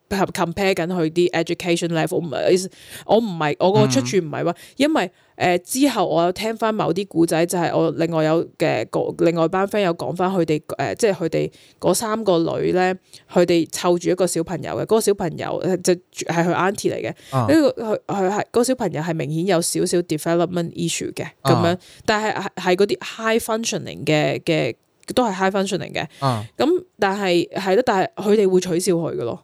合 compare 緊佢啲 education level，唔係，我唔係我個出處唔係話，因為誒、呃、之後我有聽翻某啲古仔，就係、是、我另外有嘅另外班 friend 有講翻佢哋誒，即係佢哋嗰三個女咧，佢哋湊住一個小朋友嘅，嗰、那個小朋友就係佢 auntie 嚟嘅。呢、啊那個佢佢係嗰個小朋友係明顯有少少 development issue 嘅咁樣，啊、但係係嗰啲 high functioning 嘅嘅都係 high functioning 嘅，咁、啊嗯、但係係咯，但係佢哋會取笑佢嘅咯。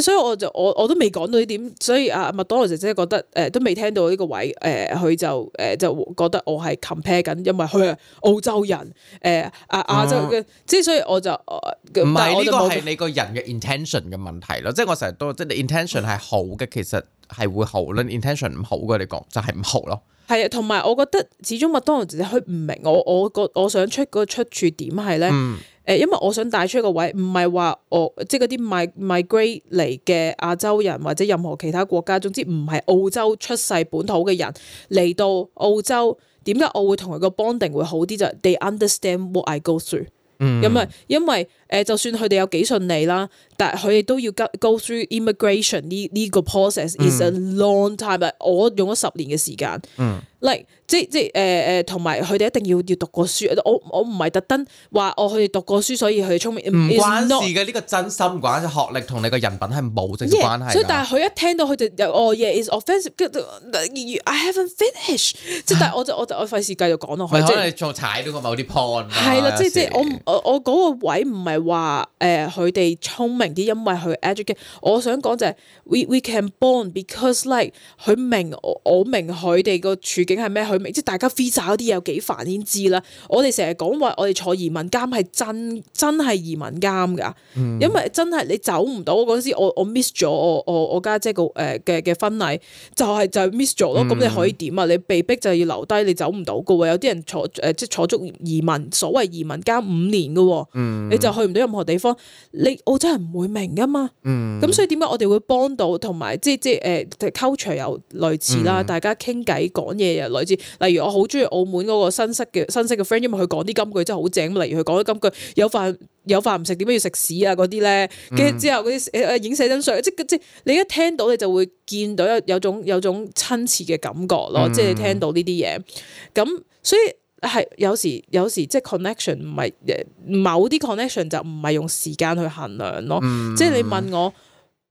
所以我就我我都未講到呢點，所以阿麥當勞姐姐覺得誒、呃、都未聽到呢個位，誒、呃、佢就誒、呃、就覺得我係 compare 緊，因為佢係澳洲人，誒亞亞洲嘅，即、呃、係、嗯、所以我就唔係呢個係你個人嘅 intention 嘅問題咯、嗯，即係我成日都即係你 intention 係好嘅，其實係會好，但 intention 唔好嘅你講就係唔好咯。係啊、嗯，同埋我覺得始終麥當勞姐姐佢唔明我我個我，我想出個出處點係咧。嗯誒，因為我想帶出一個位，唔係話我即係嗰啲 migrate 嚟嘅亞洲人或者任何其他國家，總之唔係澳洲出世本土嘅人嚟到澳洲，點解我會同佢個 bonding 會好啲就係 They understand what I go through，咁啊、嗯，因為誒，就算佢哋有幾順利啦。但佢哋都要 go through immigration 呢呢個 process is a long time 啊！我用咗十年嘅時間，like 即即誒誒，同埋佢哋一定要要讀過書。我我唔係特登話我去讀過書，所以佢聰明。唔關事嘅呢個真心嘅，學歷同你嘅人品係冇直接關係。所以但係佢一聽到佢哋哦，yeah，is offensive，跟住 I haven't finish，即但係我就我我費事繼續講落去，即係你做踩到個某啲 point 係啦，即即我我我嗰個位唔係話誒佢哋聰明。啲因為佢 educate，我想講就係、是、we we can bond because like 佢明我，我明佢哋個處境係咩，佢明即係大家 visa 嗰啲有幾煩先知啦。我哋成日講話我哋坐移民監係真真係移民監㗎，嗯、因為真係你走唔到。我嗰時我我 miss 咗我我我家姐個誒嘅嘅婚禮，就係、是、就是、miss 咗咯。咁、嗯、你可以點啊？你被逼就要留低，你走唔到㗎喎。有啲人坐誒即係坐足移民所謂移民監五年㗎喎，你就去唔到任何地方。你我真係唔會。會明啊嘛，咁、嗯、所以點解我哋會幫到同埋即係即係誒 culture 又類似啦，嗯、大家傾偈講嘢又類似。例如我好中意澳門嗰個新識嘅新識嘅 friend，因為佢講啲金句真係好正。例如佢講咗金句，有飯有飯唔食，點解要食屎啊？嗰啲咧，跟住、嗯、之後嗰啲影寫真相，即係即你一聽到，你就會見到有種有種有種親切嘅感覺咯。嗯、即係你聽到呢啲嘢，咁所以。係有時有時即係 connection 唔係誒，某啲 connection 就唔係用時間去衡量咯。嗯、即係你問我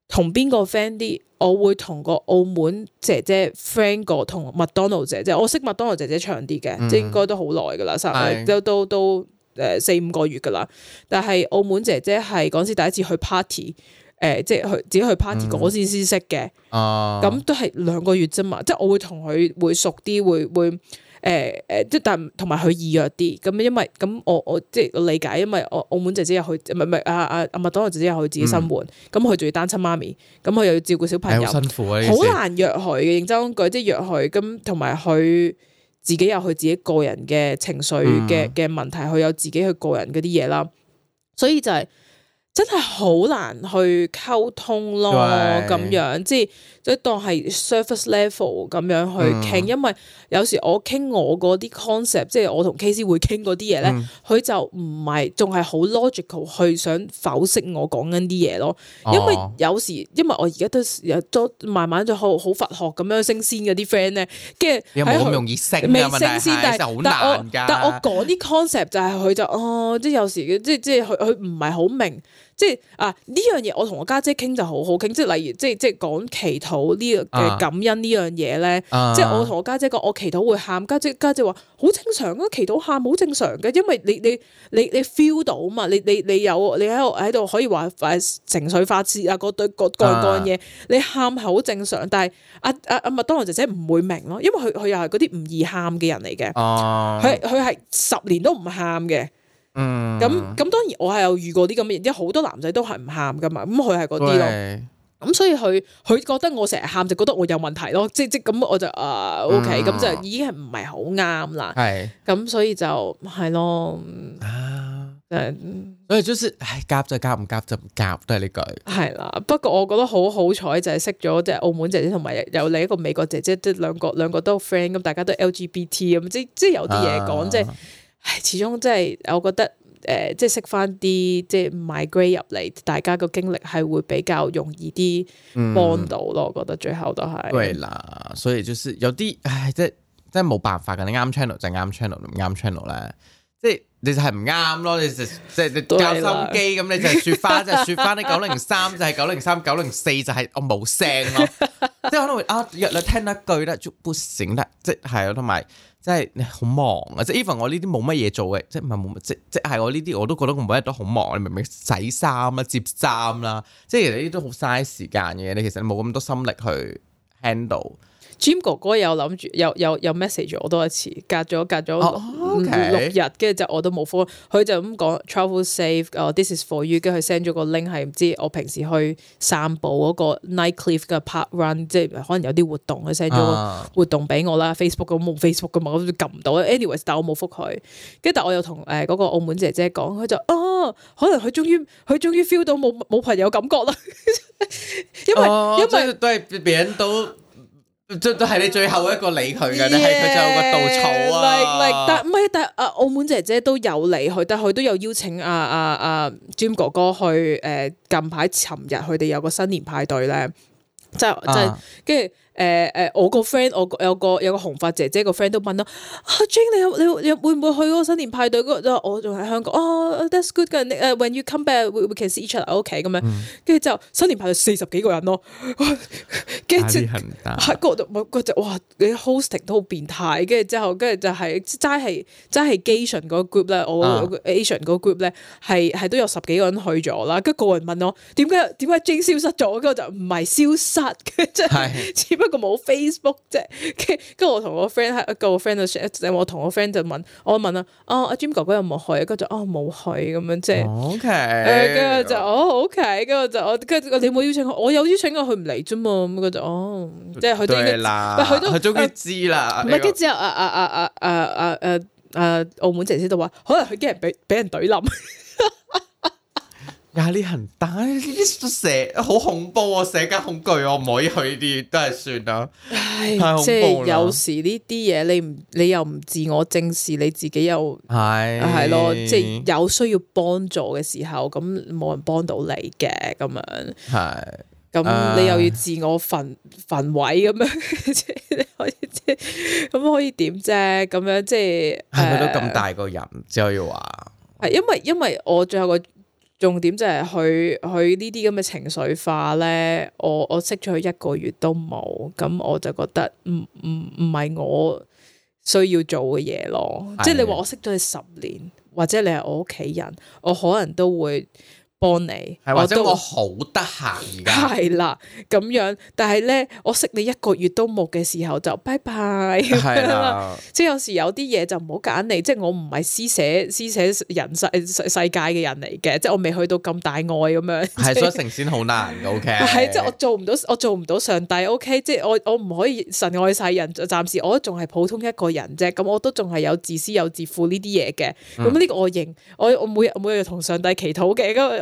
同邊個 friend 啲，我會同個澳門姐姐 friend 過，同麥當勞姐姐。我識麥當勞姐姐長啲嘅，嗯、即係應該都好耐噶啦，三、都都都、呃、四五個月噶啦。但係澳門姐姐係嗰時第一次去 party，誒、呃、即係去自己去 party 嗰時先先識嘅。咁、嗯嗯嗯、都係兩個月啫嘛，即係我會同佢會熟啲，會會。會誒誒，即但同埋佢易約啲咁，因為咁我我即係我，我理解，因為我澳門姐姐又去唔係唔係啊啊阿麥當勞姐姐又去自己生活，咁佢仲要單親媽咪，咁佢又要照顧小朋友，好、欸、辛苦好、啊、難約佢嘅、嗯、認真講句，即係約佢咁，同埋佢自己有佢自己個人嘅情緒嘅嘅問題，佢、嗯、有自己佢個人嗰啲嘢啦，所以就係、是、真係好難去溝通咯，咁的樣即係，就是即當係 surface level 咁樣去傾，嗯、因為有時我傾我嗰啲 concept，即係我同 c KC 會傾嗰啲嘢咧，佢、嗯、就唔係仲係好 logical 去想剖析我講緊啲嘢咯。哦、因為有時因為我而家都慢慢就好好佛學咁樣升仙嗰啲 friend 咧，跟住有冇咁容易升啊？未升仙但係是但，但我講啲 concept 就係佢就哦，即有時即即佢佢唔係好明。即係啊，呢樣嘢我同我家姐傾就好好傾，即係例如 uh, uh, 即係即係講祈禱呢嘅感恩呢樣嘢咧，即係我同我家姐講我祈禱會喊，家姐家姐話好正常啊，祈禱喊好正常嘅，因為你你你你，你 feel 到啊嘛，你你你有你喺度喺度可以話情緒發洩啊，嗰對嗰嗰嗰樣嘢你喊係好正常，但係阿阿阿麥當勞姐姐唔會明咯，因為佢佢又係嗰啲唔易喊嘅人嚟嘅，佢佢係十年，年都唔喊嘅。嗯，咁咁當然我係有遇過啲咁嘅嘢，然之後好多男仔都係唔喊㗎嘛，咁佢係嗰啲咯，咁對所以佢佢覺得我成日喊就覺得我有問題咯，即即咁我就啊 OK，咁、嗯、就已經係唔係好啱啦，係是，咁所以就係咯，誒、啊，誒、就是，總之，唉，夾就夾，唔夾就唔夾，都係呢句，係啦，不過我覺得好好彩就係識咗隻澳門姐姐，同埋有另一個美國姐姐，即、就、兩、是、個兩個都好 friend，咁大家都 LGBT 咁、就是，即、就、即、是、有啲嘢講即。始終即係我覺得，誒、嗯，即係識翻啲即係買 grade 入嚟，大家個經歷係會比較容易啲幫到咯。我覺得最後都係。對啦，所以就是有啲唉，即係即係冇辦法㗎。你啱 channel 就啱 channel，唔啱 channel 咧，即係你就係唔啱咯。你就即係你心機咁，就是、對啦 你就説翻，說 [laughs] 就説翻啲九零三就係九零三，九零四就係我冇聲咯。即係可能會啊，入嚟聽得句，咧，就不醒咧，即係咯，同埋。即係你好忙啊！即係 even 我呢啲冇乜嘢做嘅，即係唔係冇即即係我呢啲我都覺得每日都好忙。你明明洗衫啊、接衫啦，即係其實呢啲都好嘥時間嘅。你其實冇咁多心力去 handle。Jim 哥哥有諗住又又又 message 我多一次，隔咗隔咗六日，跟住、oh, okay. 嗯、就我都冇覆。佢就咁講，travel safe，uh, this is for you，跟住佢 send 咗個 link 係唔知我平時去散步嗰個 Nightcliff 嘅 part run，即係可能有啲活動，佢 send 咗活動俾我啦。Oh. Facebook 咁冇 Facebook 咁，嘛，我都撳唔到。Anyways，但我冇覆佢，跟住但我又同誒嗰個澳門姐姐講，佢就哦、啊，可能佢終於佢終於 feel 到冇冇朋友感覺啦 [laughs] 為、oh.，因為因為都係別人都。都都係你最後一個理佢㗎，你係佢最後個稻草啊！唔係，但唔係，但阿澳門姐姐都有理佢，但佢都有邀請阿阿阿 Jim 哥哥去誒、uh, 近排尋日佢哋有個新年派對咧，就就跟住。誒誒、呃，我個 friend，我有個有個紅髮姐姐個 friend 都問咯，阿 Jing，你你有你會唔會去嗰個新年派對？嗰就、啊、我仲喺香港，啊 That's good，咁誒，When you come back，we we can see each other，OK 咁樣，跟住之後就新年派對四十幾個人咯，跟住係嗰哇，你 hosting 都好變態，跟住之後，跟住就係齋係真係 Asian 嗰 group 咧，我,、啊、我 Asian 嗰 group 咧係係都有十幾個人去咗啦，跟個人問我：「點解點解 Jing 消失咗？跟住就唔係消失，跟住 [laughs] [laughs] 不過冇 Facebook 啫，跟住我同我 friend，喺一個 friend h 就，就我同我 friend 就問，我問啊，啊阿 Jim 哥哥有冇去？跟住哦冇去咁樣啫、哦、，OK，跟住就哦 OK，跟住就我跟住你有冇邀請佢？我有邀請佢，佢唔嚟啫嘛。咁佢就,就哦，即係佢都，佢都了，佢終於知啦。唔係跟住之後啊啊啊啊啊啊啊,啊！澳門姐姐就話，可能佢驚人俾俾人懟冧。壓力很大，呢啲蛇好恐怖啊，社交恐懼，我唔可以去呢啲，都係算啦。唉，唉即係有時呢啲嘢，你唔你又唔自我正視，你自己又係係是、啊、咯，即係有需要幫助嘅時候，咁冇人幫到你嘅，咁樣係。咁是、嗯、你又要自我焚焚毀咁樣，即係你可以即係咁可以點啫？咁樣即係係咪都咁大個人，只可以話係，因為因為我最後個。重點就係佢佢呢啲咁嘅情緒化咧，我我識咗佢一個月都冇，咁我就覺得唔唔唔係我需要做嘅嘢咯。即係你話我識咗你十年，或者你係我屋企人，我可能都會幫你，或者我好得閒㗎係啦，咁樣，但係咧，我識你一個月都冇嘅時候就拜拜。即係了 [laughs] 有時有啲嘢就唔好揀你，即係我唔係施捨施捨人世世界嘅人嚟嘅，即係我未去到咁大愛咁樣，係所以成仙好難嘅，OK，係 [laughs] 即係我做唔到，我做唔到上帝，OK，即係我我唔可以神愛世人，暫時我都仲係普通一個人啫，咁我都仲係有自私有自負呢啲嘢嘅，咁呢、嗯、個我認，我每我每日每日同上帝祈禱嘅，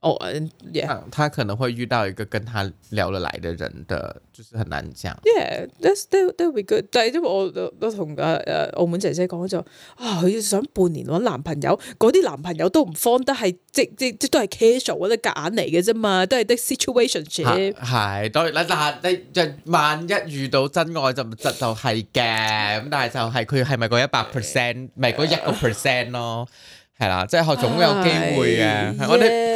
哦、oh, uh, y、yeah. 可能會遇到一個跟他聊得來嘅人的，就是很難講。yeah，that's that'll be good。但係我我同阿阿澳門姐姐講就啊，佢想半年搵男朋友，嗰啲男朋友都唔方得，係即即即都係 casual 或者夾嚟嘅啫嘛，都係啲 situationship。係當然啦，但係你係萬一遇到真愛真是就就就係嘅咁，但係就係佢係咪嗰一百 percent，咪嗰一個 percent 咯，係啦， [laughs] 即、就、係、是、總有機會有機會嘅。Yeah. Yeah. 我哋。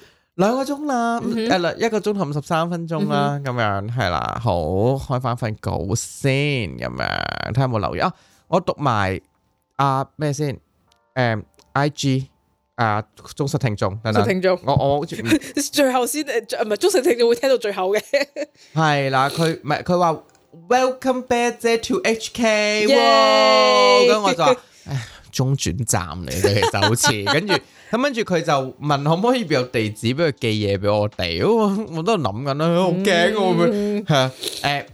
兩個鐘啦，誒、嗯、哼一個鐘頭五十三分鐘啦，咁、嗯、哼樣係啦，好開翻份稿先，咁樣睇下有冇留意啊？我讀埋啊，咩先？誒，I G 啊，忠、啊、實聽眾等等，中我我 [laughs] 最後先，唔係忠實聽眾會聽到最後嘅。係 [laughs] 啦，佢唔係，佢話 Welcome back 姐 to H K，咁我就話中轉站嚟嘅，首次跟住。 [laughs] [laughs] 咁跟住佢就問可唔可以俾個地址俾佢寄嘢俾我哋？ [laughs] 我都喺度諗緊啦，好驚喎，係啊、嗯，誒、欸，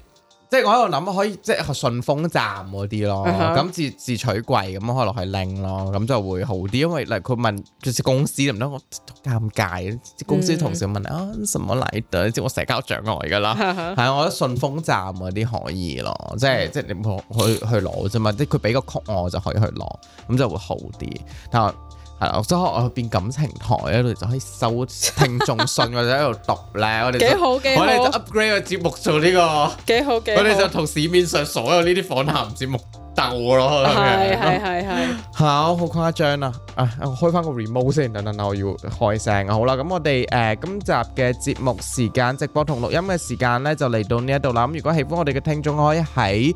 即係我喺度諗可以，即係順豐站嗰啲咯，咁、嗯、自自取櫃咁可以落去拎咯，咁就會好啲。因為例如佢問公司唔得我，尷尬，公司同事問、嗯、啊什麼嚟的，即係我社交障礙噶啦，係啊、嗯，我覺得順豐站嗰啲可以咯，即係即係你去去攞啫嘛，即係佢俾個曲我就可以去攞，咁就會好啲，但係啦，即係、嗯、我想學我去變感情台，喺度，就可以收聽眾信或者喺度讀咧， [laughs] 我哋我哋 upgrade 個節目做呢、這個，幾好幾好，我哋就同市面上所有呢啲訪談節目鬥咯，係係係係，好，好誇張啦！啊，我開翻個 remote 先，等等，我要開聲啊，好啦，咁我哋誒、呃、今集嘅節目時間，直播同錄音嘅時間咧就嚟到呢一度啦，咁如果喜歡我哋嘅聽眾可以喺。